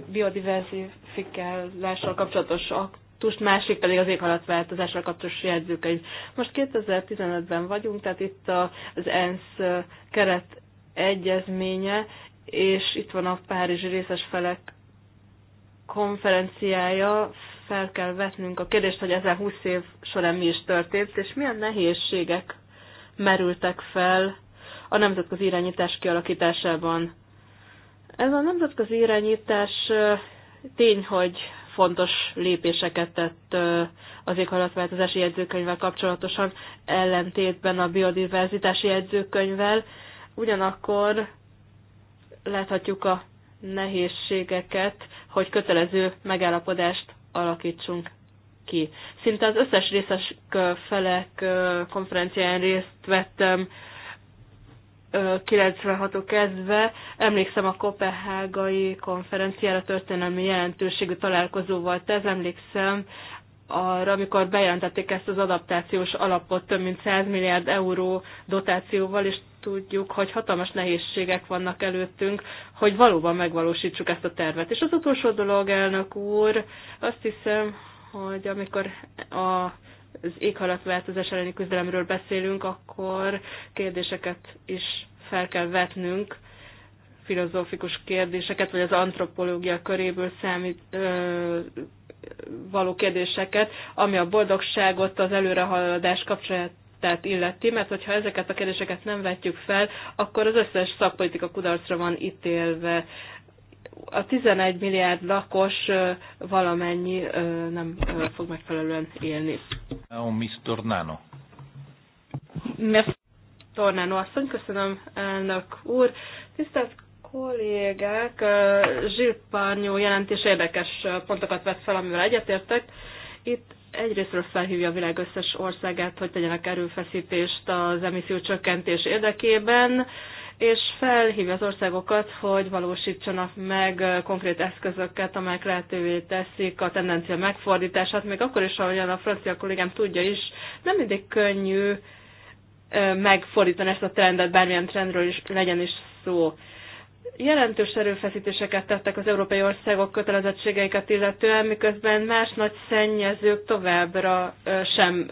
biodiverzifikálással kapcsolatos aktust, másik pedig az éghajlatváltozással kapcsolatos jegyzőkönyv. Most 2015-ben vagyunk, tehát itt az ENSZ keret egyezménye, és itt van a Párizsi részes felek konferenciája, fel kell vetnünk a kérdést, hogy ezen 20 év során mi is történt, és milyen nehézségek merültek fel a nemzetközi irányítás kialakításában. Ez a nemzetközi irányítás tény, hogy fontos lépéseket tett az éghajlatváltozási jegyzőkönyvvel kapcsolatosan, ellentétben a biodiverzitási jegyzőkönyvvel, Ugyanakkor láthatjuk a nehézségeket, hogy kötelező megállapodást alakítsunk ki. Szinte az összes részes felek konferencián részt vettem 96 kezdve. Emlékszem a Kopenhágai konferenciára történelmi jelentőségű találkozó volt ez, emlékszem arra, amikor bejelentették ezt az adaptációs alapot több mint 100 milliárd euró dotációval, és tudjuk, hogy hatalmas nehézségek vannak előttünk, hogy valóban megvalósítsuk ezt a tervet. És az utolsó dolog, elnök úr, azt hiszem, hogy amikor a az éghajlatváltozás elleni küzdelemről beszélünk, akkor kérdéseket is fel kell vetnünk, filozófikus kérdéseket, vagy az antropológia köréből számít, ö, való kérdéseket, ami a boldogságot, az előrehaladás kapcsolatát illeti, mert hogyha ezeket a kérdéseket nem vetjük fel, akkor az összes szakpolitika kudarcra van ítélve. A 11 milliárd lakos valamennyi nem fog megfelelően élni. Miss Tornano. Tornano asszony, köszönöm elnök úr. Tisztelt kollégák Zsilparnyó jelentés érdekes pontokat vett fel, amivel egyetértek. Itt egyrésztről felhívja a világ összes országát, hogy tegyenek erőfeszítést az emisszió csökkentés érdekében, és felhívja az országokat, hogy valósítsanak meg konkrét eszközöket, amelyek lehetővé teszik a tendencia megfordítását, még akkor is, ahogyan a francia kollégám tudja is, nem mindig könnyű megfordítani ezt a trendet, bármilyen trendről is legyen is szó jelentős erőfeszítéseket tettek az európai országok kötelezettségeiket illetően, miközben más nagy szennyezők továbbra sem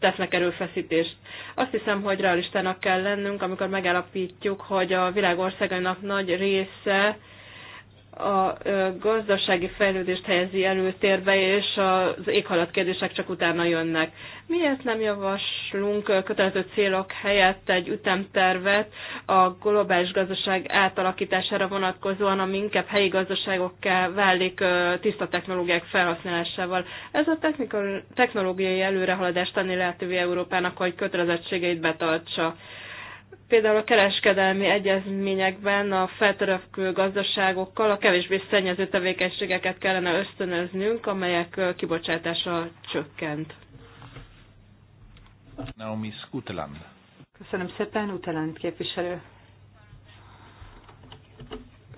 tesznek erőfeszítést. Azt hiszem, hogy realistának kell lennünk, amikor megállapítjuk, hogy a világ országainak nagy része a gazdasági fejlődést helyezi előtérbe, és az éghajlat kérdések csak utána jönnek. Miért nem javaslunk kötelező célok helyett egy ütemtervet a globális gazdaság átalakítására vonatkozóan, ami inkább helyi gazdaságokká válik tiszta technológiák felhasználásával? Ez a technikai technológiai előrehaladást tenni lehetővé Európának, hogy kötelezettségeit betartsa például a kereskedelmi egyezményekben a feltörökő gazdaságokkal a kevésbé szennyező tevékenységeket kellene ösztönöznünk, amelyek kibocsátása csökkent. Naomi Skutland. Köszönöm szépen, Utelent képviselő.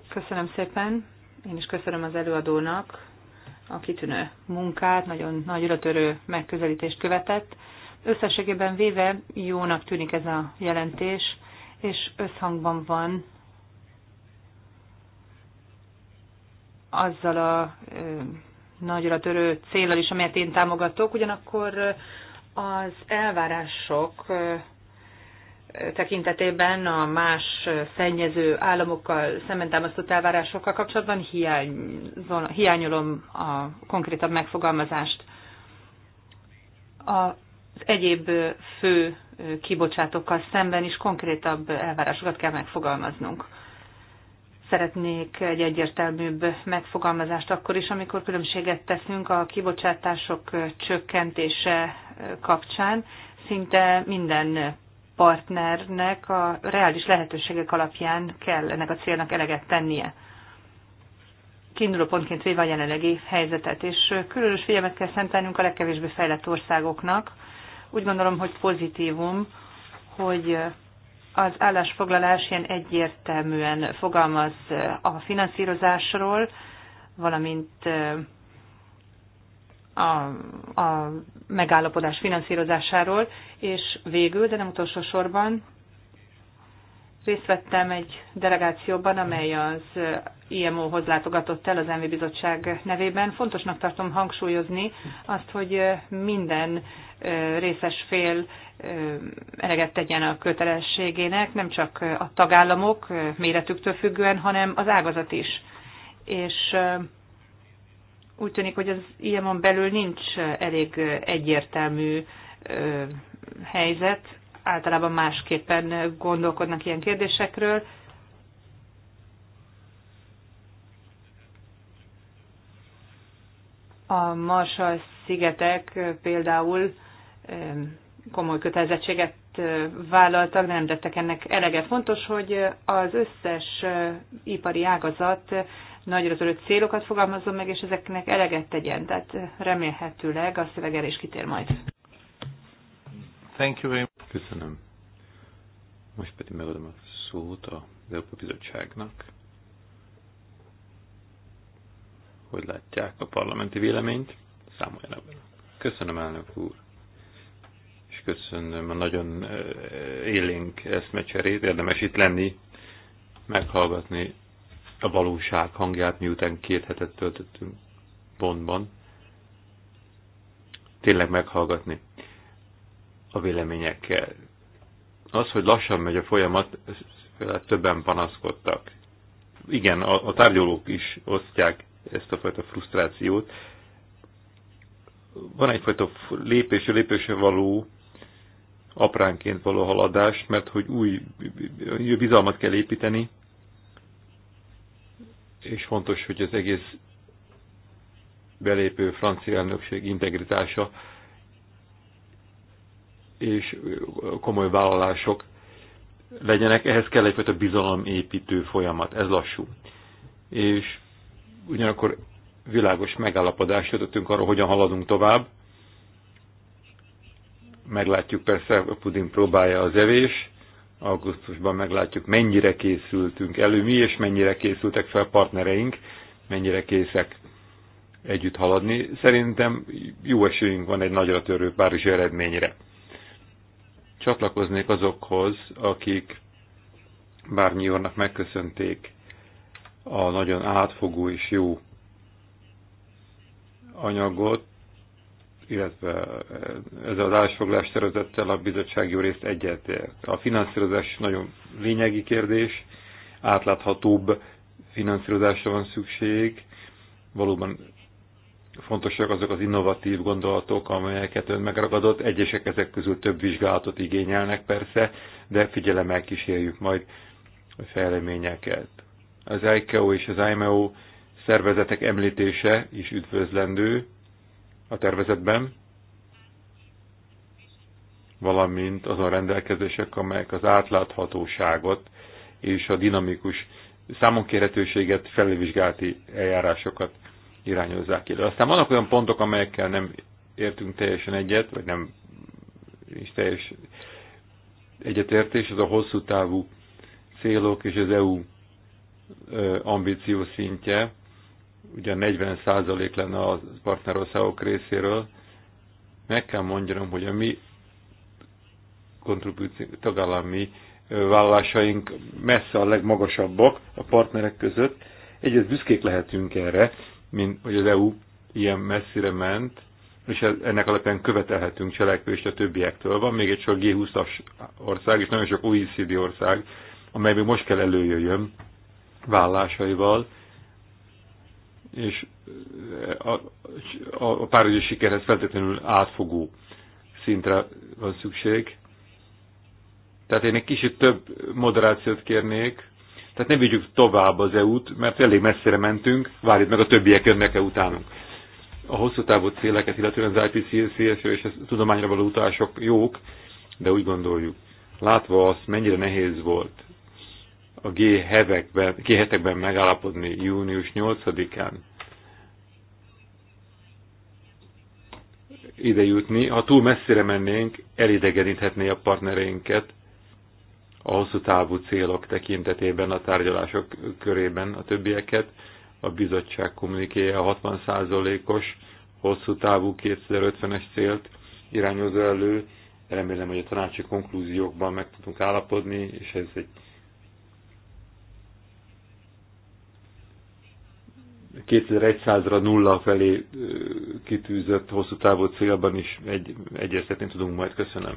Köszönöm szépen. Én is köszönöm az előadónak a kitűnő munkát, nagyon nagy törő megközelítést követett. Összességében véve jónak tűnik ez a jelentés, és összhangban van azzal a nagyra törő célral is, amelyet én támogatok, ugyanakkor az elvárások tekintetében a más szennyező államokkal szemben támasztott elvárásokkal kapcsolatban hiányolom a konkrétabb megfogalmazást. Az egyéb fő kibocsátókkal szemben is konkrétabb elvárásokat kell megfogalmaznunk. Szeretnék egy egyértelműbb megfogalmazást akkor is, amikor különbséget teszünk a kibocsátások csökkentése kapcsán. Szinte minden partnernek a reális lehetőségek alapján kell ennek a célnak eleget tennie. Kiinduló pontként véve a jelenlegi helyzetet, és különös figyelmet kell szentelnünk a legkevésbé fejlett országoknak, úgy gondolom, hogy pozitívum, hogy az állásfoglalás ilyen egyértelműen fogalmaz a finanszírozásról, valamint a, a megállapodás finanszírozásáról, és végül, de nem utolsó sorban, részt vettem egy delegációban, amely az IMO-hoz látogatott el az ENVI Bizottság nevében. Fontosnak tartom hangsúlyozni azt, hogy minden részes fél eleget tegyen a kötelességének, nem csak a tagállamok méretüktől függően, hanem az ágazat is. És úgy tűnik, hogy az ilyen belül nincs elég egyértelmű helyzet, általában másképpen gondolkodnak ilyen kérdésekről, A Marshall-szigetek például komoly kötelezettséget vállaltak, nem tettek ennek elege. Fontos, hogy az összes ipari ágazat nagyra törő célokat fogalmazzon meg, és ezeknek eleget tegyen. Tehát remélhetőleg a szöveg erre is kitér majd. Thank you very much. Köszönöm. Most pedig megadom a szót a Európa Bizottságnak. hogy látják a parlamenti véleményt, számoljanak bele. Köszönöm, elnök úr, és köszönöm a nagyon eh, élénk eszmecserét, érdemes itt lenni, meghallgatni a valóság hangját, miután két hetet töltöttünk pontban. tényleg meghallgatni a véleményekkel. Az, hogy lassan megy a folyamat, többen panaszkodtak. Igen, a, a tárgyalók is osztják ezt a fajta frusztrációt. Van egyfajta lépésre lépésre való apránként való haladás, mert hogy új bizalmat kell építeni, és fontos, hogy az egész belépő francia elnökség integritása és komoly vállalások legyenek, ehhez kell egyfajta bizalomépítő folyamat, ez lassú. És ugyanakkor világos megállapodást jutottunk arra, hogyan haladunk tovább. Meglátjuk persze, a puding próbálja az evés. Augusztusban meglátjuk, mennyire készültünk elő, mi és mennyire készültek fel partnereink, mennyire készek együtt haladni. Szerintem jó esélyünk van egy nagyra törő párizsi eredményre. Csatlakoznék azokhoz, akik bárnyi úrnak megköszönték a nagyon átfogó és jó anyagot, illetve ez az állásfoglás szervezettel a bizottság jó részt egyetért. A finanszírozás nagyon lényegi kérdés, átláthatóbb finanszírozásra van szükség, valóban fontosak azok az innovatív gondolatok, amelyeket ön megragadott. Egyesek ezek közül több vizsgálatot igényelnek persze, de figyelemmel kísérjük majd a fejleményeket az ICAO és az IMO e szervezetek említése is üdvözlendő a tervezetben, valamint azon rendelkezések, amelyek az átláthatóságot és a dinamikus számonkérhetőséget, felvizsgálati eljárásokat irányozzák ide. Aztán vannak olyan pontok, amelyekkel nem értünk teljesen egyet, vagy nem is teljes egyetértés, az a hosszú távú célok és az EU ambíció szintje, ugye 40 százalék lenne a partnerországok részéről, meg kell mondjam, hogy a mi tagállami vállalásaink messze a legmagasabbak a partnerek között. Egyrészt büszkék lehetünk erre, mint hogy az EU ilyen messzire ment, és ennek alapján követelhetünk cselekvést a többiektől. Van még egy sok G20-as ország, és nagyon sok OECD ország, amely még most kell előjöjjön vállásaival, és a, a, a párizsi sikerhez feltétlenül átfogó szintre van szükség. Tehát én egy kicsit több moderációt kérnék, tehát ne vigyük tovább az EU-t, mert elég messzire mentünk, várjuk meg a többiek jönnek-e utánunk. A hosszú távú céleket, illetően az ipcc re és a tudományra való utások jók, de úgy gondoljuk, látva azt, mennyire nehéz volt a G7-ekben megállapodni június 8-án ide jutni. Ha túl messzire mennénk, elidegeníthetné a partnereinket a hosszú távú célok tekintetében, a tárgyalások körében a többieket. A bizottság kommunikéje a 60%-os hosszú távú 2050-es célt irányozó elő. Remélem, hogy a tanácsi konklúziókban meg tudunk állapodni, és ez egy 2100-ra nulla felé kitűzött hosszú távú célban is egy, egyeztetni tudunk majd. Köszönöm.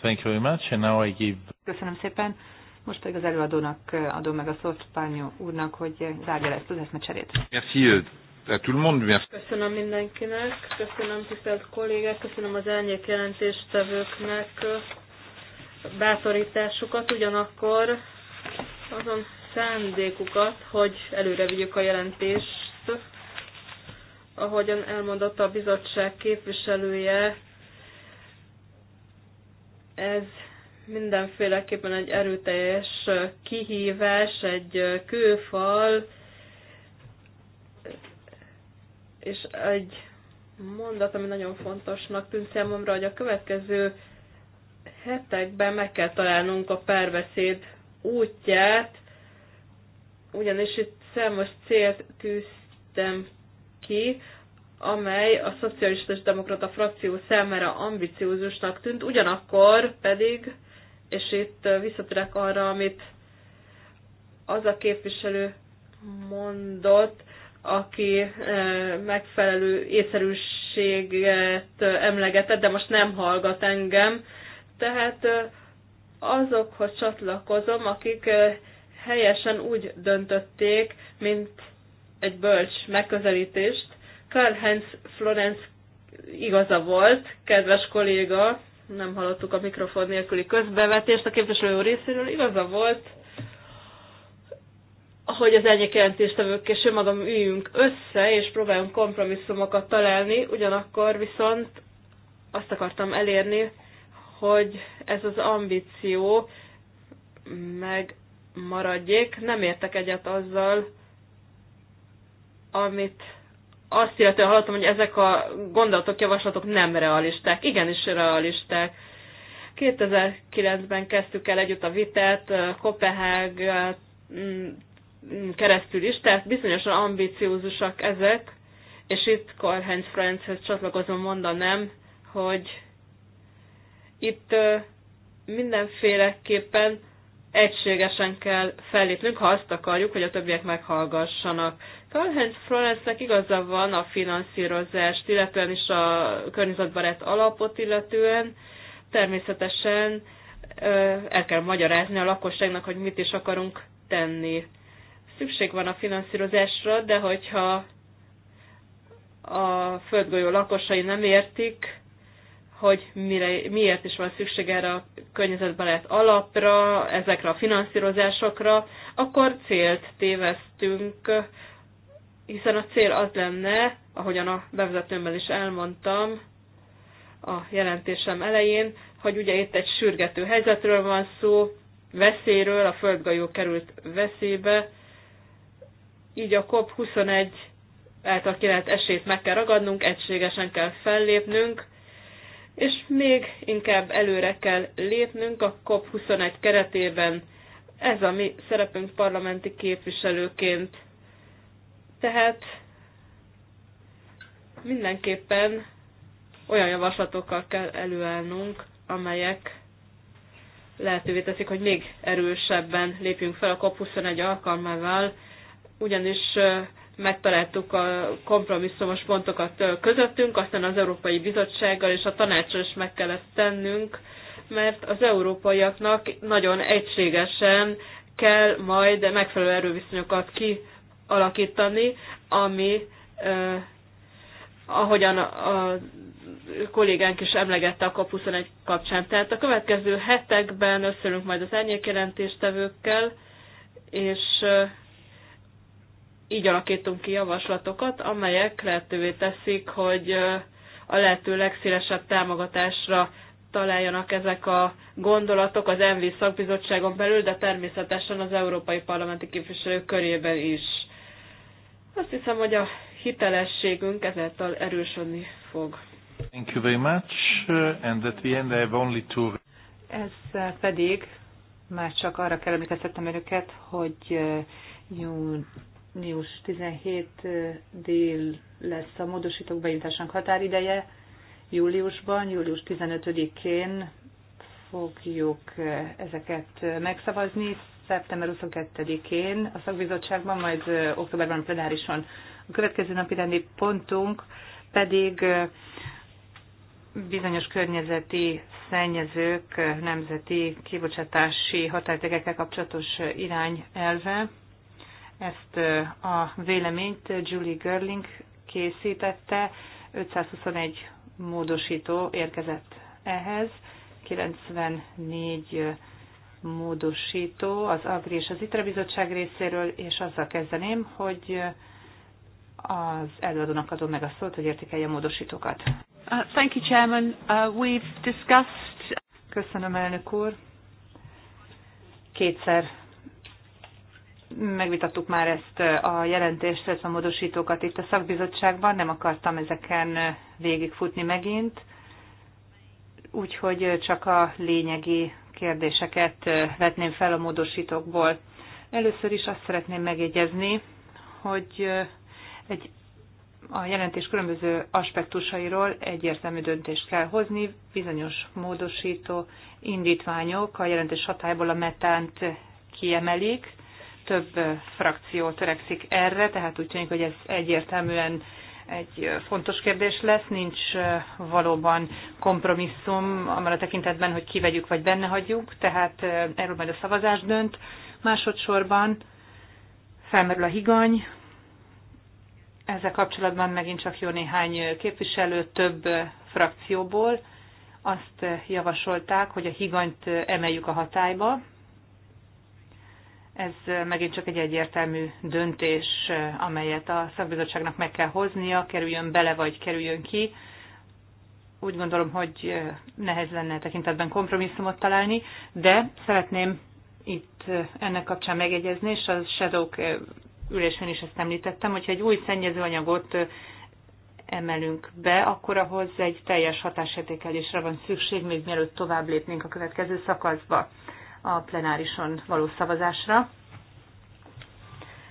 Thank you very much, and now I give... Köszönöm szépen. Most pedig az előadónak adom meg a szót Pányó úrnak, hogy zárja le ezt az eszmecserét. Merci, euh, à tout le monde. Merci. Köszönöm mindenkinek, köszönöm tisztelt kollégák, köszönöm az elnyék jelentéstevőknek bátorításukat, ugyanakkor azon szándékukat, hogy előre vigyük a jelentést. Ahogyan elmondotta a bizottság képviselője, ez mindenféleképpen egy erőteljes kihívás, egy kőfal, és egy mondat, ami nagyon fontosnak tűnt számomra, hogy a következő hetekben meg kell találnunk a párbeszéd útját, ugyanis itt számos célt tűztem ki, amely a szocialista és demokrata frakció számára ambiciózusnak tűnt, ugyanakkor pedig, és itt visszatérek arra, amit az a képviselő mondott, aki eh, megfelelő észszerűséget eh, emlegetett, de most nem hallgat engem. Tehát eh, azokhoz csatlakozom, akik helyesen úgy döntötték, mint egy bölcs megközelítést. Karl Heinz Florence igaza volt, kedves kolléga, nem hallottuk a mikrofon nélküli közbevetést, a képviselő részéről igaza volt, hogy az egyik jelentéstevők és önmagam üljünk össze, és próbáljunk kompromisszumokat találni, ugyanakkor viszont azt akartam elérni, hogy ez az ambíció meg maradjék. Nem értek egyet azzal, amit azt illetően hallottam, hogy ezek a gondolatok, javaslatok nem realisták. Igenis realisták. 2009-ben kezdtük el együtt a vitát, Kopehág keresztül is, tehát bizonyosan ambiciózusak ezek, és itt Karl-Heinz Franchez csatlakozom mondanám, hogy itt mindenféleképpen egységesen kell fellépnünk, ha azt akarjuk, hogy a többiek meghallgassanak. Karl-Heinz Florence-nek igaza van a finanszírozást, illetően is a környezetbarát alapot illetően. Természetesen el kell magyarázni a lakosságnak, hogy mit is akarunk tenni. Szükség van a finanszírozásra, de hogyha a földgolyó lakosai nem értik, hogy mire, miért is van szükség erre a lehet alapra, ezekre a finanszírozásokra, akkor célt téveztünk, hiszen a cél az lenne, ahogyan a bevezetőmben is elmondtam a jelentésem elején, hogy ugye itt egy sürgető helyzetről van szó, veszélyről, a földgajó került veszélybe, így a COP21 által kínált esélyt meg kell ragadnunk, egységesen kell fellépnünk, és még inkább előre kell lépnünk a COP21 keretében. Ez a mi szerepünk parlamenti képviselőként. Tehát mindenképpen olyan javaslatokkal kell előállnunk, amelyek lehetővé teszik, hogy még erősebben lépjünk fel a COP21 alkalmával, ugyanis megtaláltuk a kompromisszumos pontokat közöttünk, aztán az Európai Bizottsággal és a tanácsra is meg kell tennünk, mert az európaiaknak nagyon egységesen kell majd megfelelő erőviszonyokat kialakítani, ami eh, ahogyan a kollégánk is emlegette a COP21 kapcsán. Tehát a következő hetekben összeülünk majd az árnyékjelentéstevőkkel, és eh, így alakítunk ki javaslatokat, amelyek lehetővé teszik, hogy a lehető legszélesebb támogatásra találjanak ezek a gondolatok az ENVI szakbizottságon belül, de természetesen az európai parlamenti képviselők körében is. Azt hiszem, hogy a hitelességünk ezáltal erősödni fog. Thank you very much, uh, and at the end I have only two... Ez pedig már csak arra kell emlékeztetnem önöket, hogy uh, jún június 17 dél lesz a módosítók bejutásának határideje. Júliusban, július 15-én fogjuk ezeket megszavazni. Szeptember 22-én a szakbizottságban, majd októberben a plenárison. A következő napi rendi pontunk pedig bizonyos környezeti szennyezők nemzeti kibocsátási határtegekkel kapcsolatos irányelve. Ezt a véleményt Julie Görling készítette, 521 módosító érkezett ehhez, 94 módosító az Agri és az ITRA bizottság részéről, és azzal kezdeném, hogy az előadónak adom meg a szót, hogy értékelje a módosítókat. Uh, thank you, Chairman. Uh, we've discussed... Köszönöm, elnök úr. Kétszer megvitattuk már ezt eh, a jelentést, ezt a módosítókat itt a szakbizottságban, nem akartam ezeken eh, végigfutni megint, úgyhogy eh, csak a lényegi kérdéseket vetném fel a módosítókból. Először is azt szeretném megjegyezni, hogy egy, a jelentés különböző aspektusairól egyértelmű döntést kell hozni, bizonyos módosító indítványok a jelentés hatályból a metánt kiemelik, több frakció törekszik erre, tehát úgy tűnik, hogy ez egyértelműen egy fontos kérdés lesz, nincs valóban kompromisszum, amar a tekintetben, hogy kivegyük vagy benne hagyjuk, tehát erről majd a szavazás dönt. Másodszorban felmerül a higany, ezzel kapcsolatban megint csak jó néhány képviselő több frakcióból azt javasolták, hogy a higanyt emeljük a hatályba, ez megint csak egy egyértelmű döntés, amelyet a szakbizottságnak meg kell hoznia, kerüljön bele vagy kerüljön ki. Úgy gondolom, hogy nehéz lenne e tekintetben kompromisszumot találni, de szeretném itt ennek kapcsán megegyezni, és a Shadow ülésén is ezt említettem, hogyha egy új szennyezőanyagot emelünk be, akkor ahhoz egy teljes hatásértékelésre van szükség, még mielőtt tovább lépnénk a következő szakaszba a plenárison való szavazásra.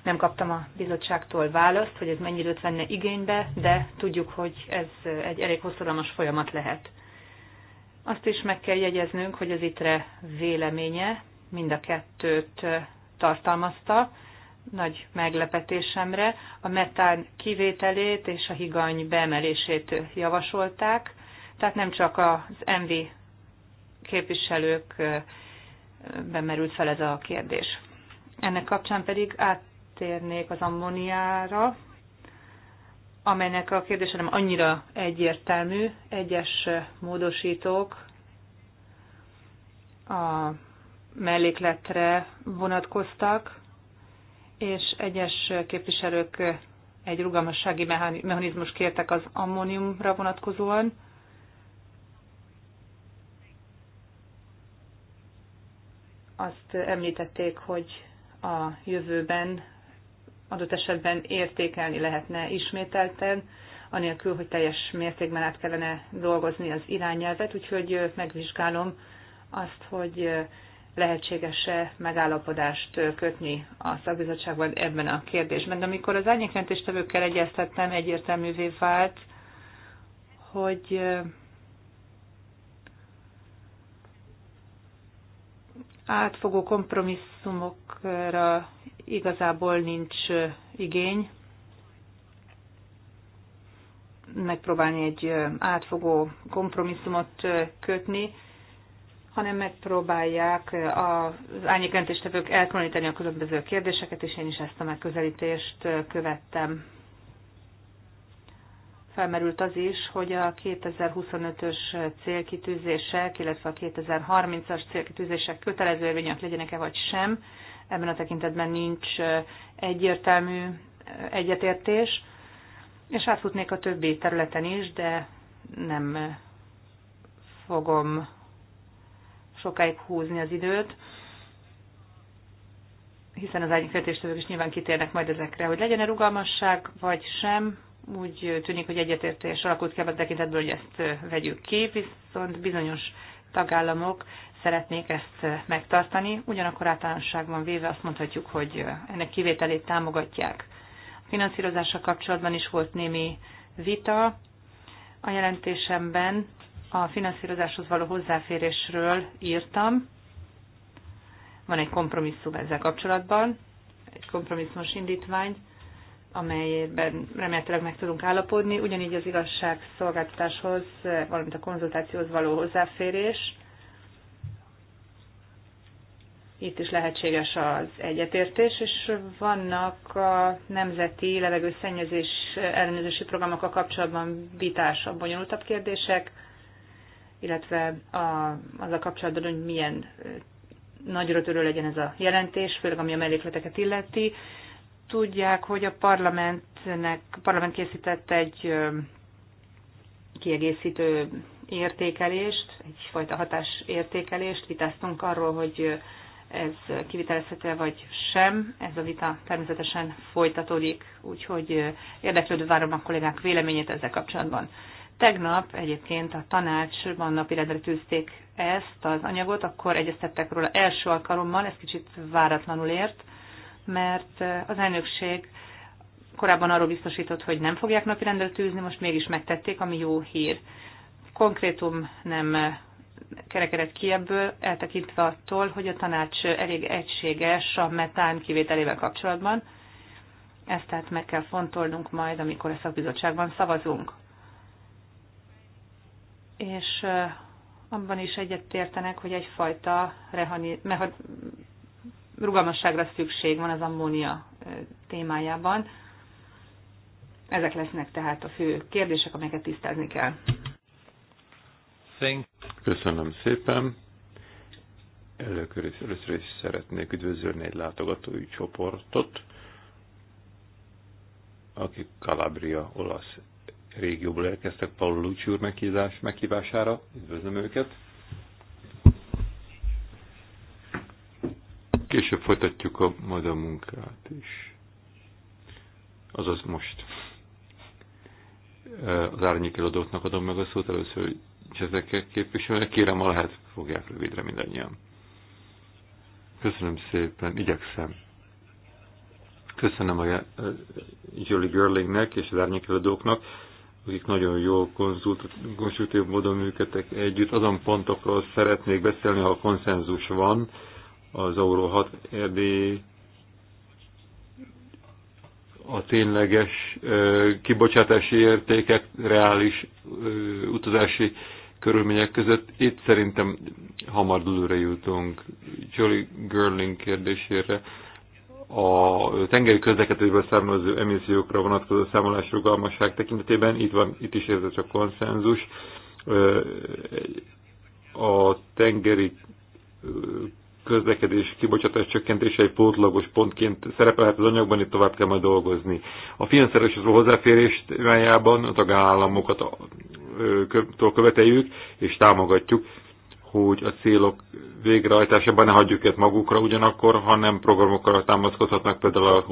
Nem kaptam a bizottságtól választ, hogy ez mennyi időt venne igénybe, de tudjuk, hogy ez egy elég hosszadalmas folyamat lehet. Azt is meg kell jegyeznünk, hogy az ITRE véleménye mind a kettőt tartalmazta, nagy meglepetésemre a metán kivételét és a higany beemelését javasolták, tehát nem csak az MV képviselők merült fel ez a kérdés. Ennek kapcsán pedig áttérnék az ammoniára, amelynek a kérdése nem annyira egyértelmű. Egyes módosítók a mellékletre vonatkoztak, és egyes képviselők egy rugalmassági mechanizmus kértek az ammóniumra vonatkozóan. azt említették, hogy a jövőben adott esetben értékelni lehetne ismételten, anélkül, hogy teljes mértékben át kellene dolgozni az irányelvet, úgyhogy megvizsgálom azt, hogy lehetséges-e megállapodást kötni a szakbizottságban ebben a kérdésben. De amikor az árnyékjelentéstevőkkel egyeztettem, egyértelművé vált, hogy átfogó kompromisszumokra igazából nincs igény. Megpróbálni egy átfogó kompromisszumot kötni, hanem megpróbálják az árnyékrendtéstevők elkülöníteni a különböző kérdéseket, és én is ezt a megközelítést követtem felmerült az is, hogy a 2025-ös célkitűzések, illetve a 2030-as célkitűzések kötelező érvények legyenek-e vagy sem. Ebben a tekintetben nincs egyértelmű egyetértés, és átfutnék a többi területen is, de nem fogom sokáig húzni az időt, hiszen az árnyékvetéstevők is nyilván kitérnek majd ezekre, hogy legyen-e rugalmasság, vagy sem, úgy tűnik, hogy egyetértés alakult ki a tekintetből, hogy ezt vegyük ki, viszont bizonyos tagállamok szeretnék ezt megtartani, ugyanakkor általánosságban véve azt mondhatjuk, hogy ennek kivételét támogatják. A finanszírozással kapcsolatban is volt némi vita. A jelentésemben a finanszírozáshoz való hozzáférésről írtam. Van egy kompromisszum ezzel kapcsolatban, egy kompromisszumos indítvány amelyben remélhetőleg meg tudunk állapodni, ugyanígy az igazságszolgáltatáshoz, valamint a konzultációhoz való hozzáférés. Itt is lehetséges az egyetértés, és vannak a nemzeti levegőszennyezés ellenőrzési programokkal kapcsolatban vitás a bonyolultabb kérdések, illetve a, az a kapcsolatban, hogy milyen nagyra törő legyen ez a jelentés, főleg ami a mellékleteket illeti Tudják, hogy a parlamentnek, a parlament készített egy kiegészítő értékelést, egyfajta értékelést vitáztunk arról, hogy ez kivitelezhető vagy sem. Ez a vita természetesen folytatódik, úgyhogy érdeklődő várom a kollégák véleményét ezzel kapcsolatban. Tegnap egyébként a tanácsban napirendre tűzték ezt az anyagot, akkor egyeztettek róla első alkalommal, ez kicsit váratlanul ért, mert az elnökség korábban arról biztosított, hogy nem fogják napirendre tűzni, most mégis megtették, ami jó hír. Konkrétum nem kerekedett ki ebből, eltekintve attól, hogy a tanács elég egységes a metán kivételével kapcsolatban. Ezt tehát meg kell fontolnunk majd, amikor a szakbizottságban szavazunk. És abban is egyetértenek, hogy egyfajta rugalmasságra szükség van az ammónia témájában. Ezek lesznek tehát a fő kérdések, amelyeket tisztázni kell. Köszönöm szépen. Először is, először is szeretnék üdvözölni egy látogatói csoportot, akik Calabria olasz régióból érkeztek Paolo Lucci úr meghívás, meghívására. Üdvözlöm őket. Később folytatjuk a, majd a munkát is. Azaz most. Az árnyékeladóknak adom meg a szót először, hogy ezeket képviselnek. Kérem, ha lehet, fogják rövidre mindannyian. Köszönöm szépen, igyekszem. Köszönöm a Jolly Girlingnek és az árnyékeladóknak, akik nagyon jó konzultatív módon működtek együtt. Azon pontokról szeretnék beszélni, ha a konszenzus van, az Euró 6 Erdély a tényleges kibocsátási értékek, reális utazási körülmények között. Itt szerintem hamar dőlőre jutunk. Jolly Girling kérdésére a tengeri közlekedésből származó emissziókra vonatkozó számolás rugalmasság tekintetében itt, van, itt is érzett a konszenzus. A tengeri közlekedés kibocsátás csökkentése egy pótlagos pontként szerepelhet az anyagban, itt tovább kell majd dolgozni. A finanszírozó hozzáférés irányában a tagállamokat követeljük és támogatjuk, hogy a célok végrehajtásában ne hagyjuk őket magukra ugyanakkor, hanem programokra támaszkodhatnak, például a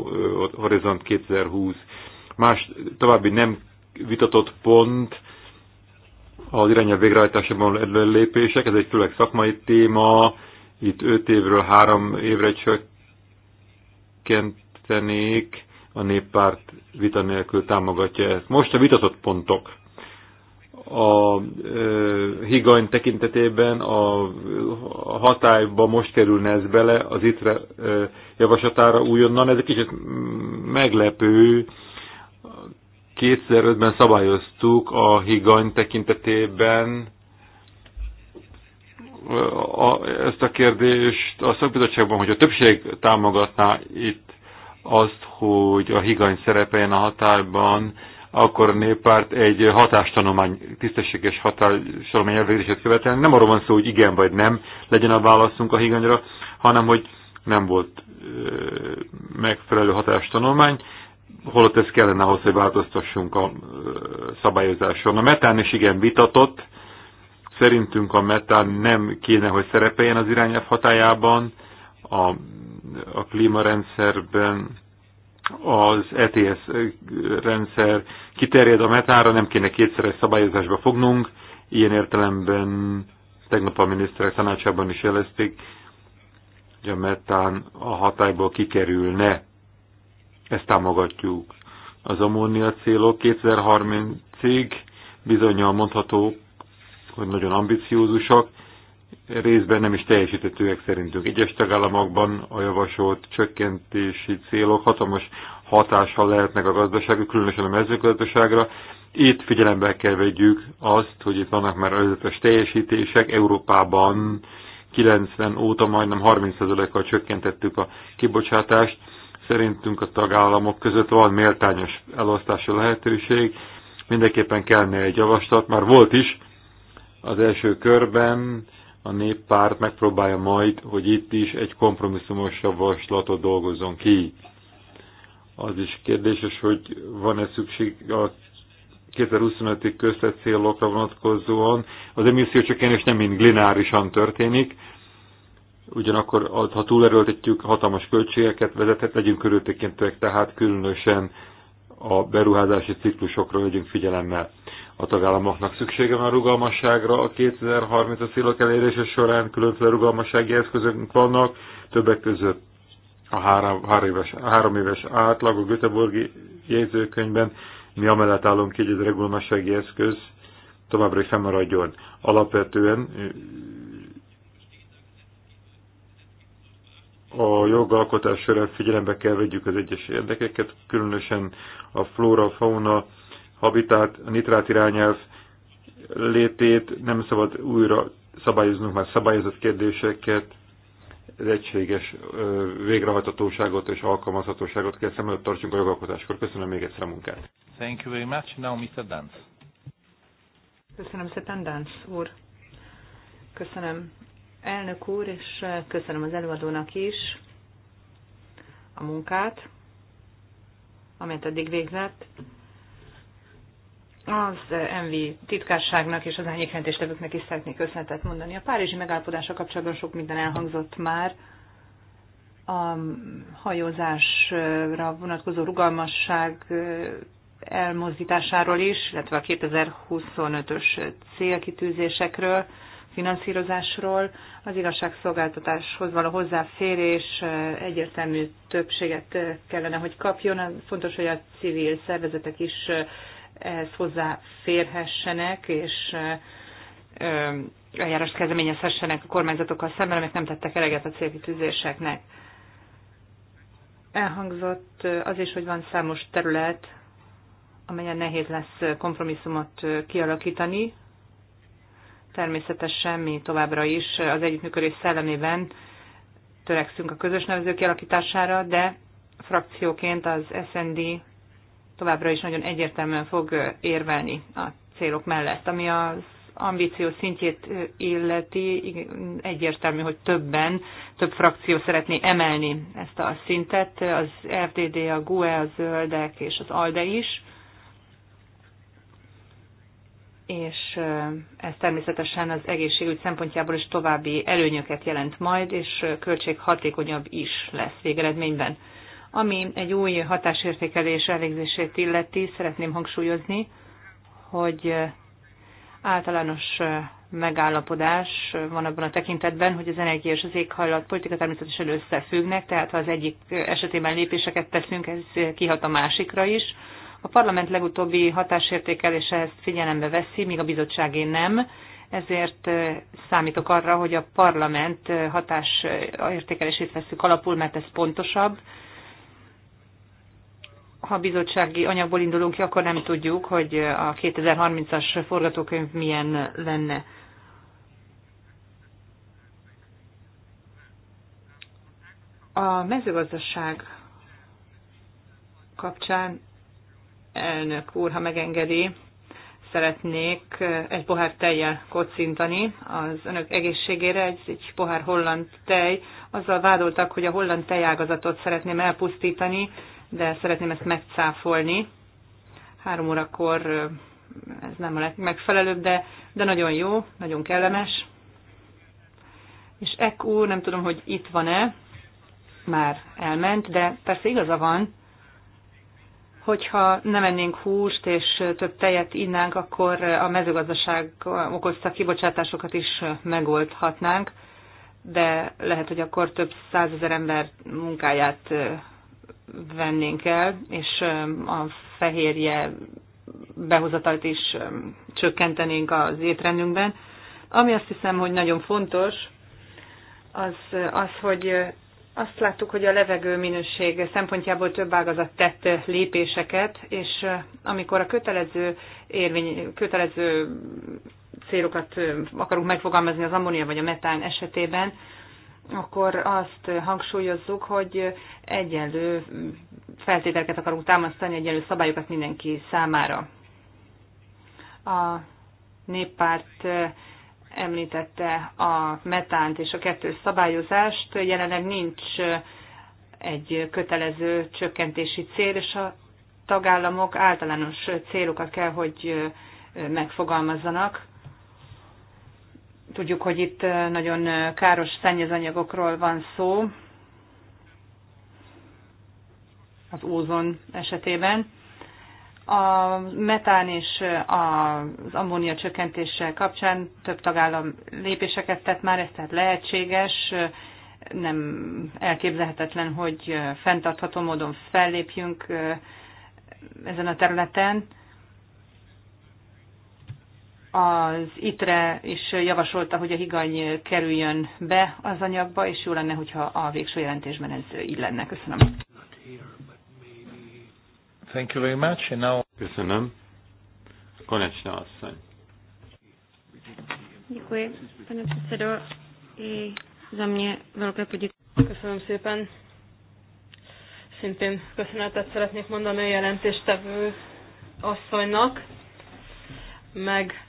Horizont 2020. Más további nem vitatott pont, az irányelv végrehajtásában lépések, ez egy főleg szakmai téma, itt öt évről három évre csökkentenék, a néppárt vita nélkül támogatja ezt. Most a vitatott pontok. A e, higany tekintetében a, a hatályba most kerülne ez bele, az itt e, javaslatára újonnan. Ez egy kicsit meglepő, 2005-ben szabályoztuk a higany tekintetében a, ezt a kérdést a szakbizottságban, hogy a többség támogatná itt azt, hogy a higany szerepeljen a határban, akkor a néppárt egy hatástanomány, tisztességes hatástanomány elvégzését követelni. Nem arról van szó, hogy igen vagy nem legyen a válaszunk a higanyra, hanem hogy nem volt ö, megfelelő hatástanomány, holott ez kellene ahhoz, hogy változtassunk a ö, szabályozáson. A metán is igen vitatott, Szerintünk a metán nem kéne, hogy szerepeljen az irányelv hatájában, a, a klímarendszerben az ETS rendszer kiterjed a metára, nem kéne kétszeres szabályozásba fognunk. Ilyen értelemben tegnap a miniszterek tanácsában is jelezték, hogy a metán a hatályból kikerülne. Ezt támogatjuk. Az ammónia célok 2030-ig bizonyal mondható, hogy nagyon ambiciózusak, részben nem is teljesítetőek szerintünk. Egyes tagállamokban a javasolt csökkentési célok hatalmas hatással lehetnek a gazdaságra, különösen a mezőgazdaságra. Itt figyelembe kell vegyük azt, hogy itt vannak már előzetes teljesítések. Európában 90 óta majdnem 30%-kal csökkentettük a kibocsátást. Szerintünk a tagállamok között van méltányos elosztási lehetőség. Mindenképpen kellene egy javaslat, már volt is, az első körben a néppárt megpróbálja majd, hogy itt is egy kompromisszumos javaslatot dolgozzon ki. Az is kérdéses, hogy van-e szükség a 2025-ig köztet célokra vonatkozóan. Az emissziócsökkenés nem mind lineárisan történik, ugyanakkor ha túlerőltetjük, hatalmas költségeket vezethet, legyünk körültekintőek, tehát különösen a beruházási ciklusokra legyünk figyelemmel. A tagállamoknak szüksége van a rugalmasságra, a 2030-as célok elérése során különféle rugalmassági eszközök vannak, többek között a három, három, éves, három éves átlag a Göteborgi jegyzőkönyvben, mi amellett állunk így, hogy a rugalmassági eszköz továbbra is fennmaradjon. Alapvetően a jogalkotás során figyelembe kell vegyük az egyes érdekeket, különösen a flóra, fauna, habitát, a nitrát irányelv létét, nem szabad újra szabályoznunk már szabályozott kérdéseket, az egységes végrehajtatóságot és alkalmazhatóságot kell szem előtt tartsunk a jogalkotáskor. Köszönöm még egyszer a munkát. Thank you very much. Now Mr. Dance. Köszönöm szépen, Dance úr. Köszönöm elnök úr, és köszönöm az előadónak is a munkát, amelyet eddig végzett az MV titkárságnak és az árnyékrendéstevőknek is szeretnék köszönetet mondani. A Párizsi megállapodása kapcsolatban sok minden elhangzott már. A hajózásra vonatkozó rugalmasság elmozdításáról is, illetve a 2025-ös célkitűzésekről, finanszírozásról, az igazságszolgáltatáshoz való hozzáférés egyértelmű többséget kellene, hogy kapjon. Fontos, hogy a civil szervezetek is ehhez hozzáférhessenek, és eljárást kezdeményezhessenek a kormányzatokkal szemben, amik nem tettek eleget a célkitűzéseknek. Elhangzott az is, hogy van számos terület, amelyen nehéz lesz kompromisszumot kialakítani. Természetesen mi továbbra is az együttműködés szellemében törekszünk a közös nevező kialakítására, de frakcióként az SND továbbra is nagyon egyértelműen fog érvelni a célok mellett. Ami az ambíció szintjét illeti, egyértelmű, hogy többen, több frakció szeretné emelni ezt a szintet, az FDD, a GUE, a Zöldek és az ALDE is. És ez természetesen az egészségügy szempontjából is további előnyöket jelent majd, és költséghatékonyabb is lesz végeredményben. Ami egy új hatásértékelés elégzését illeti, szeretném hangsúlyozni, hogy általános megállapodás van abban a tekintetben, hogy az energia és az éghajlat politika természetesen összefüggnek, tehát ha az egyik esetében lépéseket teszünk, ez kihat a másikra is. A parlament legutóbbi hatásértékelése ezt figyelembe veszi, míg a bizottságé nem, ezért számítok arra, hogy a parlament hatásértékelését veszük alapul, mert ez pontosabb, ha bizottsági anyagból indulunk ki, akkor nem tudjuk, hogy a 2030-as forgatókönyv milyen lenne. A mezőgazdaság kapcsán, elnök úr, ha megengedi, szeretnék egy pohár tejjel kocintani az önök egészségére, ez egy pohár holland tej. Azzal vádoltak, hogy a holland tejágazatot szeretném elpusztítani, de szeretném ezt megcáfolni. Három órakor ez nem a legmegfelelőbb, de, de nagyon jó, nagyon kellemes. És eku nem tudom, hogy itt van-e, már elment, de persze igaza van, hogyha nem ennénk húst és több tejet innánk, akkor a mezőgazdaság okozta kibocsátásokat is megoldhatnánk, de lehet, hogy akkor több százezer ember munkáját vennénk el, és a fehérje behozatalt is csökkentenénk az étrendünkben. Ami azt hiszem, hogy nagyon fontos, az, az hogy azt láttuk, hogy a levegő minőség szempontjából több ágazat tett lépéseket, és amikor a kötelező, érvény, kötelező célokat akarunk megfogalmazni az ammónia vagy a metán esetében, akkor azt hangsúlyozzuk, hogy egyenlő feltételeket akarunk támasztani, egyenlő szabályokat mindenki számára. A néppárt említette a metánt és a kettős szabályozást. Jelenleg nincs egy kötelező csökkentési cél, és a tagállamok általános célokat kell, hogy megfogalmazzanak Tudjuk, hogy itt nagyon káros szennyezanyagokról van szó az ózon esetében. A metán és az ammónia csökkentése kapcsán több tagállam lépéseket tett már, ez tehát lehetséges, nem elképzelhetetlen, hogy fenntartható módon fellépjünk ezen a területen. Az ITRE is javasolta, hogy a higany kerüljön be az anyagba, és jó lenne, hogyha a végső jelentésben ez így lenne. Köszönöm. Thank you very much. And now... Köszönöm. Konečná asszony. Děkuji, pane předsedo, i za mě velké poděkování. Köszönöm szépen. Szintén köszönetet szeretnék mondani a jelentéstevő asszonynak, meg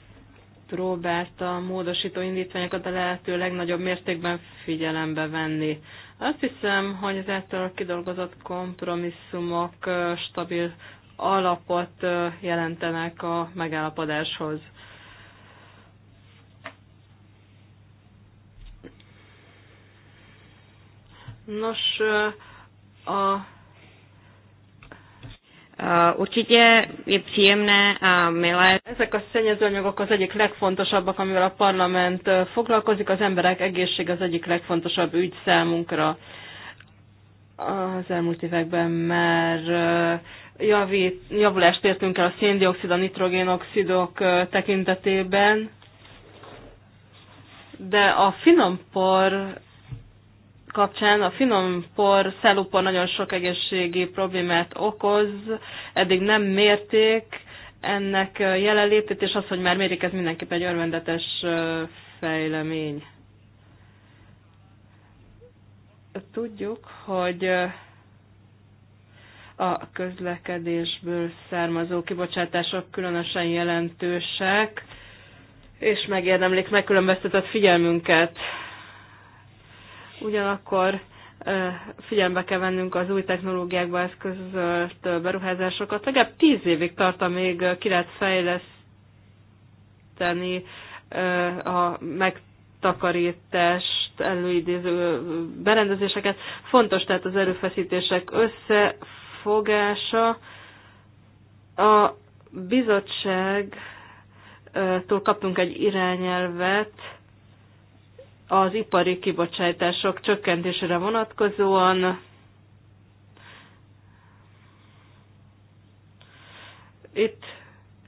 próbált a módosító indítványokat a lehető legnagyobb mértékben figyelembe venni. Azt hiszem, hogy az által kidolgozott kompromisszumok stabil alapot jelentenek a megállapodáshoz. Nos, a Eh, určitě je příjemné a milé. Ezek a szennyezőanyagok az egyik legfontosabbak, amivel a parlament eh, foglalkozik, az emberek egészség az egyik legfontosabb ügy számunkra. Az elmúlt években mert eh, javít, javulást értünk el a széndiokszid, a nitrogénoxidok tekintetében, de a finompor kapcsán a finom por, szelupor nagyon sok egészségi problémát okoz, eddig nem mérték ennek jelenlétét, és az, hogy már mérik, ez mindenképp egy örvendetes fejlemény. Tudjuk, hogy a közlekedésből származó kibocsátások különösen jelentősek, és megérdemlik megkülönböztetett figyelmünket ugyanakkor figyelembe kell vennünk az új technológiákba eszközölt beruházásokat. Legalább tíz évig tart, amíg ki lehet fejleszteni a megtakarítást előidéző berendezéseket. Fontos tehát az erőfeszítések összefogása. A bizottságtól kaptunk egy irányelvet, az ipari kibocsátások csökkentésére vonatkozóan itt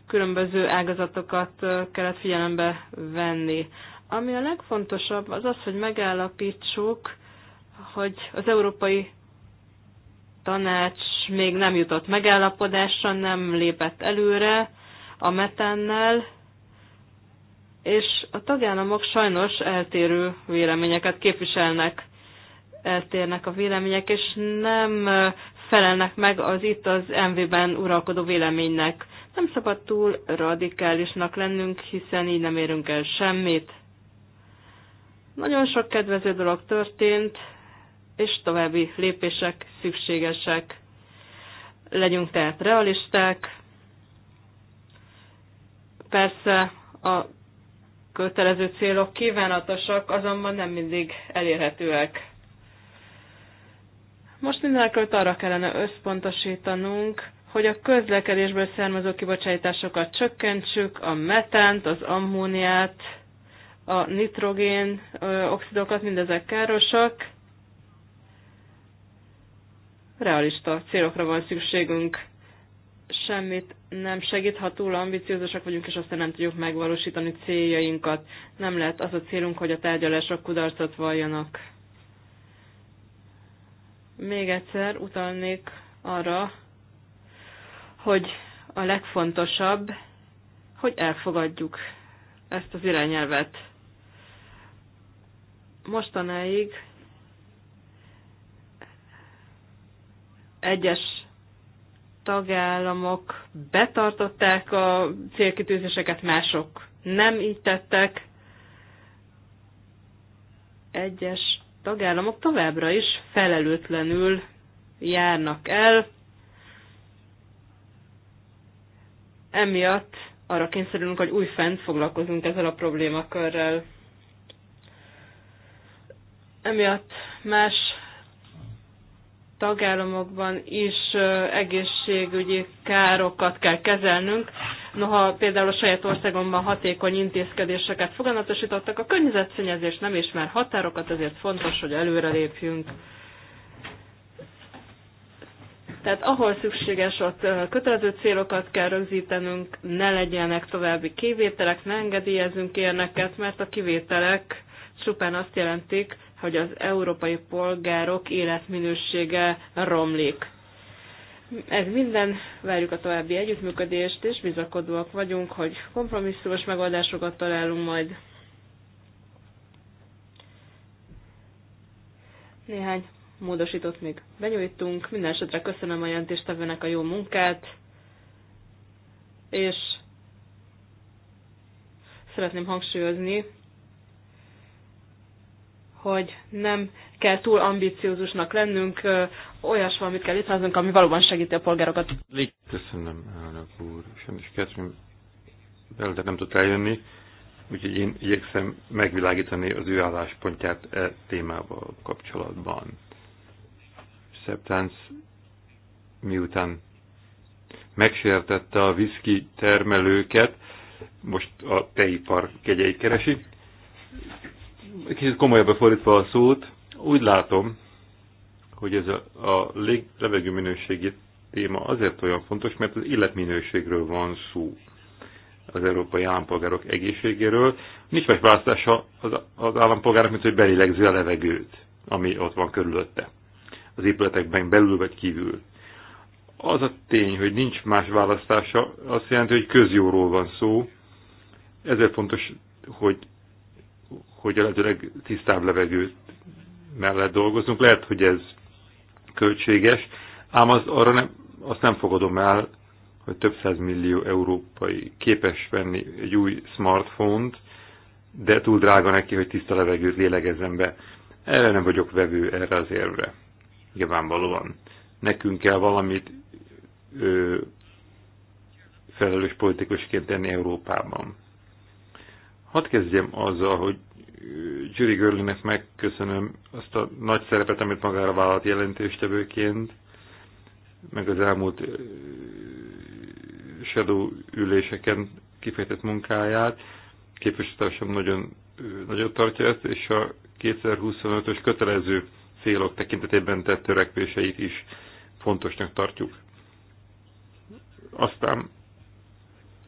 különböző ágazatokat kellett figyelembe venni. Ami a legfontosabb, az az, hogy megállapítsuk, hogy az Európai Tanács még nem jutott megállapodásra, nem lépett előre a metánnel, és a tagállamok sajnos eltérő véleményeket képviselnek, eltérnek a vélemények, és nem felelnek meg az itt az MV-ben uralkodó véleménynek. Nem szabad túl radikálisnak lennünk, hiszen így nem érünk el semmit. Nagyon sok kedvező dolog történt, és további lépések szükségesek. Legyünk tehát realisták. Persze a kötelező célok kívánatosak, azonban nem mindig elérhetőek. Most mindenekről arra kellene összpontosítanunk, hogy a közlekedésből származó kibocsátásokat csökkentsük, a metánt, az ammóniát, a nitrogén ö, oxidokat, mindezek károsak. Realista célokra van szükségünk semmit nem segít, ha túl ambiciózusak vagyunk, és aztán nem tudjuk megvalósítani céljainkat. Nem lehet az a célunk, hogy a tárgyalások kudarcot valljanak. Még egyszer utalnék arra, hogy a legfontosabb, hogy elfogadjuk ezt az irányelvet. Mostanáig egyes tagállamok betartották a célkitűzéseket, mások nem így tettek. Egyes tagállamok továbbra is felelőtlenül járnak el. Emiatt arra kényszerülünk, hogy újfent foglalkozunk ezzel a problémakörrel. Emiatt más tagállamokban is egészségügyi károkat kell kezelnünk. Noha például a saját országomban hatékony intézkedéseket foganatosítottak, a környezetszennyezés nem ismer határokat, ezért fontos, hogy előrelépjünk. Tehát ahol szükséges, ott kötelező célokat kell rögzítenünk, ne legyenek további kivételek, ne engedélyezünk ilyeneket, mert a kivételek csupán azt jelentik, hogy az európai polgárok életminősége romlik. Ez minden, várjuk a további együttműködést, és bizakodóak vagyunk, hogy kompromisszumos megoldásokat találunk majd. Néhány módosított még benyújtunk. Minden esetre köszönöm a jelentéstevőnek a jó munkát, és szeretném hangsúlyozni, hogy nem kell túl ambiciózusnak lennünk, olyas valamit kell létrehoznunk, ami valóban segíti a polgárokat. Köszönöm, elnök úr. Sajnos kezdjünk, de nem tud eljönni, úgyhogy én igyekszem megvilágítani az ő álláspontját e témával kapcsolatban. Szeptánc miután megsértette a viszki termelőket, most a tejipar kegyeit keresi, kicsit komolyabb fordítva a szót, úgy látom, hogy ez a, a lég, minőségi téma azért olyan fontos, mert az életminőségről van szó az európai állampolgárok egészségéről. Nincs más választása az, az állampolgárnak, mint hogy belélegzi a levegőt, ami ott van körülötte, az épületekben belül vagy kívül. Az a tény, hogy nincs más választása, azt jelenti, hogy közjóról van szó, ezért fontos, hogy hogy a lehetőleg tisztább levegő mellett dolgozunk. Lehet, hogy ez költséges, ám az, arra nem, azt nem fogadom el, hogy több millió európai képes venni egy új smartphone-t, de túl drága neki, hogy tiszta levegőt lélegezzen be. Erre nem vagyok vevő, erre az érvre. Nyilvánvalóan. Nekünk kell valamit ö, felelős politikusként tenni Európában. Hadd kezdjem azzal, hogy Gyuri Görlinek megköszönöm azt a nagy szerepet, amit magára vállalt jelentéstevőként, meg az elmúlt shadow üléseken kifejtett munkáját. Képviselőtársam nagyon nagyot tartja ezt, és a 2025-ös kötelező célok tekintetében tett törekvéseit is fontosnak tartjuk. Aztán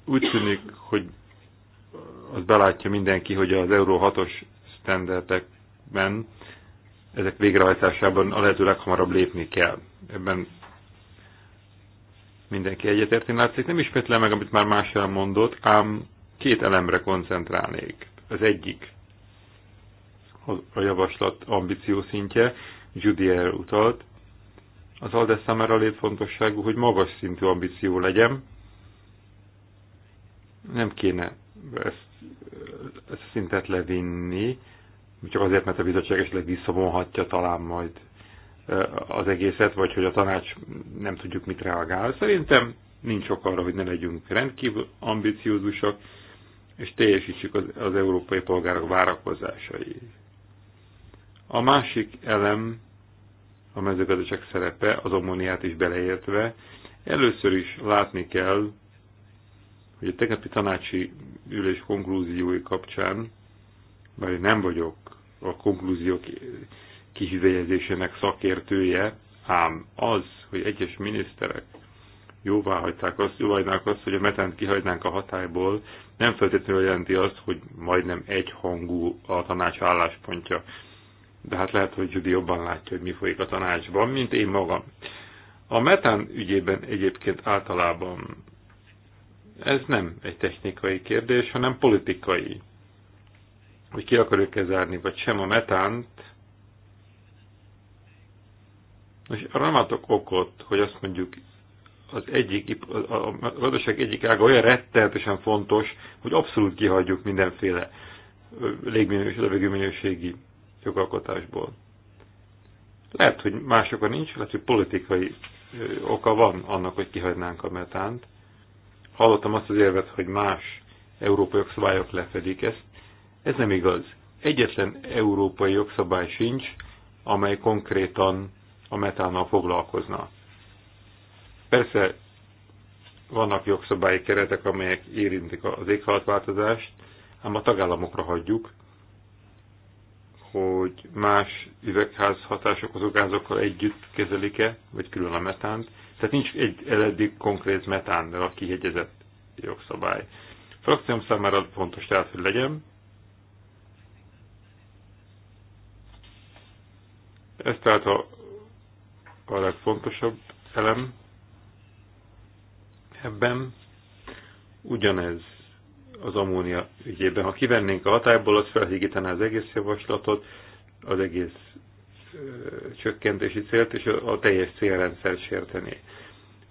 úgy tűnik, hogy az belátja mindenki, hogy az Euró 6-os standardekben ezek végrehajtásában a lehető leghamarabb lépni kell. Ebben mindenki egyetért. Én látszik, nem ismétlem meg, amit már más elmondott, ám két elemre koncentrálnék. Az egyik a javaslat ambíció szintje, Judy erre utalt, az ALDE számára létfontosságú, hogy magas szintű ambíció legyen. Nem kéne ezt szintet levinni, csak azért, mert a bizottság esetleg visszavonhatja talán majd az egészet, vagy hogy a tanács nem tudjuk mit reagál. Szerintem nincs ok arra, hogy ne legyünk rendkívül ambiciózusak, és teljesítsük az, az európai polgárok várakozásai. A másik elem, a mezőgazdaság szerepe, az ammóniát is beleértve, először is látni kell, hogy a tegnapi tanácsi ülés konklúziói kapcsán, mert én nem vagyok a konklúziók kihüvelyezésének szakértője, ám az, hogy egyes miniszterek jóváhagyták azt, jóváhagynák azt, hogy a metánt kihagynánk a hatályból, nem feltétlenül jelenti azt, hogy majdnem egyhangú a tanács álláspontja. De hát lehet, hogy Judy jobban látja, hogy mi folyik a tanácsban, mint én magam. A metán ügyében egyébként általában ez nem egy technikai kérdés, hanem politikai. Hogy ki akarjuk-e zárni, vagy sem a metánt. És arra nem adok okot, hogy azt mondjuk az egyik, a gazdaság egyik ága olyan rettenetesen fontos, hogy abszolút kihagyjuk mindenféle légminőség, levegőminőségi jogalkotásból. Lehet, hogy másokon nincs, lehet, hogy politikai oka van annak, hogy kihagynánk a metánt. Hallottam azt az érvet, hogy más európai jogszabályok lefedik ezt. Ez nem igaz. Egyetlen európai jogszabály sincs, amely konkrétan a metánnal foglalkozna. Persze vannak jogszabályi keretek, amelyek érintik az éghajlatváltozást, ám a tagállamokra hagyjuk, hogy más üvegház okozó gázokkal együtt kezelik-e, vagy külön a metánt. Tehát nincs egy eddig konkrét metánnal kihegyezett jogszabály. A frakcióm számára fontos tehát, hogy legyen. Ez tehát a, a legfontosabb elem ebben. Ugyanez az ammónia ügyében. Ha kivennénk a hatályból, az felhigítaná az egész javaslatot, az egész csökkentési célt és a teljes célrendszer sérteni.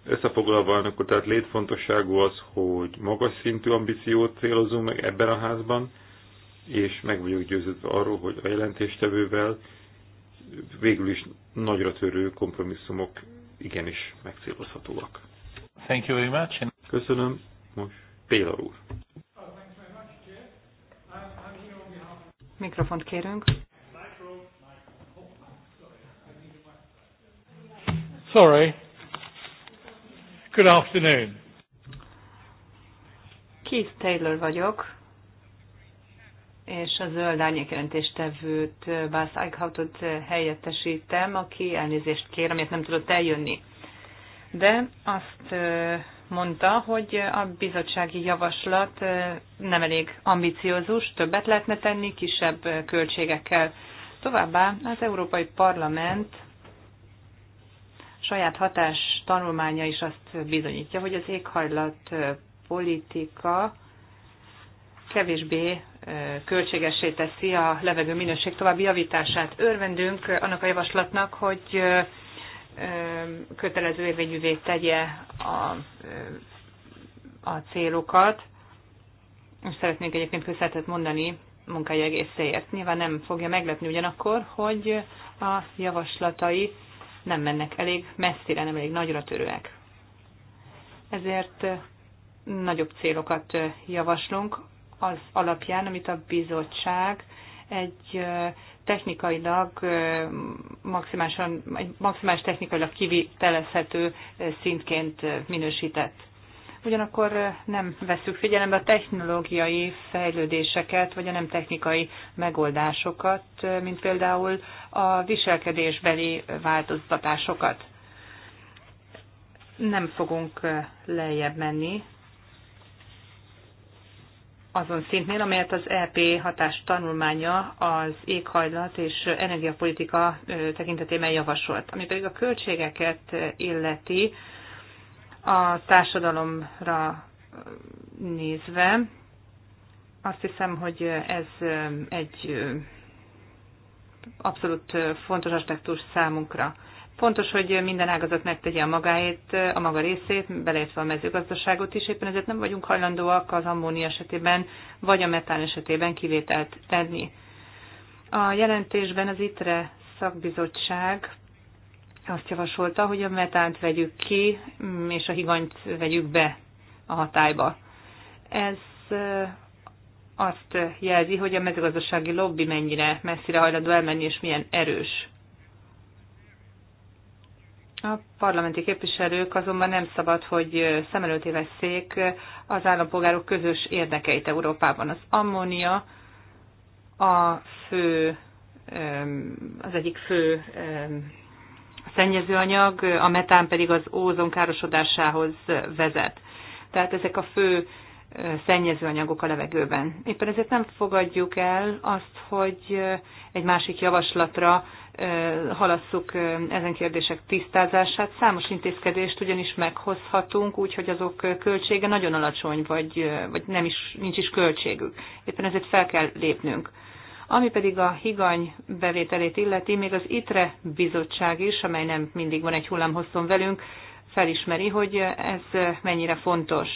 Összefoglalva elnök tehát létfontosságú az, hogy magas szintű ambíciót célozunk meg ebben a házban, és meg vagyok győződve arról, hogy a jelentéstevővel végül is nagyra törő kompromisszumok igenis megcélozhatóak. Thank you very much. Köszönöm. Most Péla úr. Mikrofont kérünk. Sorry. Good afternoon. Keith Taylor vagyok, és a zöld árnyékjelentéstevőt, Bász Eichhautot helyettesítem, aki elnézést kér, amit nem tudott eljönni. De azt mondta, hogy a bizottsági javaslat nem elég ambiciózus, többet lehetne tenni kisebb költségekkel. Továbbá az Európai Parlament saját hatás tanulmánya is azt bizonyítja, hogy az éghajlat politika kevésbé költségessé teszi a levegő minőség további javítását. Örvendünk annak a javaslatnak, hogy kötelező érvényűvé tegye a, a célokat, és szeretnénk egyébként köszönetet mondani munkája egészéért. Nyilván nem fogja meglepni ugyanakkor, hogy a javaslatai nem mennek elég messzire, nem elég nagyra törőek. Ezért nagyobb célokat javaslunk az alapján, amit a bizottság egy technikailag maximálisan, egy maximális technikailag kivitelezhető szintként minősített ugyanakkor nem veszük figyelembe a technológiai fejlődéseket, vagy a nem technikai megoldásokat, mint például a viselkedésbeli változtatásokat. Nem fogunk lejjebb menni azon szintnél, amelyet az EP hatás tanulmánya az éghajlat és energiapolitika tekintetében javasolt. Ami pedig a költségeket illeti, a társadalomra nézve, azt hiszem, hogy ez egy abszolút fontos aspektus számunkra. Fontos, hogy minden ágazat megtegye a magáét, a maga részét, beleértve a mezőgazdaságot is, éppen ezért nem vagyunk hajlandóak az ammónia esetében, vagy a metán esetében kivételt tenni. A jelentésben az ITRE szakbizottság azt javasolta, hogy a metánt vegyük ki, és a higanyt vegyük be a hatályba. Ez azt jelzi, hogy a mezőgazdasági lobby mennyire messzire hajlandó elmenni, és milyen erős. A parlamenti képviselők azonban nem szabad, hogy szem előtt éveszék az állampolgárok közös érdekeit Európában. Az ammónia a fő, az egyik fő szennyezőanyag, a metán pedig az ózon károsodásához vezet. Tehát ezek a fő szennyezőanyagok a levegőben. Éppen ezért nem fogadjuk el azt, hogy egy másik javaslatra halasszuk ezen kérdések tisztázását. Számos intézkedést ugyanis meghozhatunk, úgyhogy azok költsége nagyon alacsony, vagy, vagy nem is, nincs is költségük. Éppen ezért fel kell lépnünk. Ami pedig a higany bevételét illeti, még az ITRE bizottság is, amely nem mindig van egy hullámhosszon velünk, felismeri, hogy ez mennyire fontos.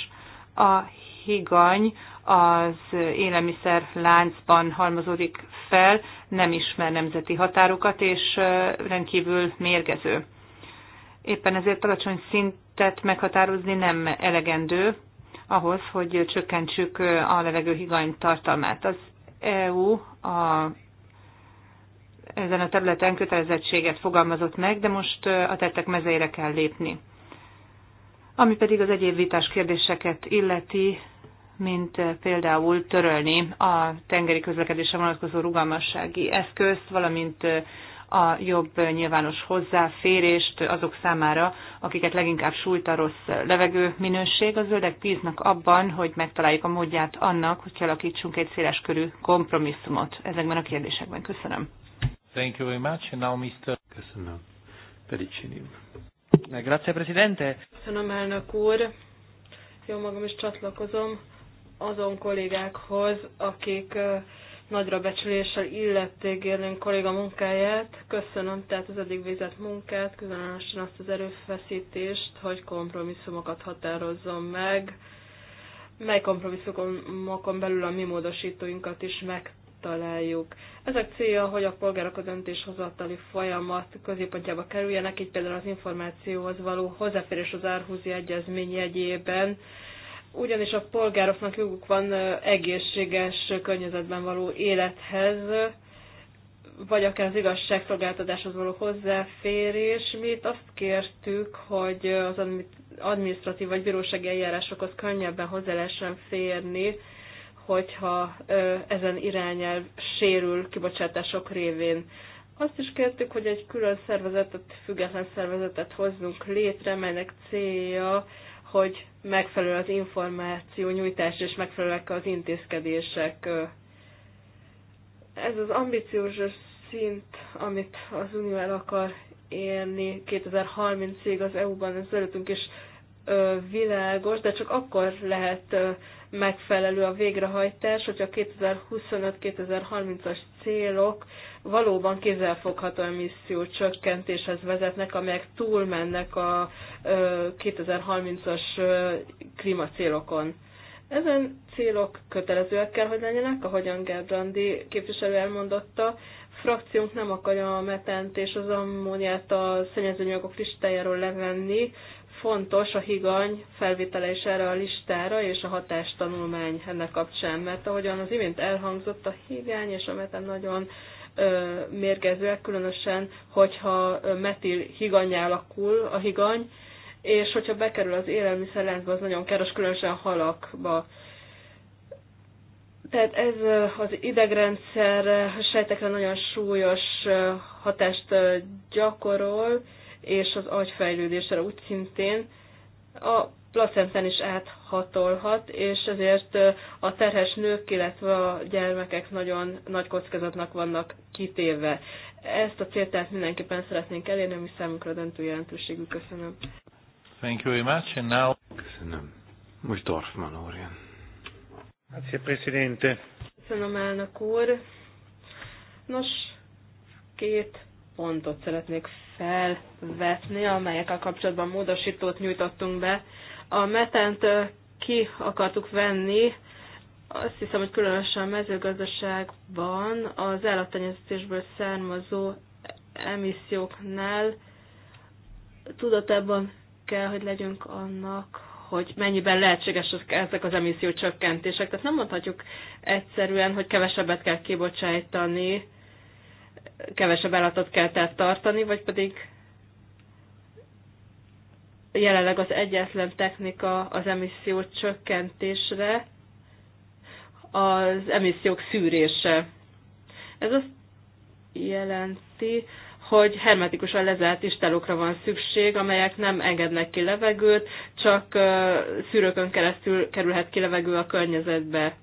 A higany az élelmiszer láncban halmozódik fel, nem ismer nemzeti határokat, és rendkívül mérgező. Éppen ezért alacsony szintet meghatározni nem elegendő ahhoz, hogy csökkentsük a levegő higany tartalmát. Az EU a ezen a területen kötelezettséget fogalmazott meg, de most a tettek mezeire kell lépni. Ami pedig az egyéb vitás kérdéseket illeti, mint például törölni a tengeri közlekedésre vonatkozó rugalmassági eszközt, valamint a jobb nyilvános hozzáférést azok számára, akiket leginkább sújt a rossz levegő minőség. A zöldek bíznak abban, hogy megtaláljuk a módját annak, hogy kialakítsunk egy széleskörű kompromisszumot ezekben a kérdésekben. Köszönöm. Thank you very much. And now Mr. Köszönöm. Pericini. Eh, grazie, Presidente. Köszönöm, elnök úr. Jó magam is csatlakozom azon kollégákhoz, akik uh, nagyra becsüléssel illették Gérlén kolléga munkáját. Köszönöm tehát az eddig végzett munkát, különösen azt az erőfeszítést, hogy kompromisszumokat határozzon meg, mely kompromisszumokon belül a mi módosítóinkat is megtaláljuk. Ezek célja, hogy a polgárok a döntéshozatali folyamat középpontjába kerüljenek, így például az információhoz való hozzáférés az Árhúzi Egyezmény jegyében, ugyanis a polgároknak joguk van egészséges környezetben való élethez, vagy akár az igazságszolgáltatáshoz való hozzáférés. Mi itt azt kértük, hogy az administratív vagy bírósági eljárásokhoz könnyebben hozzá lehessen férni, hogyha ezen irányelv sérül kibocsátások révén. Azt is kértük, hogy egy külön szervezetet, független szervezetet hozzunk létre, melynek célja hogy megfelelő az információ nyújtás és megfelelőek az intézkedések. Ez az ambíciós szint, amit az Unió el akar élni 2030-ig az EU-ban, ez előttünk is világos, de csak akkor lehet megfelelő a végrehajtás, hogyha 2025-2030-as célok valóban kézzelfogható emisszió csökkentéshez vezetnek, amelyek túlmennek a 2030-as klímacélokon. Ezen célok kötelezőek kell, hogy legyenek, ahogyan Gerbrandi képviselő elmondotta. Frakciónk nem akarja a metent és az ammóniát a szennyezőanyagok listájáról levenni, fontos a higany felvétele is erre a listára, és a hatástanulmány ennek kapcsán, mert ahogyan az imént elhangzott, a higány és a metem nagyon ö, mérgezőek, különösen, hogyha metil higany alakul a higany, és hogyha bekerül az élelmiszerláncba, az nagyon káros, különösen halakba. Tehát ez az idegrendszer sejtekre nagyon súlyos hatást gyakorol, és az agyfejlődésre úgy szintén a placentán is áthatolhat, és ezért a terhes nők, illetve a gyermekek nagyon nagy kockázatnak vannak kitéve. Ezt a célt tehát mindenképpen szeretnénk elérni, ami számunkra döntő jelentőségű. Köszönöm. Thank you very much, and now... Köszönöm. Most Dorfman úr jön. Presidente. Köszönöm, elnök úr. Nos, két pontot szeretnék felvetni, amelyekkel kapcsolatban módosítót nyújtottunk be. A metent ki akartuk venni, azt hiszem, hogy különösen a mezőgazdaságban az állattenyésztésből származó emisszióknál tudatában kell, hogy legyünk annak, hogy mennyiben lehetséges ezek az emisszió csökkentések. Tehát nem mondhatjuk egyszerűen, hogy kevesebbet kell kibocsátani, kevesebb állatot kell tehát tartani, vagy pedig jelenleg az egyetlen technika az emisszió csökkentésre az emissziók szűrése. Ez azt jelenti, hogy hermetikusan lezárt istálókra van szükség, amelyek nem engednek ki levegőt, csak szűrőkön keresztül kerülhet ki levegő a környezetbe.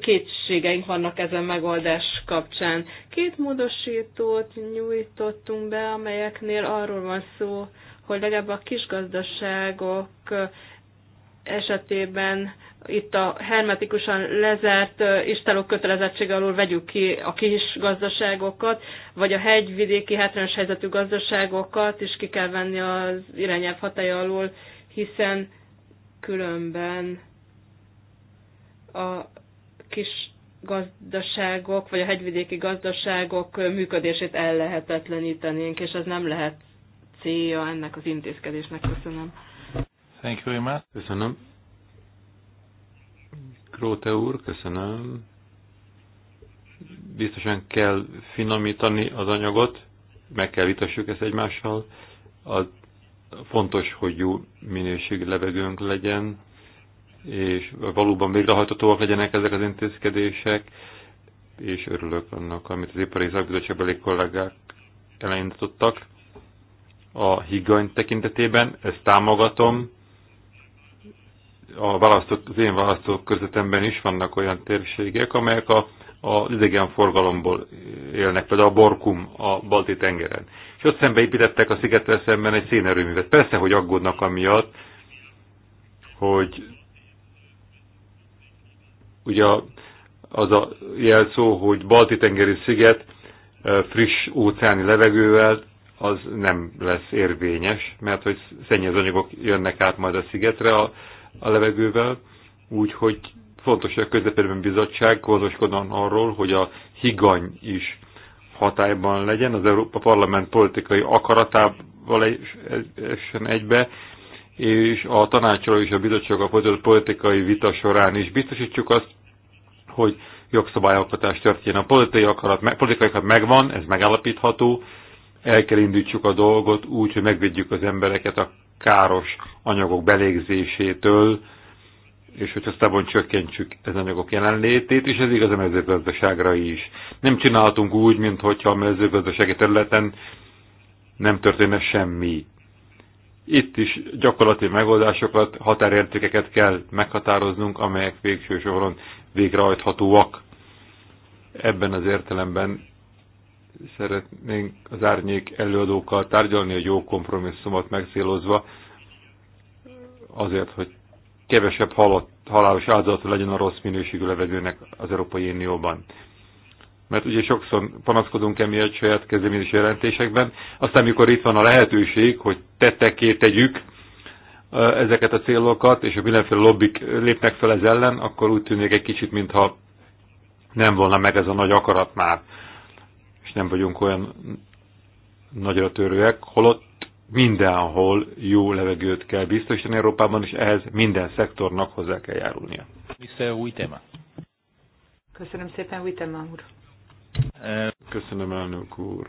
kétségeink vannak ezen megoldás kapcsán. Két módosítót nyújtottunk be, amelyeknél arról van szó, hogy legalább a kisgazdaságok esetében itt a hermetikusan lezárt istálók kötelezettsége alól vegyük ki a kis gazdaságokat, vagy a hegyvidéki hátrányos helyzetű gazdaságokat is ki kell venni az irányelv hatája alól, hiszen különben a kis gazdaságok, vagy a hegyvidéki gazdaságok működését ellehetetlenítenénk, és ez nem lehet célja ennek az intézkedésnek. Köszönöm. Thank you very much. Köszönöm. Króte úr, köszönöm. Biztosan kell finomítani az anyagot, meg kell vitassuk ezt egymással. A, fontos, hogy jó minőségű levegőnk legyen, és valóban végrehajtatóak legyenek ezek az intézkedések, és örülök annak, amit az ipari szakbizottságbeli kollégák elindítottak a higany tekintetében, ezt támogatom. A választók, az én választók közvetemben is vannak olyan térségek, amelyek a, a idegenforgalomból élnek, például a Borkum a Balti tengeren. És ott szembe építettek a szigetre szemben egy szénerőművet. Persze, hogy aggódnak amiatt, hogy ugye az a jelszó, hogy Balti-tengeri sziget friss óceáni levegővel, az nem lesz érvényes, mert hogy szennyezőanyagok jönnek át majd a szigetre a, a levegővel, úgyhogy fontos, hogy a közlekedőben bizottság gondoskodon arról, hogy a higany is hatályban legyen, az Európa Parlament politikai akaratával essen egybe, és a tanácsról és a bizottsággal folytatott politikai vita során is biztosítjuk azt, hogy jogszabályalkotás történjen. A politikai akarat, politikai akarat megvan, ez megállapítható, el kell indítsuk a dolgot úgy, hogy megvédjük az embereket a káros anyagok belégzésétől, és hogy aztán csökkentsük az anyagok jelenlétét, és ez igaz a mezőgazdaságra is. Nem csinálhatunk úgy, mintha a mezőgazdasági területen nem történne semmi. Itt is gyakorlati megoldásokat, határértékeket kell meghatároznunk, amelyek végső soron végrehajthatóak. Ebben az értelemben szeretnénk az árnyék előadókkal tárgyalni a jó kompromisszumot megcélozva, azért, hogy kevesebb halott, halálos áldozat legyen a rossz minőségű levegőnek az Európai Unióban. Mert ugye sokszor panaszkodunk emiatt saját kezdeményezés jelentésekben, aztán mikor itt van a lehetőség, hogy tetteké tegyük, ezeket a célokat, és a mindenféle lobbik lépnek fel ez ellen, akkor úgy tűnik egy kicsit, mintha nem volna meg ez a nagy akarat már, és nem vagyunk olyan nagyra törőek, holott mindenhol jó levegőt kell biztosítani Európában, és ehhez minden szektornak hozzá kell járulnia. új Köszönöm szépen, téma úr. Köszönöm, elnök úr.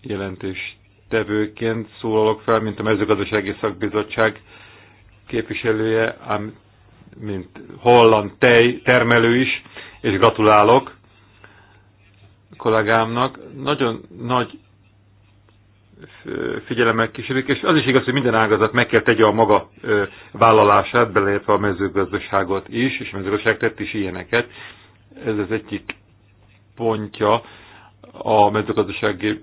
Jelentést tevőként szólalok fel, mint a mezőgazdasági szakbizottság képviselője, ám mint holland tej termelő is, és gratulálok kollégámnak. Nagyon nagy figyelemek kísérik, és az is igaz, hogy minden ágazat meg kell tegye a maga vállalását, beleértve a mezőgazdaságot is, és a mezőgazdaság tett is ilyeneket. Ez az egyik pontja a mezőgazdasági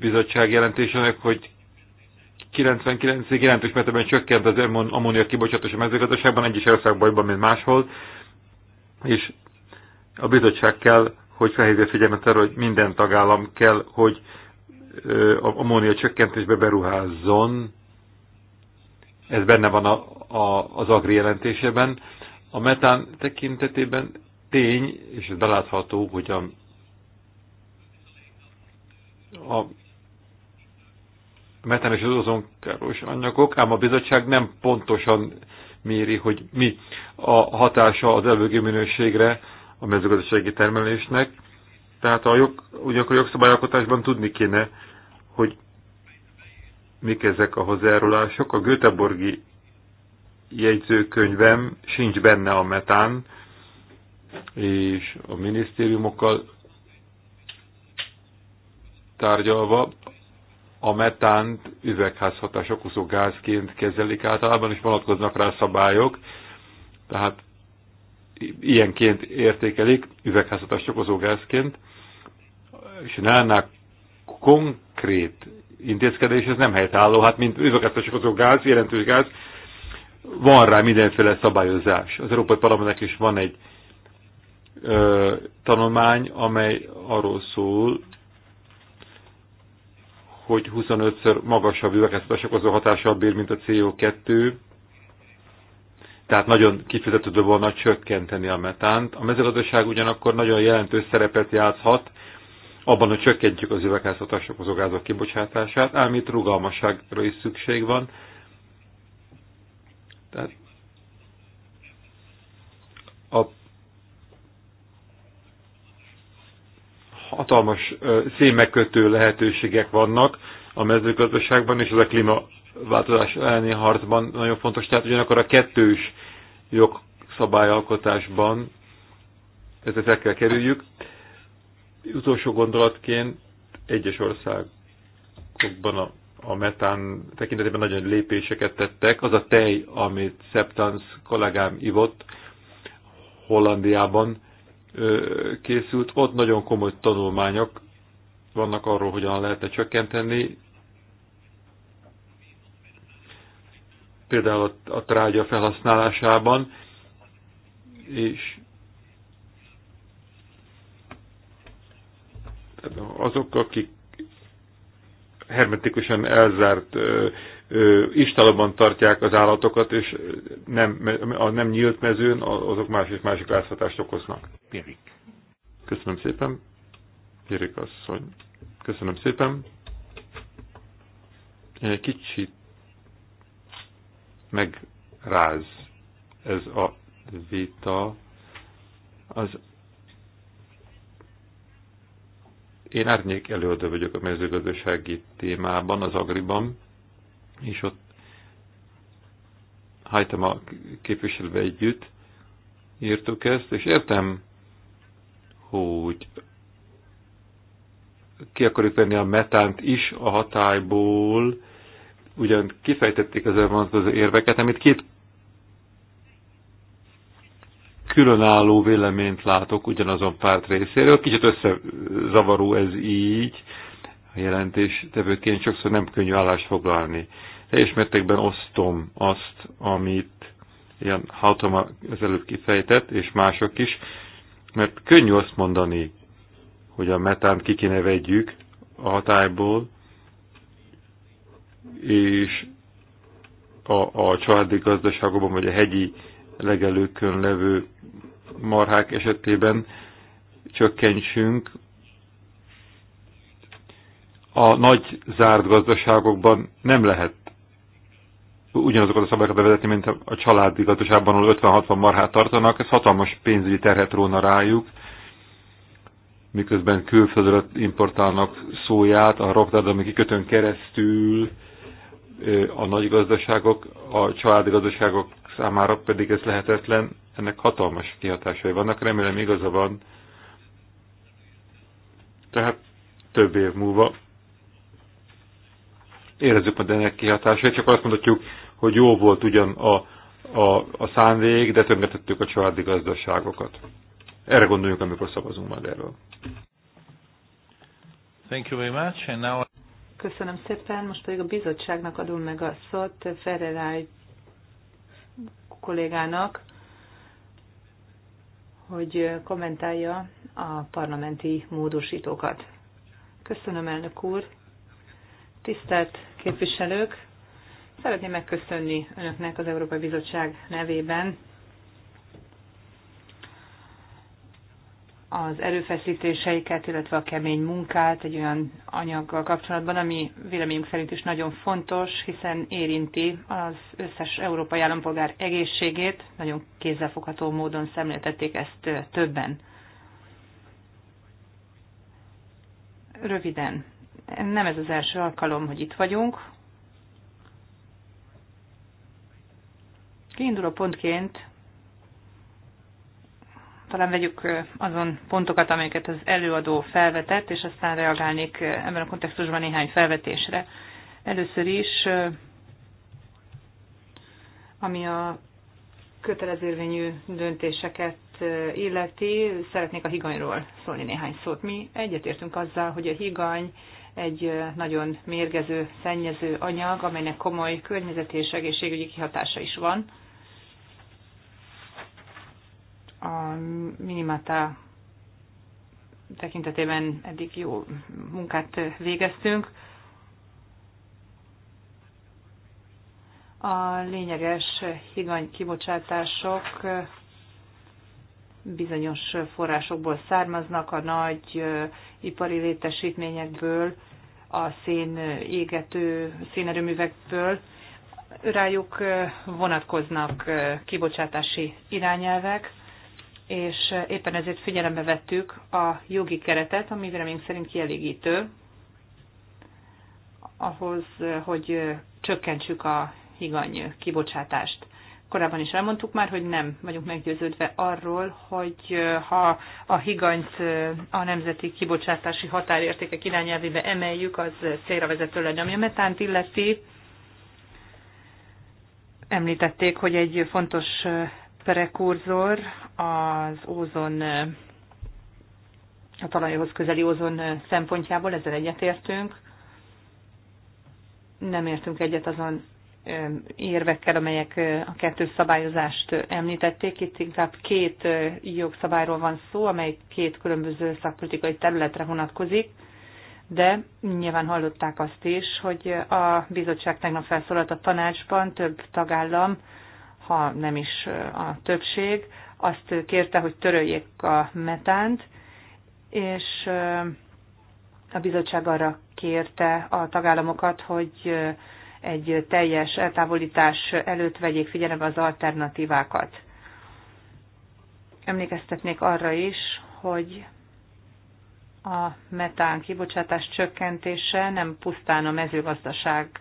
bizottság jelentésének, hogy 99-ig jelentős mértékben csökkent az ammónia kibocsátása a mezőgazdaságban, egyes országban, mint máshol, és a bizottság kell, hogy felhívja figyelmet arra, hogy minden tagállam kell, hogy a ammónia csökkentésbe beruházzon. Ez benne van a, a, az agri jelentésében. A metán tekintetében tény, és ez belátható, hogy a, a metán és az ozonkáros anyagok, ám a bizottság nem pontosan méri, hogy mi a hatása az elvőgő minőségre a mezőgazdasági termelésnek. Tehát a jog, ugyanakkor a jogszabályalkotásban tudni kéne, hogy mik ezek a hozzájárulások. A Göteborgi jegyzőkönyvem sincs benne a metán, és a minisztériumokkal tárgyalva a metánt üvegházhatás okozó gázként kezelik általában, és vonatkoznak rá szabályok, tehát ilyenként értékelik, üvegházhatás okozó gázként, és nálnál konkrét intézkedés, ez nem helytálló, hát mint üvegházhatás okozó gáz, jelentős gáz, van rá mindenféle szabályozás. Az Európai Parlamentnek is van egy ö, tanulmány, amely arról szól, hogy 25-ször magasabb üvegházhatást okozó hatással bír, mint a CO2, tehát nagyon kifizetődő volna csökkenteni a metánt. A mezőgazdaság ugyanakkor nagyon jelentős szerepet játszhat abban, hogy csökkentjük az üvegházhatás okozó gázok kibocsátását, ám itt rugalmasságra is szükség van. Tehát hatalmas szémekötő lehetőségek vannak a mezőgazdaságban, és ez a klímaváltozás elleni harcban nagyon fontos. Tehát ugyanakkor a kettős jogszabályalkotásban ezt el kell kerüljük. Utolsó gondolatként egyes országokban a, a metán tekintetében nagyon lépéseket tettek. Az a tej, amit Septans kollégám ivott Hollandiában, készült, ott nagyon komoly tanulmányok vannak arról, hogyan lehetne csökkenteni. Például a trágya felhasználásában, és azok, akik hermetikusan elzárt istalban tartják az állatokat, és nem, a nem nyílt mezőn azok más és másik áztatást okoznak. Pirik. Köszönöm szépen. Pirik asszony. Köszönöm szépen. Egy kicsit megráz ez a vita. Az én árnyék előadó vagyok a mezőgazdasági témában, az agriban és ott hajtam a képviselőbe együtt, írtuk ezt, és értem, hogy ki akarjuk venni a metánt is a hatályból, ugyan kifejtették ezzel az érveket, amit két különálló véleményt látok ugyanazon párt részéről. Kicsit összezavaró ez így, a jelentés tevőként sokszor nem könnyű állást foglalni. Teljes mértékben osztom azt, amit ilyen az előbb kifejtett, és mások is, mert könnyű azt mondani, hogy a metánt ki kéne vegyük a hatályból, és a, a családi gazdaságokban, vagy a hegyi legelőkön levő marhák esetében csökkentsünk, a nagy zárt gazdaságokban nem lehet ugyanazokat a szabályokat bevezetni, mint a családi gazdaságban, ahol 50-60 marhát tartanak, ez hatalmas pénzügyi terhet róna rájuk, miközben külföldre importálnak szóját, a ami kikötön keresztül a nagy gazdaságok, a családi gazdaságok számára pedig ez lehetetlen, ennek hatalmas kihatásai vannak, remélem igaza van. Tehát több év múlva érezzük majd ennek kihatásait, csak azt mondhatjuk, hogy jó volt ugyan a, a, a szándék, de tönkretettük a családi gazdaságokat. Erre gondoljuk, amikor szavazunk majd erről. Thank you very much. And now... Köszönöm szépen, most pedig a bizottságnak adom meg a szót Ferreráj kollégának, hogy kommentálja a parlamenti módosítókat. Köszönöm, elnök úr! Tisztelt képviselők! Szeretném megköszönni Önöknek az Európai Bizottság nevében az erőfeszítéseiket, illetve a kemény munkát egy olyan anyaggal kapcsolatban, ami véleményünk szerint is nagyon fontos, hiszen érinti az összes európai állampolgár egészségét, nagyon kézzelfogható módon szemléltették ezt többen. Röviden, nem ez az első alkalom, hogy itt vagyunk. Kiinduló pontként talán vegyük azon pontokat, amelyeket az előadó felvetett, és aztán reagálnék ebben a kontextusban néhány felvetésre. Először is, ami a kötelezővényű döntéseket illeti, szeretnék a higanyról szólni néhány szót. Mi egyetértünk azzal, hogy a higany egy nagyon mérgező, szennyező anyag, amelynek komoly környezeti és egészségügyi kihatása is van. A minimata tekintetében eddig jó munkát végeztünk. A lényeges higany kibocsátások bizonyos forrásokból származnak, a nagy ipari létesítményekből, a szén égető szénerőművekből, rájuk vonatkoznak kibocsátási irányelvek, és éppen ezért figyelembe vettük a jogi keretet, ami remény szerint kielégítő ahhoz, hogy csökkentsük a higany kibocsátást korábban is elmondtuk már, hogy nem vagyunk meggyőződve arról, hogy ha a higanyt a nemzeti kibocsátási határértékek irányelvébe emeljük, az célra vezető legyen. Ami a metánt illeti, említették, hogy egy fontos prekurzor az ózon a talajhoz közeli ózon szempontjából, ezzel egyetértünk. Nem értünk egyet azon érvekkel, amelyek a kettős szabályozást említették. Itt inkább két jogszabályról van szó, amely két különböző szakpolitikai területre vonatkozik, de nyilván hallották azt is, hogy a bizottság tegnap felszólalt a tanácsban, több tagállam, ha nem is a többség, azt kérte, hogy töröljék a metánt, és a bizottság arra kérte a tagállamokat, hogy egy teljes eltávolítás előtt vegyék figyelembe az alternatívákat. Emlékeztetnék arra is, hogy a metán kibocsátás csökkentése nem pusztán a mezőgazdaság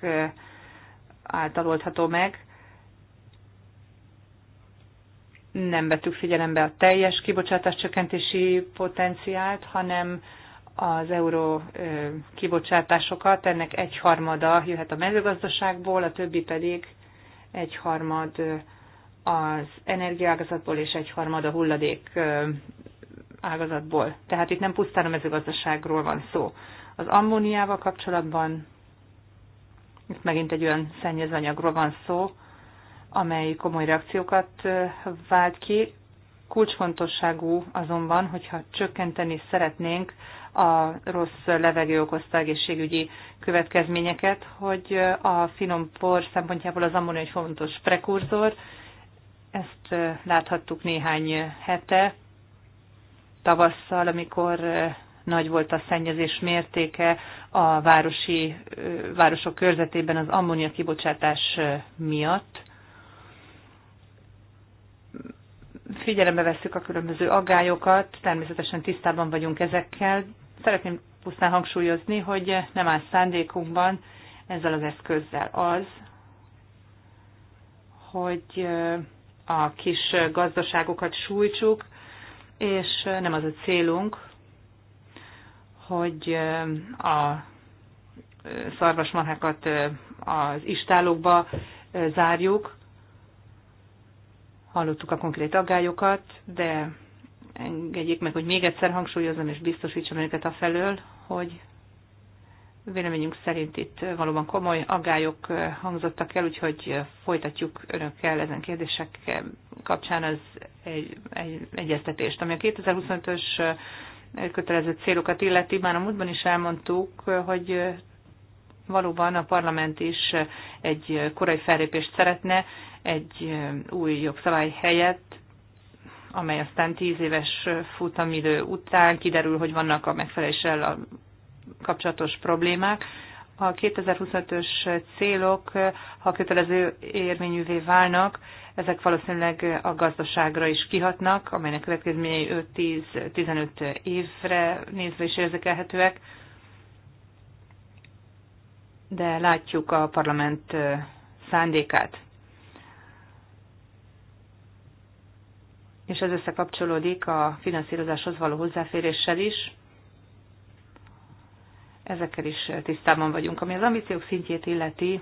által oldható meg, nem vettük figyelembe a teljes kibocsátás csökkentési potenciált, hanem az euró kibocsátásokat, ennek egyharmada jöhet a mezőgazdaságból, a többi pedig egyharmad az energiaágazatból és egyharmad a hulladék ágazatból. Tehát itt nem pusztán a mezőgazdaságról van szó. Az ammóniával kapcsolatban itt megint egy olyan szennyezőanyagról van szó, amely komoly reakciókat vált ki. Kulcsfontosságú azonban, hogyha csökkenteni szeretnénk a rossz levegő okozta egészségügyi következményeket, hogy a finom por szempontjából az ammónia egy fontos prekurzor. Ezt láthattuk néhány hete, tavasszal, amikor nagy volt a szennyezés mértéke a városi, városok körzetében az ammónia kibocsátás miatt. figyelembe vesszük a különböző aggályokat, természetesen tisztában vagyunk ezekkel. Szeretném pusztán hangsúlyozni, hogy nem áll szándékunkban ezzel az eszközzel az, hogy a kis gazdaságokat sújtsuk, és nem az a célunk, hogy a szarvasmarhákat az istálókba zárjuk, Hallottuk a konkrét aggályokat, de engedjék meg, hogy még egyszer hangsúlyozom és biztosítsam őket a felől, hogy véleményünk szerint itt valóban komoly agályok hangzottak el, úgyhogy folytatjuk önökkel ezen kérdések kapcsán az egy, egy egyeztetést. Ami a 2025-ös kötelező célokat illeti, már a múltban is elmondtuk, hogy valóban a parlament is egy korai fellépést szeretne, egy új jogszabály helyett, amely aztán tíz éves futamidő után kiderül, hogy vannak a megfeleléssel kapcsolatos problémák. A 2025-ös célok, ha kötelező érvényűvé válnak, ezek valószínűleg a gazdaságra is kihatnak, amelynek következményei 5-10-15 évre nézve is érzékelhetőek. De látjuk a parlament szándékát. és ez összekapcsolódik a finanszírozáshoz való hozzáféréssel is. Ezekkel is tisztában vagyunk. Ami az ambíciók szintjét illeti,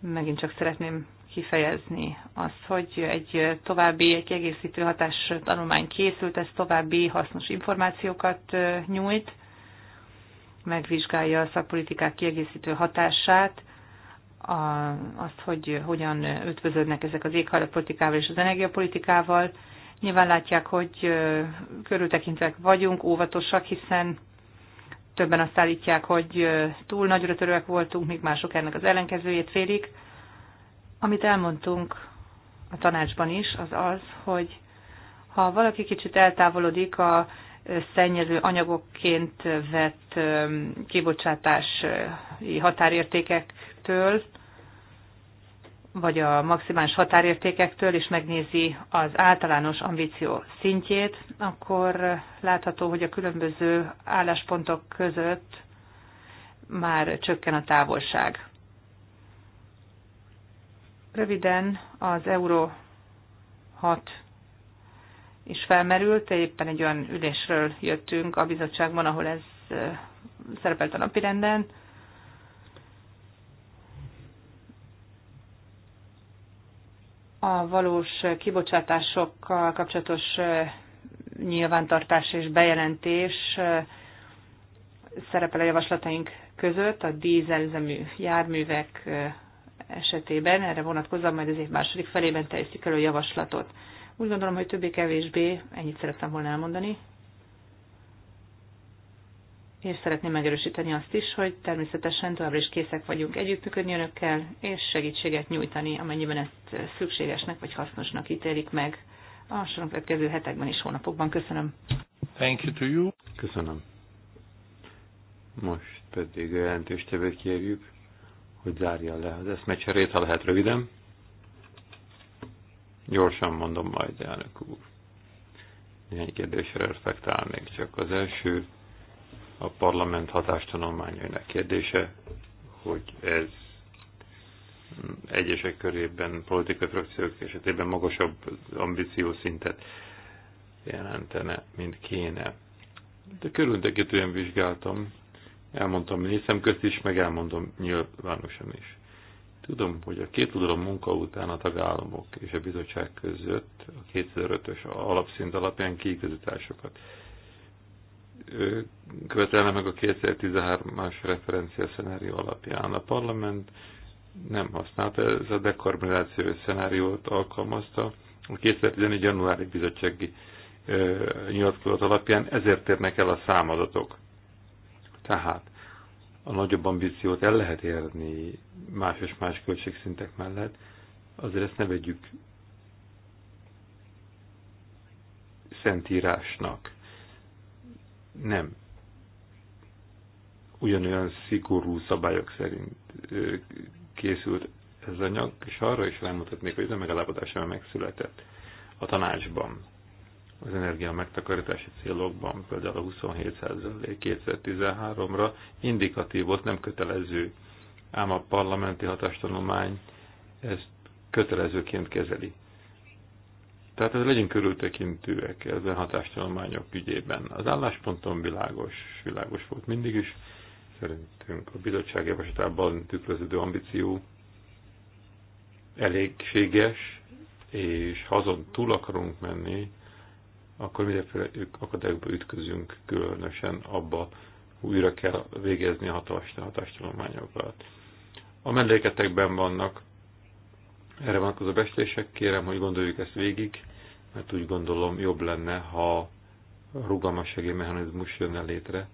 megint csak szeretném kifejezni azt, hogy egy további, egy kiegészítő hatás tanulmány készült, ez további hasznos információkat nyújt, megvizsgálja a szakpolitikák kiegészítő hatását, a, azt, hogy hogyan ötvöződnek ezek az éghajlatpolitikával és az energiapolitikával. Nyilván látják, hogy körültekintőek vagyunk, óvatosak, hiszen többen azt állítják, hogy túl nagyra törőek voltunk, míg mások ennek az ellenkezőjét félik. Amit elmondtunk a tanácsban is, az az, hogy ha valaki kicsit eltávolodik a szennyező anyagokként vett kibocsátási határértékektől, vagy a maximális határértékektől, és megnézi az általános ambíció szintjét, akkor látható, hogy a különböző álláspontok között már csökken a távolság. Röviden az Euró 6 is felmerült. Éppen egy olyan ülésről jöttünk a bizottságban, ahol ez szerepelt a napirenden. A valós kibocsátásokkal kapcsolatos nyilvántartás és bejelentés szerepel a javaslataink között a dízelüzemű járművek esetében. Erre vonatkozom, majd az év második felében teljesítjük elő javaslatot. Úgy gondolom, hogy többé-kevésbé ennyit szerettem volna elmondani. És szeretném megerősíteni azt is, hogy természetesen továbbra is készek vagyunk együttműködni önökkel, és segítséget nyújtani, amennyiben ezt szükségesnek vagy hasznosnak ítélik meg a soron következő hetekben és hónapokban. Köszönöm. Thank you to you. Köszönöm. Most pedig a jelentéstevőt kérjük, hogy zárja le az eszmecserét, ha lehet röviden. Gyorsan mondom majd, elnök úr. Néhány kérdésre reflektál még csak az első. A parlament hatástanulmányainak kérdése, hogy ez egyesek körében, politikai frakciók esetében magasabb ambíció szintet jelentene, mint kéne. De körültekintően vizsgáltam, elmondtam hiszem közt is, meg elmondom nyilvánosan is. Tudom, hogy a két oldalon munka után a tagállamok és a bizottság között a 2005-ös alapszint alapján kiigazításokat követelne meg a 2013-as referencia szenárió alapján. A parlament nem használta, ez a dekarbonizáció szenáriót alkalmazta. A 2014. januári bizottsági nyilatkozat alapján ezért érnek el a számadatok. Tehát a nagyobb ambíciót el lehet érni más és más költségszintek mellett, azért ezt ne vegyük szentírásnak. Nem. Ugyanolyan szigorú szabályok szerint készült ez anyag, és arra is elmutatnék, hogy ez a megállapodás megszületett a tanácsban az energia megtakarítási célokban, például a 27% 2013-ra indikatív volt, nem kötelező, ám a parlamenti hatástanulmány ezt kötelezőként kezeli. Tehát ez legyünk körültekintőek ezen hatástanulmányok ügyében. Az állásponton világos, világos volt mindig is. Szerintünk a bizottság javaslatában tükröződő ambíció elégséges, és ha azon túl akarunk menni, akkor mindenféle akadályokba ütközünk, különösen abba újra kell végezni a hatás, hatástanulmányokat. A melléketekben vannak erre vonatkozó bestések, kérem, hogy gondoljuk ezt végig, mert úgy gondolom jobb lenne, ha rugalmassági mechanizmus jönne létre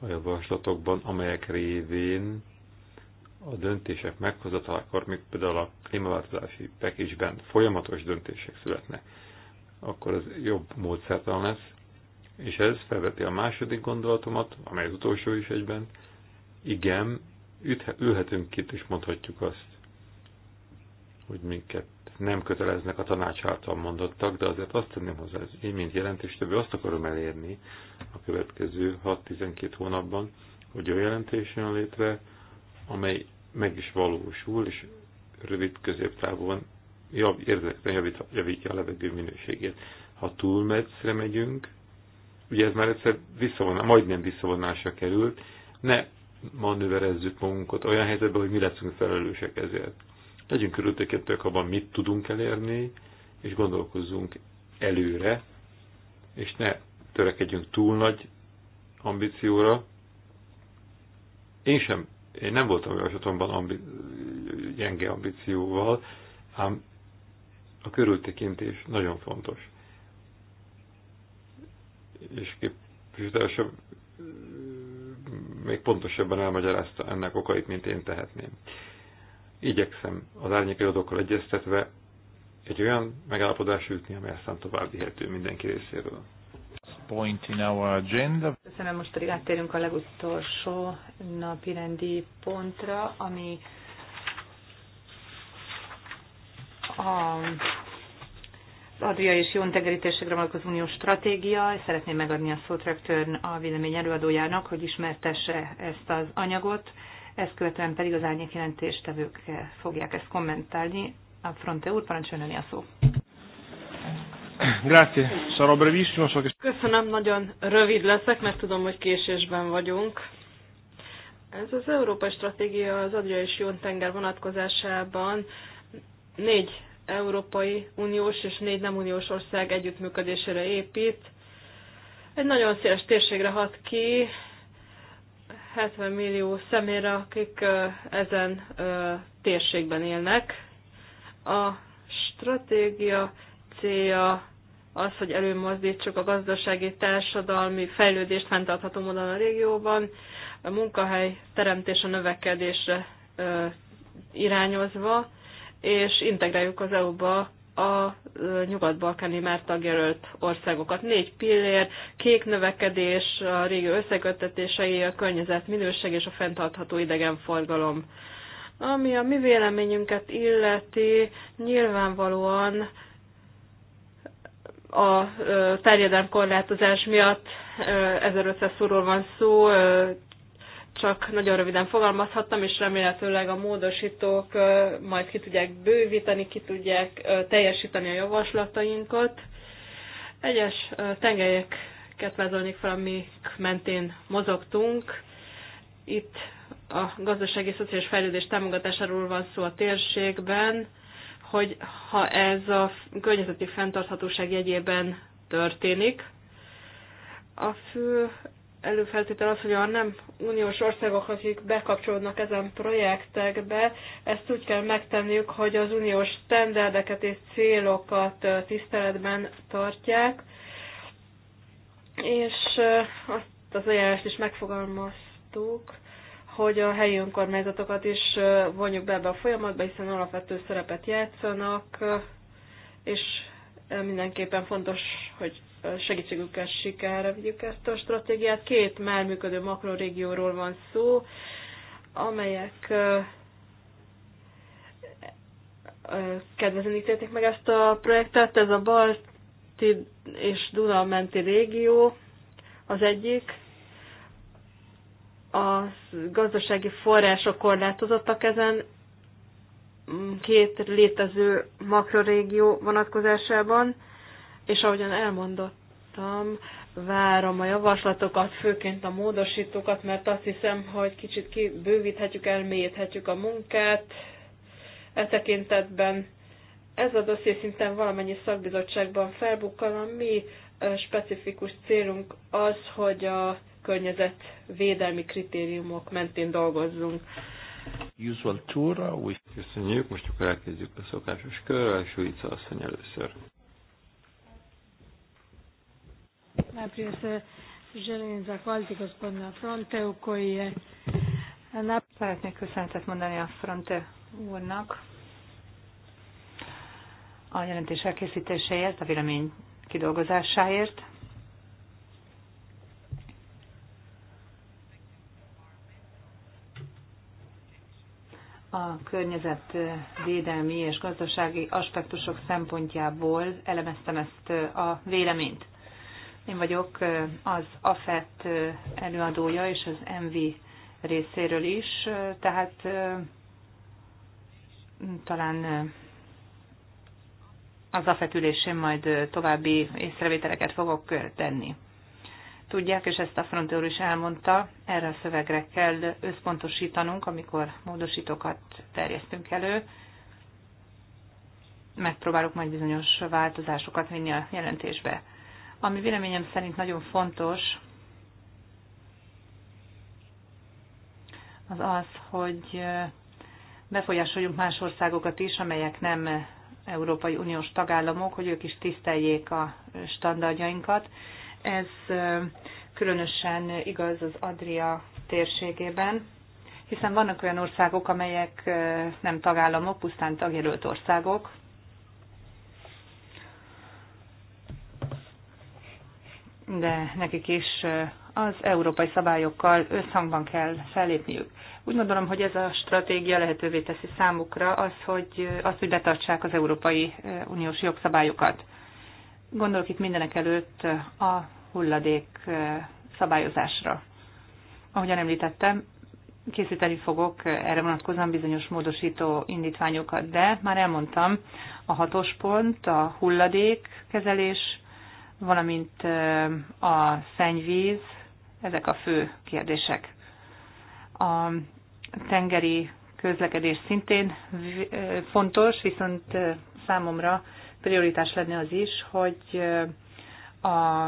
a javaslatokban, amelyek révén a döntések meghozatalakor, még például a klímaváltozási pekésben folyamatos döntések születnek akkor az jobb módszertan lesz. És ez felveti a második gondolatomat, amely az utolsó is egyben. Igen, ülhetünk itt, és mondhatjuk azt, hogy minket nem köteleznek a tanács által mondottak, de azért azt tenném hozzá, hogy én, mint jelentéstevő, azt akarom elérni a következő 6-12 hónapban, hogy olyan jelentés jön létre, amely meg is valósul, és rövid középtávon jav, érzékben javít, javítja a levegő minőségét. Ha túl túlmetszre megyünk, ugye ez már egyszer visszavonás, majdnem visszavonásra került, ne manőverezzük magunkat olyan helyzetben, hogy mi leszünk felelősek ezért. Legyünk körültekintőek abban, mit tudunk elérni, és gondolkozzunk előre, és ne törekedjünk túl nagy ambícióra. Én sem, én nem voltam olyan ambi, gyenge ambícióval, ám a körültekintés nagyon fontos. És képviselőse még pontosabban elmagyarázta ennek okait, mint én tehetném. Igyekszem az árnyékelőadókkal egyeztetve egy olyan megállapodás ütni, amely aztán tovább vihető mindenki részéről. Point in our agenda. Köszönöm, most pedig áttérünk a legutolsó napi rendi pontra, ami a az Adria és Jón tegerítésekre vonatkozó uniós stratégia. Szeretném megadni a szót rögtön a vélemény előadójának, hogy ismertesse ezt az anyagot. Ezt követően pedig az árnyék jelentéstevők fogják ezt kommentálni. A Fronte úr, parancsoljon a szó. Grazie, sarò brevissimo. So Köszönöm, nagyon rövid leszek, mert tudom, hogy késésben vagyunk. Ez az Európai Stratégia az Adria és Jón tenger vonatkozásában négy Európai Uniós és négy nem uniós ország együttműködésére épít. Egy nagyon széles térségre hat ki, 70 millió személyre, akik ezen térségben élnek. A stratégia célja az, hogy előmozdítsuk a gazdasági, társadalmi fejlődést fenntartható módon a régióban, a munkahely teremtés a növekedésre irányozva, és integráljuk az EU-ba a nyugat-balkáni már tagjelölt országokat. Négy pillér, kék növekedés, a régi összeköttetései, a környezet minőség és a fenntartható idegenforgalom. Ami a mi véleményünket illeti, nyilvánvalóan a terjedelmkorlátozás miatt 1500 szóról van szó, csak nagyon röviden fogalmazhattam, és remélhetőleg a módosítók majd ki tudják bővíteni, ki tudják teljesíteni a javaslatainkat. Egyes tengelyeket vázolnék fel, amik mentén mozogtunk. Itt a gazdasági szociális fejlődés támogatásáról van szó a térségben, hogy ha ez a környezeti fenntarthatóság jegyében történik, a fő előfeltétel az, hogy a nem uniós országok, akik bekapcsolódnak ezen projektekbe, ezt úgy kell megtenniük, hogy az uniós standardeket és célokat tiszteletben tartják, és azt az ajánlást is megfogalmaztuk, hogy a helyi önkormányzatokat is vonjuk be ebbe a folyamatba, hiszen alapvető szerepet játszanak, és mindenképpen fontos, hogy segítségükkel sikerre vigyük ezt a stratégiát. Két már működő makrorégióról van szó, amelyek kedvezően ítélték meg ezt a projektet. Ez a Balti és Duna menti régió az egyik. A gazdasági források korlátozottak ezen két létező makrorégió vonatkozásában és ahogyan elmondottam, várom a javaslatokat, főként a módosítókat, mert azt hiszem, hogy kicsit kibővíthetjük, elmélyíthetjük a munkát e tekintetben. Ez a dosszé szinten valamennyi szakbizottságban felbukkal, a mi specifikus célunk az, hogy a környezet védelmi kritériumok mentén dolgozzunk. Usual tour, we... Köszönjük, most akkor elkezdjük a szokásos körrel, és Ulica asszony először. Najprije se želim zahvaliti gospodina Fronteu koji je nap... Szeretnék köszönetet mondani a Fronte úrnak a jelentés elkészítéséért, a vélemény kidolgozásáért. a környezetvédelmi és gazdasági aspektusok szempontjából elemeztem ezt a véleményt. Én vagyok az AFET előadója és az MV részéről is, tehát talán az AFET ülésén majd további észrevételeket fogok tenni. Tudják, és ezt a frontőr is elmondta, erre a szövegre kell összpontosítanunk, amikor módosítókat terjesztünk elő. Megpróbálok majd bizonyos változásokat vinni a jelentésbe ami véleményem szerint nagyon fontos, az az, hogy befolyásoljunk más országokat is, amelyek nem Európai Uniós tagállamok, hogy ők is tiszteljék a standardjainkat. Ez különösen igaz az Adria térségében, hiszen vannak olyan országok, amelyek nem tagállamok, pusztán tagjelölt országok, de nekik is az európai szabályokkal összhangban kell fellépniük. Úgy gondolom, hogy ez a stratégia lehetővé teszi számukra az, hogy, az, hogy betartsák az Európai Uniós jogszabályokat. Gondolok itt mindenek előtt a hulladék szabályozásra. Ahogyan említettem, készíteni fogok erre vonatkozóan bizonyos módosító indítványokat, de már elmondtam, a hatos pont, a hulladék kezelés, valamint a szennyvíz, ezek a fő kérdések. A tengeri közlekedés szintén fontos, viszont számomra prioritás lenne az is, hogy a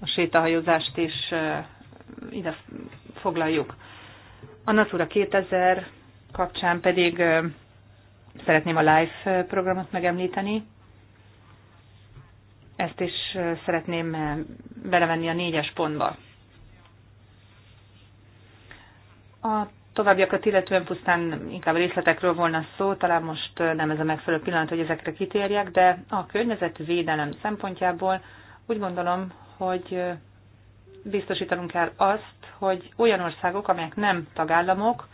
a sétahajózást is ide foglaljuk. A Natura 2000 kapcsán pedig Szeretném a live eh, programot megemlíteni. Ezt is eh, szeretném eh, belevenni a négyes pontba. A továbbiakat illetően pusztán inkább a részletekről volna szó, talán most nem ez a megfelelő pillanat, hogy ezekre kitérjek, de a környezetvédelem szempontjából úgy gondolom, hogy biztosítanunk kell azt, hogy olyan országok, amelyek nem tagállamok,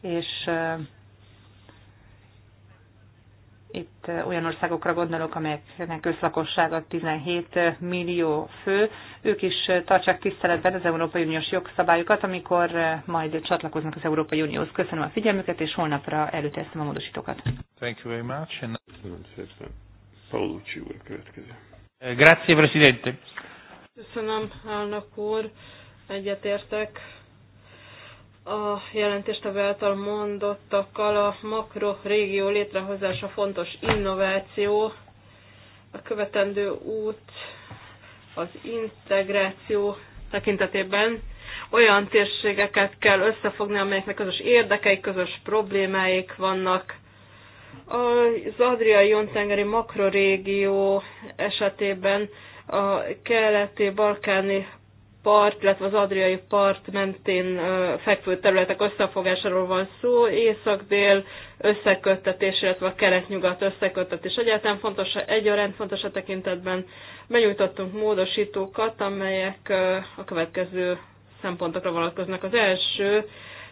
és itt olyan országokra gondolok, amelyeknek összlakossága 17 millió fő. Ők is tartsák tiszteletben az Európai Uniós jogszabályokat, amikor majd csatlakoznak az Európai Unióhoz. Köszönöm a figyelmüket, és holnapra előteszem a módosítókat. Thank you very much. And... Köszönöm szépen. Paulucci úr következő. Eh, grazie, Presidente. Köszönöm, elnök úr. Egyetértek a jelentéstevő által mondottakkal a régió létrehozása fontos innováció, a követendő út az integráció tekintetében olyan térségeket kell összefogni, amelyeknek közös érdekei, közös problémáik vannak. Az adriai jontengeri makrorégió esetében a keleti-balkáni part, illetve az adriai part mentén fekvő területek összefogásáról van szó, észak-dél összeköttetés, illetve a kelet-nyugat összeköttetés. Egyáltalán fontos, egyaránt fontos a tekintetben benyújtottunk módosítókat, amelyek a következő szempontokra vonatkoznak. Az első,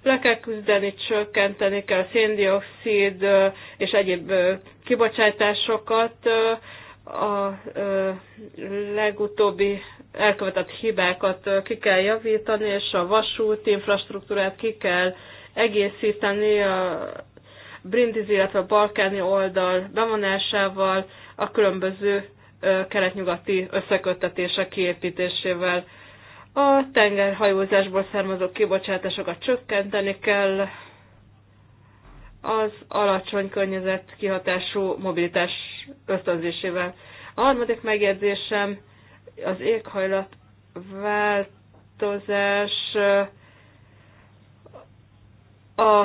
le kell küzdeni, csökkenteni kell a széndiokszid és egyéb kibocsátásokat, a legutóbbi elkövetett hibákat ki kell javítani, és a vasút infrastruktúrát ki kell egészíteni a Brindisi, illetve a balkáni oldal bevonásával, a különböző kelet-nyugati összeköttetések kiépítésével. A tengerhajózásból származó kibocsátásokat csökkenteni kell, az alacsony környezet kihatású mobilitás ösztönzésével. A harmadik megjegyzésem az éghajlat változás a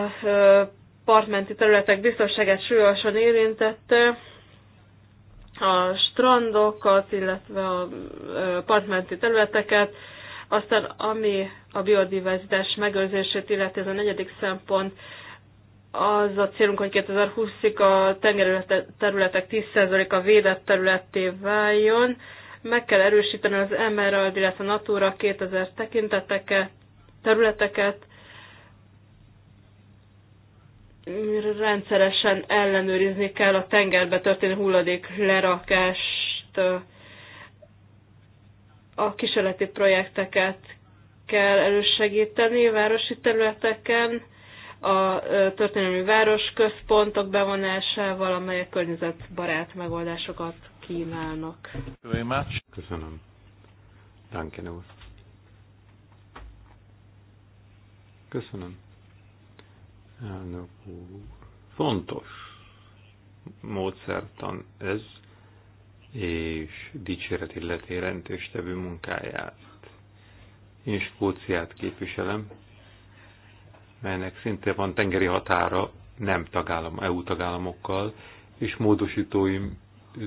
partmenti területek biztonságát súlyosan érintette, a strandokat, illetve a partmenti területeket, aztán ami a biodiverzitás megőrzését illeti, ez a negyedik szempont, az a célunk, hogy 2020-ig a területek 10%-a védett területté váljon. Meg kell erősíteni az Emerald, illetve Natura 2000 tekinteteket, területeket, rendszeresen ellenőrizni kell a tengerbe történő hulladék lerakást, a kísérleti projekteket kell elősegíteni városi területeken, a történelmi városközpontok bevonásával, amelyek környezetbarát megoldásokat kínálnak. Köszönöm. Danken Köszönöm. Elnök úr. Fontos módszertan ez, és dicséret illeti jelentőstevő munkáját. Én Skóciát képviselem, melynek szinte van tengeri határa nem tagállam, EU tagállamokkal, és módosítóim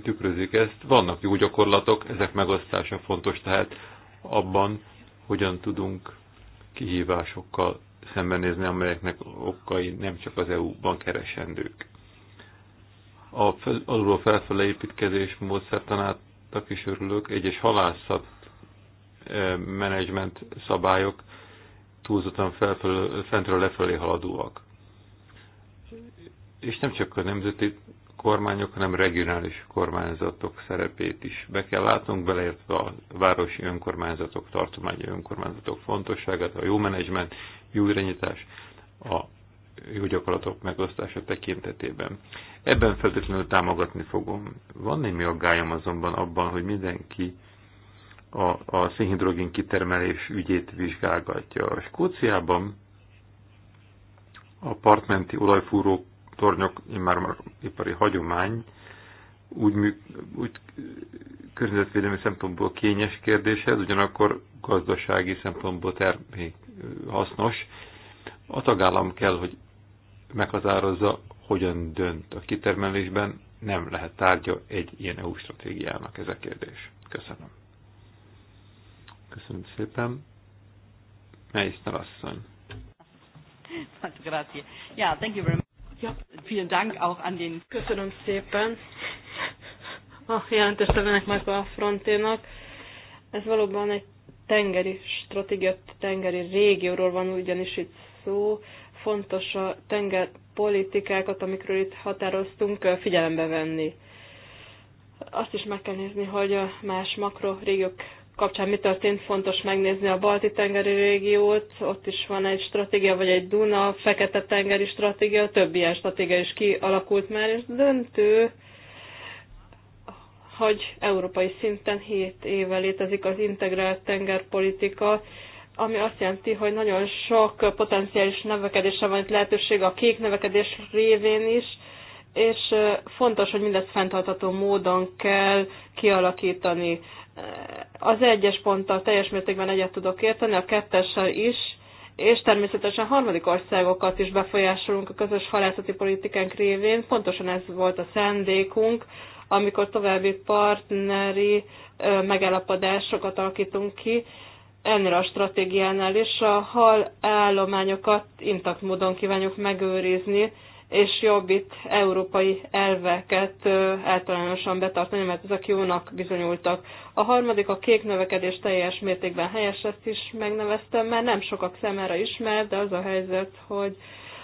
tükrözik ezt. Vannak jó gyakorlatok, ezek megosztása fontos, tehát abban hogyan tudunk kihívásokkal szembenézni, amelyeknek okai nem csak az EU-ban keresendők. A fel, alulról felfele építkezés módszertanátnak is örülök, egyes halászat eh, menedzsment szabályok túlzottan felfelő, fentről lefelé haladóak. És nem csak a nemzeti kormányok, hanem regionális kormányzatok szerepét is be kell látnunk, beleértve a városi önkormányzatok, tartományi önkormányzatok fontosságát, a jó menedzsment, jó irányítás, a jó gyakorlatok megosztása tekintetében. Ebben feltétlenül támogatni fogom. Van némi aggályom azonban abban, hogy mindenki a, a szénhidrogén kitermelés ügyét vizsgálgatja. A Skóciában a partmenti olajfúró tornyok immár már ipari hagyomány, úgy, úgy környezetvédelmi szempontból kényes kérdéshez, ugyanakkor gazdasági szempontból termék hasznos. A tagállam kell, hogy meghatározza, hogyan dönt a kitermelésben, nem lehet tárgya egy ilyen EU stratégiának ez a kérdés. Köszönöm. Köszönöm szépen. Meister asszony. Ja, thank you very much. Ja. Vielen Dank auch an den... Köszönöm szépen a jelentéstevenek meg a fronténak. Ez valóban egy tengeri stratégia, tengeri régióról van ugyanis itt szó. Fontos a tenger politikákat, amikről itt határoztunk, figyelembe venni. Azt is meg kell nézni, hogy a más makro régiók kapcsán mi történt, fontos megnézni a Balti-tengeri régiót, ott is van egy stratégia, vagy egy Duna, Fekete-tengeri stratégia, több ilyen stratégia is kialakult már, és döntő, hogy európai szinten 7 éve létezik az integrált tengerpolitika, ami azt jelenti, hogy nagyon sok potenciális növekedésre van itt lehetőség a kék növekedés révén is, és fontos, hogy mindezt fenntartható módon kell kialakítani. Az egyes ponttal teljes mértékben egyet tudok érteni, a kettessel is, és természetesen harmadik országokat is befolyásolunk a közös halászati politikánk révén. Pontosan ez volt a szándékunk, amikor további partneri megállapodásokat alakítunk ki, ennél a stratégiánál is a hal állományokat intakt módon kívánjuk megőrizni, és jobb itt európai elveket általánosan betartani, mert ezek jónak bizonyultak. A harmadik a kék növekedés teljes mértékben helyes, ezt is megneveztem, mert nem sokak szemére ismer, de az a helyzet, hogy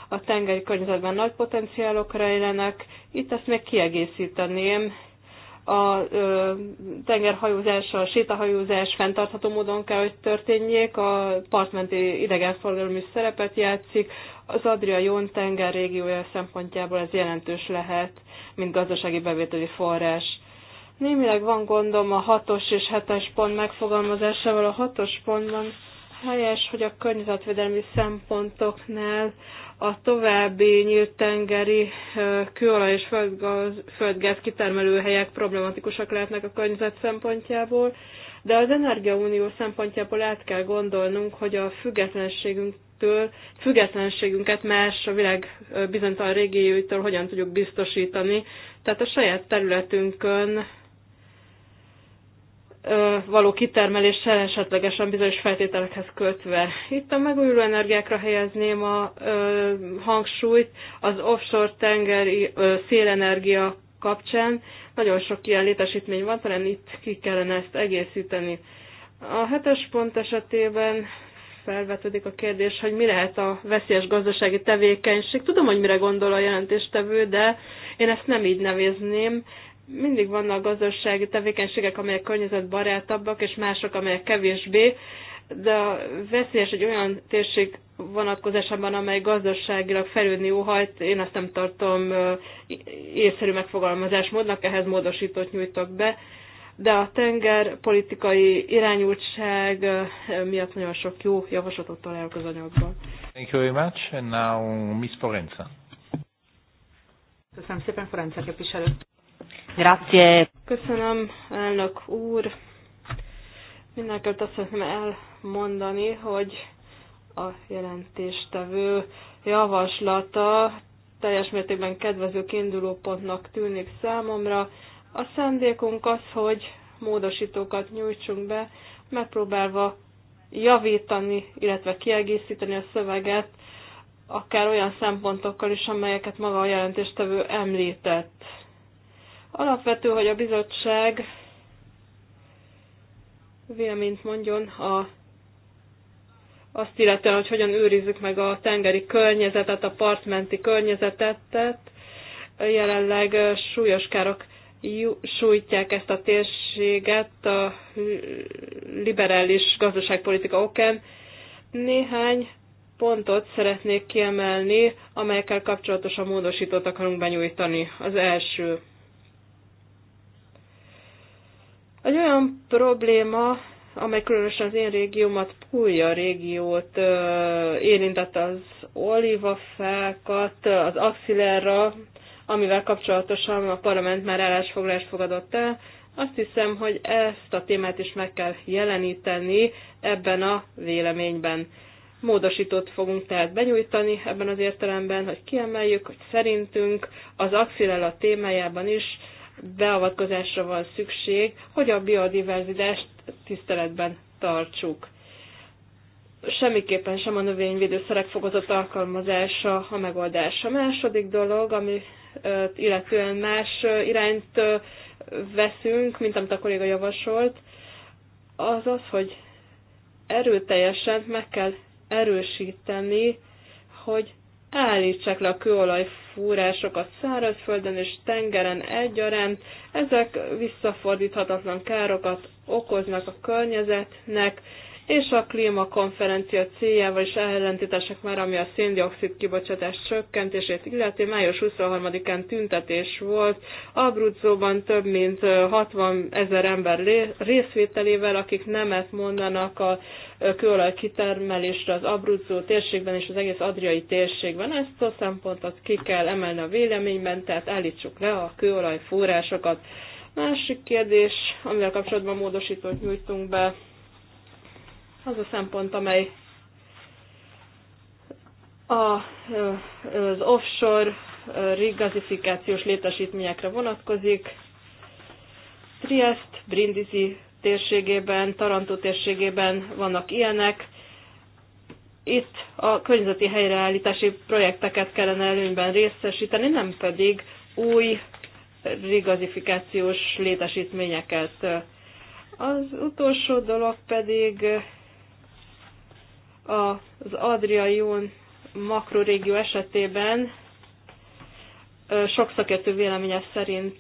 a tengeri környezetben nagy potenciálok rejlenek. Itt ezt még kiegészíteném a tengerhajózás, a sétahajózás fenntartható módon kell, hogy történjék, a partmenti idegenforgalom is szerepet játszik, az Adria-Jón tenger régiója szempontjából ez jelentős lehet, mint gazdasági bevételi forrás. Némileg van gondom a hatos és hetes pont megfogalmazásával. A hatos pontban helyes, hogy a környezetvédelmi szempontoknál a további nyílt tengeri kőolaj és földgáz, földgáz helyek problematikusak lehetnek a környezet szempontjából, de az Energiaunió szempontjából át kell gondolnunk, hogy a függetlenségünktől, függetlenségünket más a világ bizonytalan régióitől hogyan tudjuk biztosítani. Tehát a saját területünkön való kitermeléssel esetlegesen bizonyos feltételekhez kötve. Itt a megújuló energiákra helyezném a hangsúlyt az offshore tengeri szélenergia kapcsán. Nagyon sok ilyen létesítmény van, talán itt ki kellene ezt egészíteni. A hetes pont esetében felvetődik a kérdés, hogy mi lehet a veszélyes gazdasági tevékenység. Tudom, hogy mire gondol a jelentéstevő, de én ezt nem így nevezném mindig vannak gazdasági tevékenységek, amelyek környezetbarátabbak, és mások, amelyek kevésbé, de veszélyes egy olyan térség vonatkozásában, amely gazdaságilag felülni óhajt, én azt nem tartom észszerű megfogalmazásmódnak, ehhez módosítót nyújtok be, de a tenger politikai irányultság miatt nagyon sok jó javaslatot találok az anyagban. Thank you very much, and now Miss Forenza. Köszönöm szépen, Forenza képviselő. Grazie. Köszönöm, elnök úr. Mindenkit azt szeretném elmondani, hogy a jelentéstevő javaslata teljes mértékben kedvező kiindulópontnak tűnik számomra. A szándékunk az, hogy módosítókat nyújtsunk be, megpróbálva javítani, illetve kiegészíteni a szöveget, akár olyan szempontokkal is, amelyeket maga a jelentéstevő említett. Alapvető, hogy a bizottság véleményt mondjon a, azt illetően, hogy hogyan őrizzük meg a tengeri környezetet, a partmenti környezetet. Jelenleg súlyos károk sújtják ezt a térséget a liberális gazdaságpolitika okán. Néhány pontot szeretnék kiemelni, amelyekkel kapcsolatosan a módosítót akarunk benyújtani. Az első Egy olyan probléma, amely különösen az én régiómat, Púlja régiót érintett az olivafákat, az axillerra, amivel kapcsolatosan a parlament már állásfoglalást fogadott el. Azt hiszem, hogy ezt a témát is meg kell jeleníteni ebben a véleményben. Módosítót fogunk tehát benyújtani ebben az értelemben, hogy kiemeljük, hogy szerintünk az axillella témájában is beavatkozásra van szükség, hogy a biodiverzitást tiszteletben tartsuk. Semmiképpen sem a növényvédőszerek fokozott alkalmazása a megoldás. A második dolog, ami illetően más irányt veszünk, mint amit a kolléga javasolt, az az, hogy erőteljesen meg kell erősíteni, hogy állítsák le a kőolaj fúrások a szárazföldön és tengeren egyaránt, ezek visszafordíthatatlan károkat okoznak a környezetnek, és a klímakonferencia céljával is ellentétesek már, ami a széndiokszid kibocsátás csökkentését illeti. Május 23-án tüntetés volt. Abruzzóban több mint 60 ezer ember részvételével, akik nemet mondanak a kőolaj kitermelésre az Abruzzó térségben és az egész Adriai térségben. Ezt a szempontot ki kell emelni a véleményben, tehát állítsuk le a kőolaj forrásokat. Másik kérdés, amivel kapcsolatban módosítót nyújtunk be, az a szempont, amely a, az offshore rigazifikációs létesítményekre vonatkozik. Triest, Brindisi térségében, Tarantó térségében vannak ilyenek. Itt a környezeti helyreállítási projekteket kellene előnyben részesíteni, nem pedig új rigazifikációs létesítményeket. Az utolsó dolog pedig az Adria-Jón makrorégió esetében sok szakértő véleménye szerint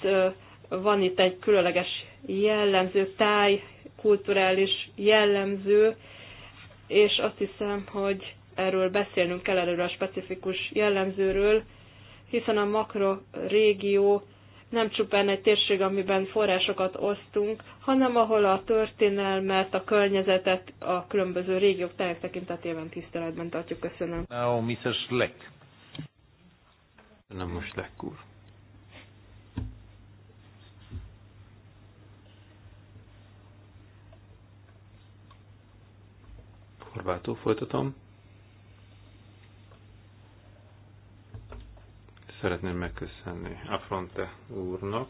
van itt egy különleges jellemző, táj, kulturális jellemző, és azt hiszem, hogy erről beszélnünk kell, erről a specifikus jellemzőről, hiszen a makrorégió régió nem csupán egy térség, amiben forrásokat osztunk, hanem ahol a történelmet, a környezetet a különböző régiók tájék tekintetében tiszteletben tartjuk. Köszönöm. Now, Mr. Schleck. Nem most Schleck úr. Horvától folytatom. szeretném megköszönni a Fronte úrnak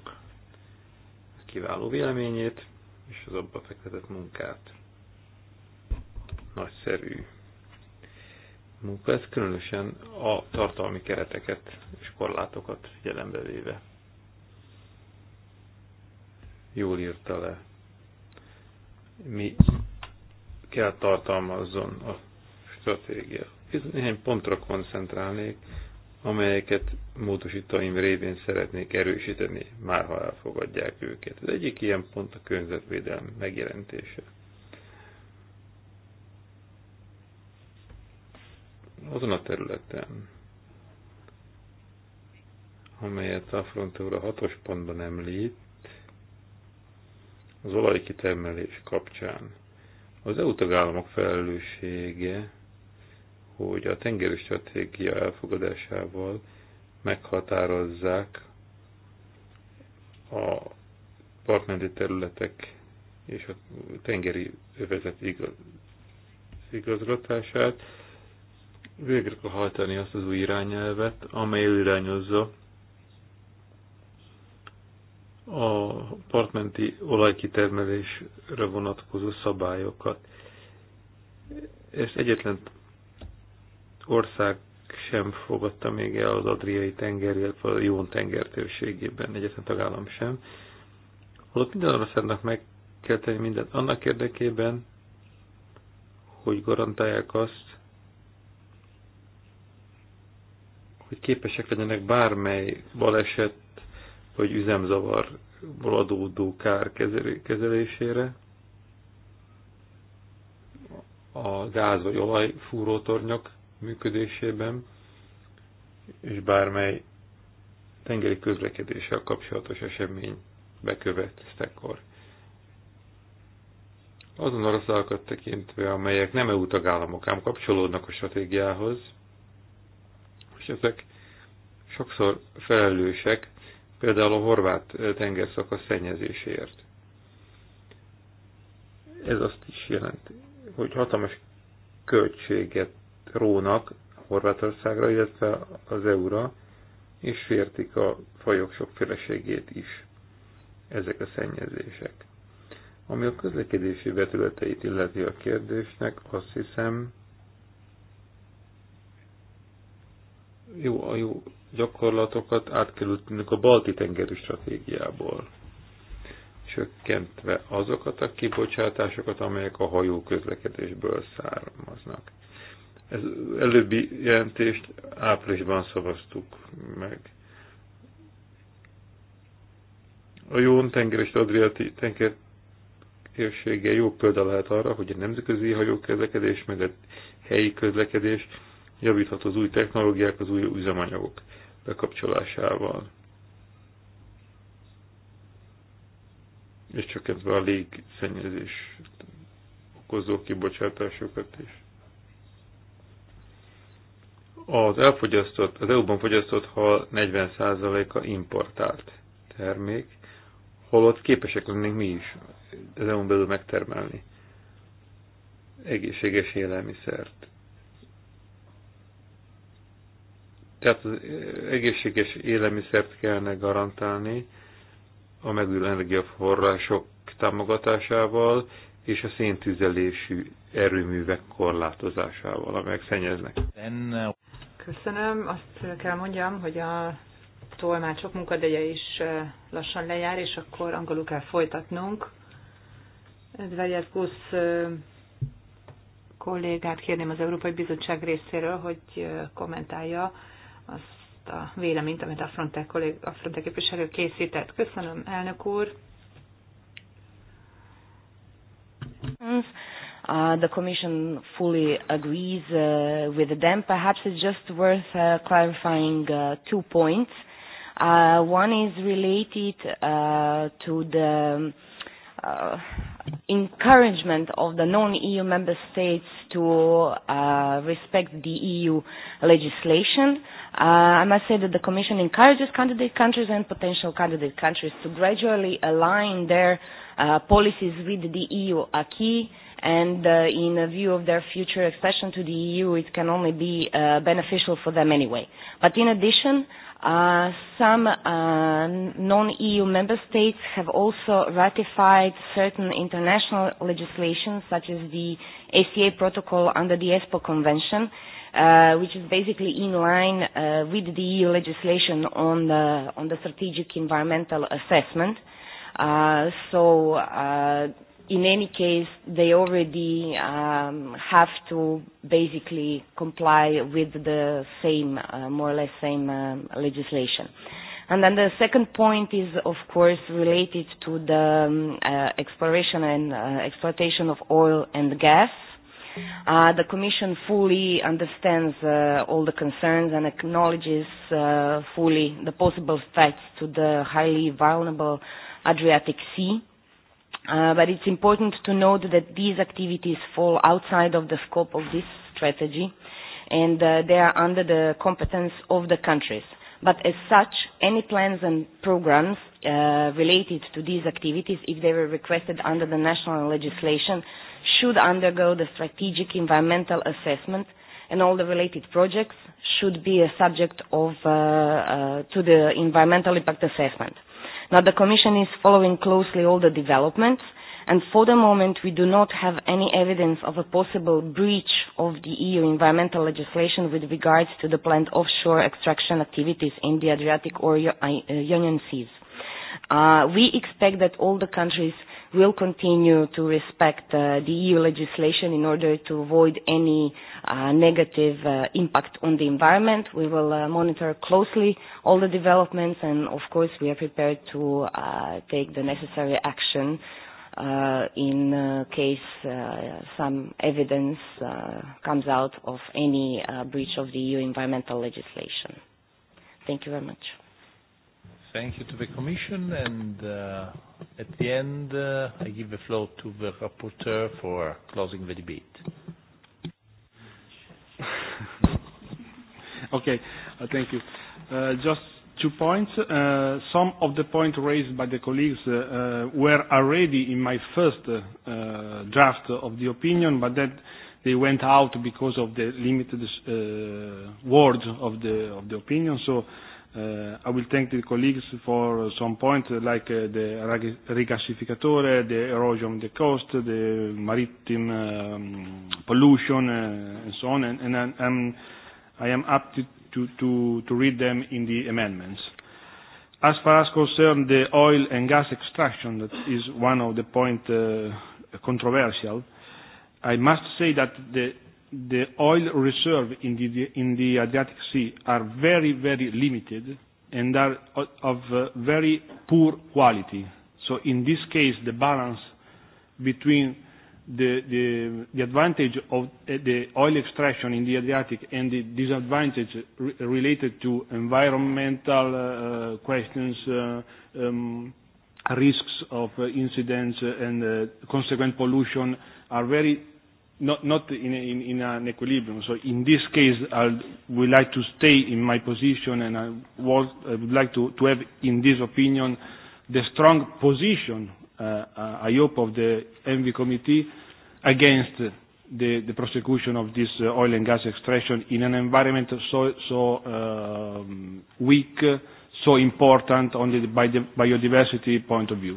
a kiváló véleményét és az abba fektetett munkát. Nagyszerű munka, ez különösen a tartalmi kereteket és korlátokat figyelembe véve. Jól írta le. Mi kell tartalmazzon a stratégia. Néhány pontra koncentrálnék, amelyeket módosítóim révén szeretnék erősíteni, már ha elfogadják őket. Az egyik ilyen pont a környezetvédelem megjelentése. Azon a területen, amelyet a Frontura hatos pontban említ, az olajkitermelés kapcsán. Az EU tagállamok felelőssége hogy a tengeri stratégia elfogadásával meghatározzák a partmenti területek és a tengeri övezet igaz, igazgatását, végre kell hajtani azt az új irányelvet, amely irányozza a partmenti olajkitermelésre vonatkozó szabályokat. Ezt egyetlen ország sem fogadta még el az Adriai tenger, illetve a Jón tenger térségében, egyetlen tagállam sem. Holott minden országnak meg kell tenni mindent annak érdekében, hogy garantálják azt, hogy képesek legyenek bármely baleset vagy üzemzavar adódó kár kezelésére. A gáz vagy olajfúrótornyok működésében, és bármely tengeri közlekedéssel kapcsolatos esemény bekövetkeztekor. Azon országokat tekintve, amelyek nem EU tagállamok, ám kapcsolódnak a stratégiához, és ezek sokszor felelősek például a horvát tengerszakasz szennyezéséért. Ez azt is jelenti, hogy hatalmas költséget rónak Horvátországra, illetve az EU-ra, és sértik a fajok sokféleségét is ezek a szennyezések. Ami a közlekedési vetületeit illeti a kérdésnek, azt hiszem, jó, a jó gyakorlatokat átkerültünk a balti tengeri stratégiából, csökkentve azokat a kibocsátásokat, amelyek a hajó közlekedésből származnak. Ez előbbi jelentést áprilisban szavaztuk meg. A Jón tenger és Adriati tenger térsége jó példa lehet arra, hogy a nemzetközi hajóközlekedés, meg a helyi közlekedés javíthat az új technológiák, az új üzemanyagok bekapcsolásával. És csökkentve a légszennyezés okozó kibocsátásokat is. Az elfogyasztott, az EU-ban fogyasztott hal 40%-a importált termék, holott képesek lennénk mi is az EU-n belül megtermelni egészséges élelmiszert. Tehát az egészséges élelmiszert kellene garantálni a megújuló energiaforrások támogatásával és a széntüzelésű erőművek korlátozásával, amelyek szennyeznek. Uh, Köszönöm. Azt kell mondjam, hogy a tolmácsok munkadeje is lassan lejár, és akkor angolul kell folytatnunk. Edvegyez Gusz kollégát kérném az Európai Bizottság részéről, hogy kommentálja azt a véleményt, amit a Frontex a Frontex képviselő készített. Köszönöm, elnök úr. Uh, the Commission fully agrees uh, with them. Perhaps it's just worth uh, clarifying uh, two points. Uh, one is related uh, to the uh, encouragement of the non-EU member states to uh, respect the EU legislation. Uh, I must say that the Commission encourages candidate countries and potential candidate countries to gradually align their uh, policies with the EU acquis and uh, in a view of their future accession to the EU, it can only be uh, beneficial for them anyway. But in addition, uh, some uh, non-EU member states have also ratified certain international legislation, such as the ACA protocol under the ESPO Convention, uh, which is basically in line uh, with the EU legislation on the, on the strategic environmental assessment. Uh, so uh, in any case, they already um, have to basically comply with the same, uh, more or less same um, legislation. And then the second point is, of course, related to the um, uh, exploration and uh, exploitation of oil and gas. Uh, the Commission fully understands uh, all the concerns and acknowledges uh, fully the possible threats to the highly vulnerable Adriatic Sea. Uh, Uh, but it's important to note that these activities fall outside of the scope of this strategy and uh, they are under the competence of the countries. But as such, any plans and programs uh, related to these activities, if they were requested under the national legislation, should undergo the strategic environmental assessment and all the related projects should be a subject of, uh, uh, to the environmental impact assessment. Now the Commission is following closely all the developments and for the moment we do not have any evidence of a possible breach of the EU environmental legislation with regards to the planned offshore extraction activities in the Adriatic or uh, Ionian seas. Uh, we expect that all the countries will continue to respect uh, the EU legislation in order to avoid any uh, negative uh, impact on the environment. We will uh, monitor closely all the developments and of course we are prepared to uh, take the necessary action uh, in uh, case uh, some evidence uh, comes out of any uh, breach of the EU environmental legislation. Thank you very much. Thank you to the Commission. And uh, at the end, uh, I give the floor to the rapporteur for closing the debate. okay, uh, thank you. just two points. some of the points raised by the colleagues were already in my first draft of the opinion, but then they went out because of the limited words of the, opinion. Uh, I will thank the colleagues for uh, some points uh, like uh, the regasificatore, the erosion of the coast, the maritime um, pollution, uh, and so on. And, and I'm, I am up to, to, to, read them in the amendments. As far as concerns the oil and gas extraction, that is one of the points uh, controversial, I must say that the the oil reserve in the, in the Adriatic Sea are very, very limited and are of uh, very poor quality. So in this case, the balance between the, the, the advantage of uh, the oil extraction in the Adriatic and the disadvantage re related to environmental uh, questions, uh, um, risks of uh, incidents and uh, consequent pollution are very not, not in, in, in an equilibrium. So in this case, I would like to stay in my position and I, I would like to, to have, in this opinion, the strong position, uh, uh I hope, of the Envy committee against the, the prosecution of this uh, oil and gas extraction in an environment so, so uh, weak, so important only by the biodiversity point of view.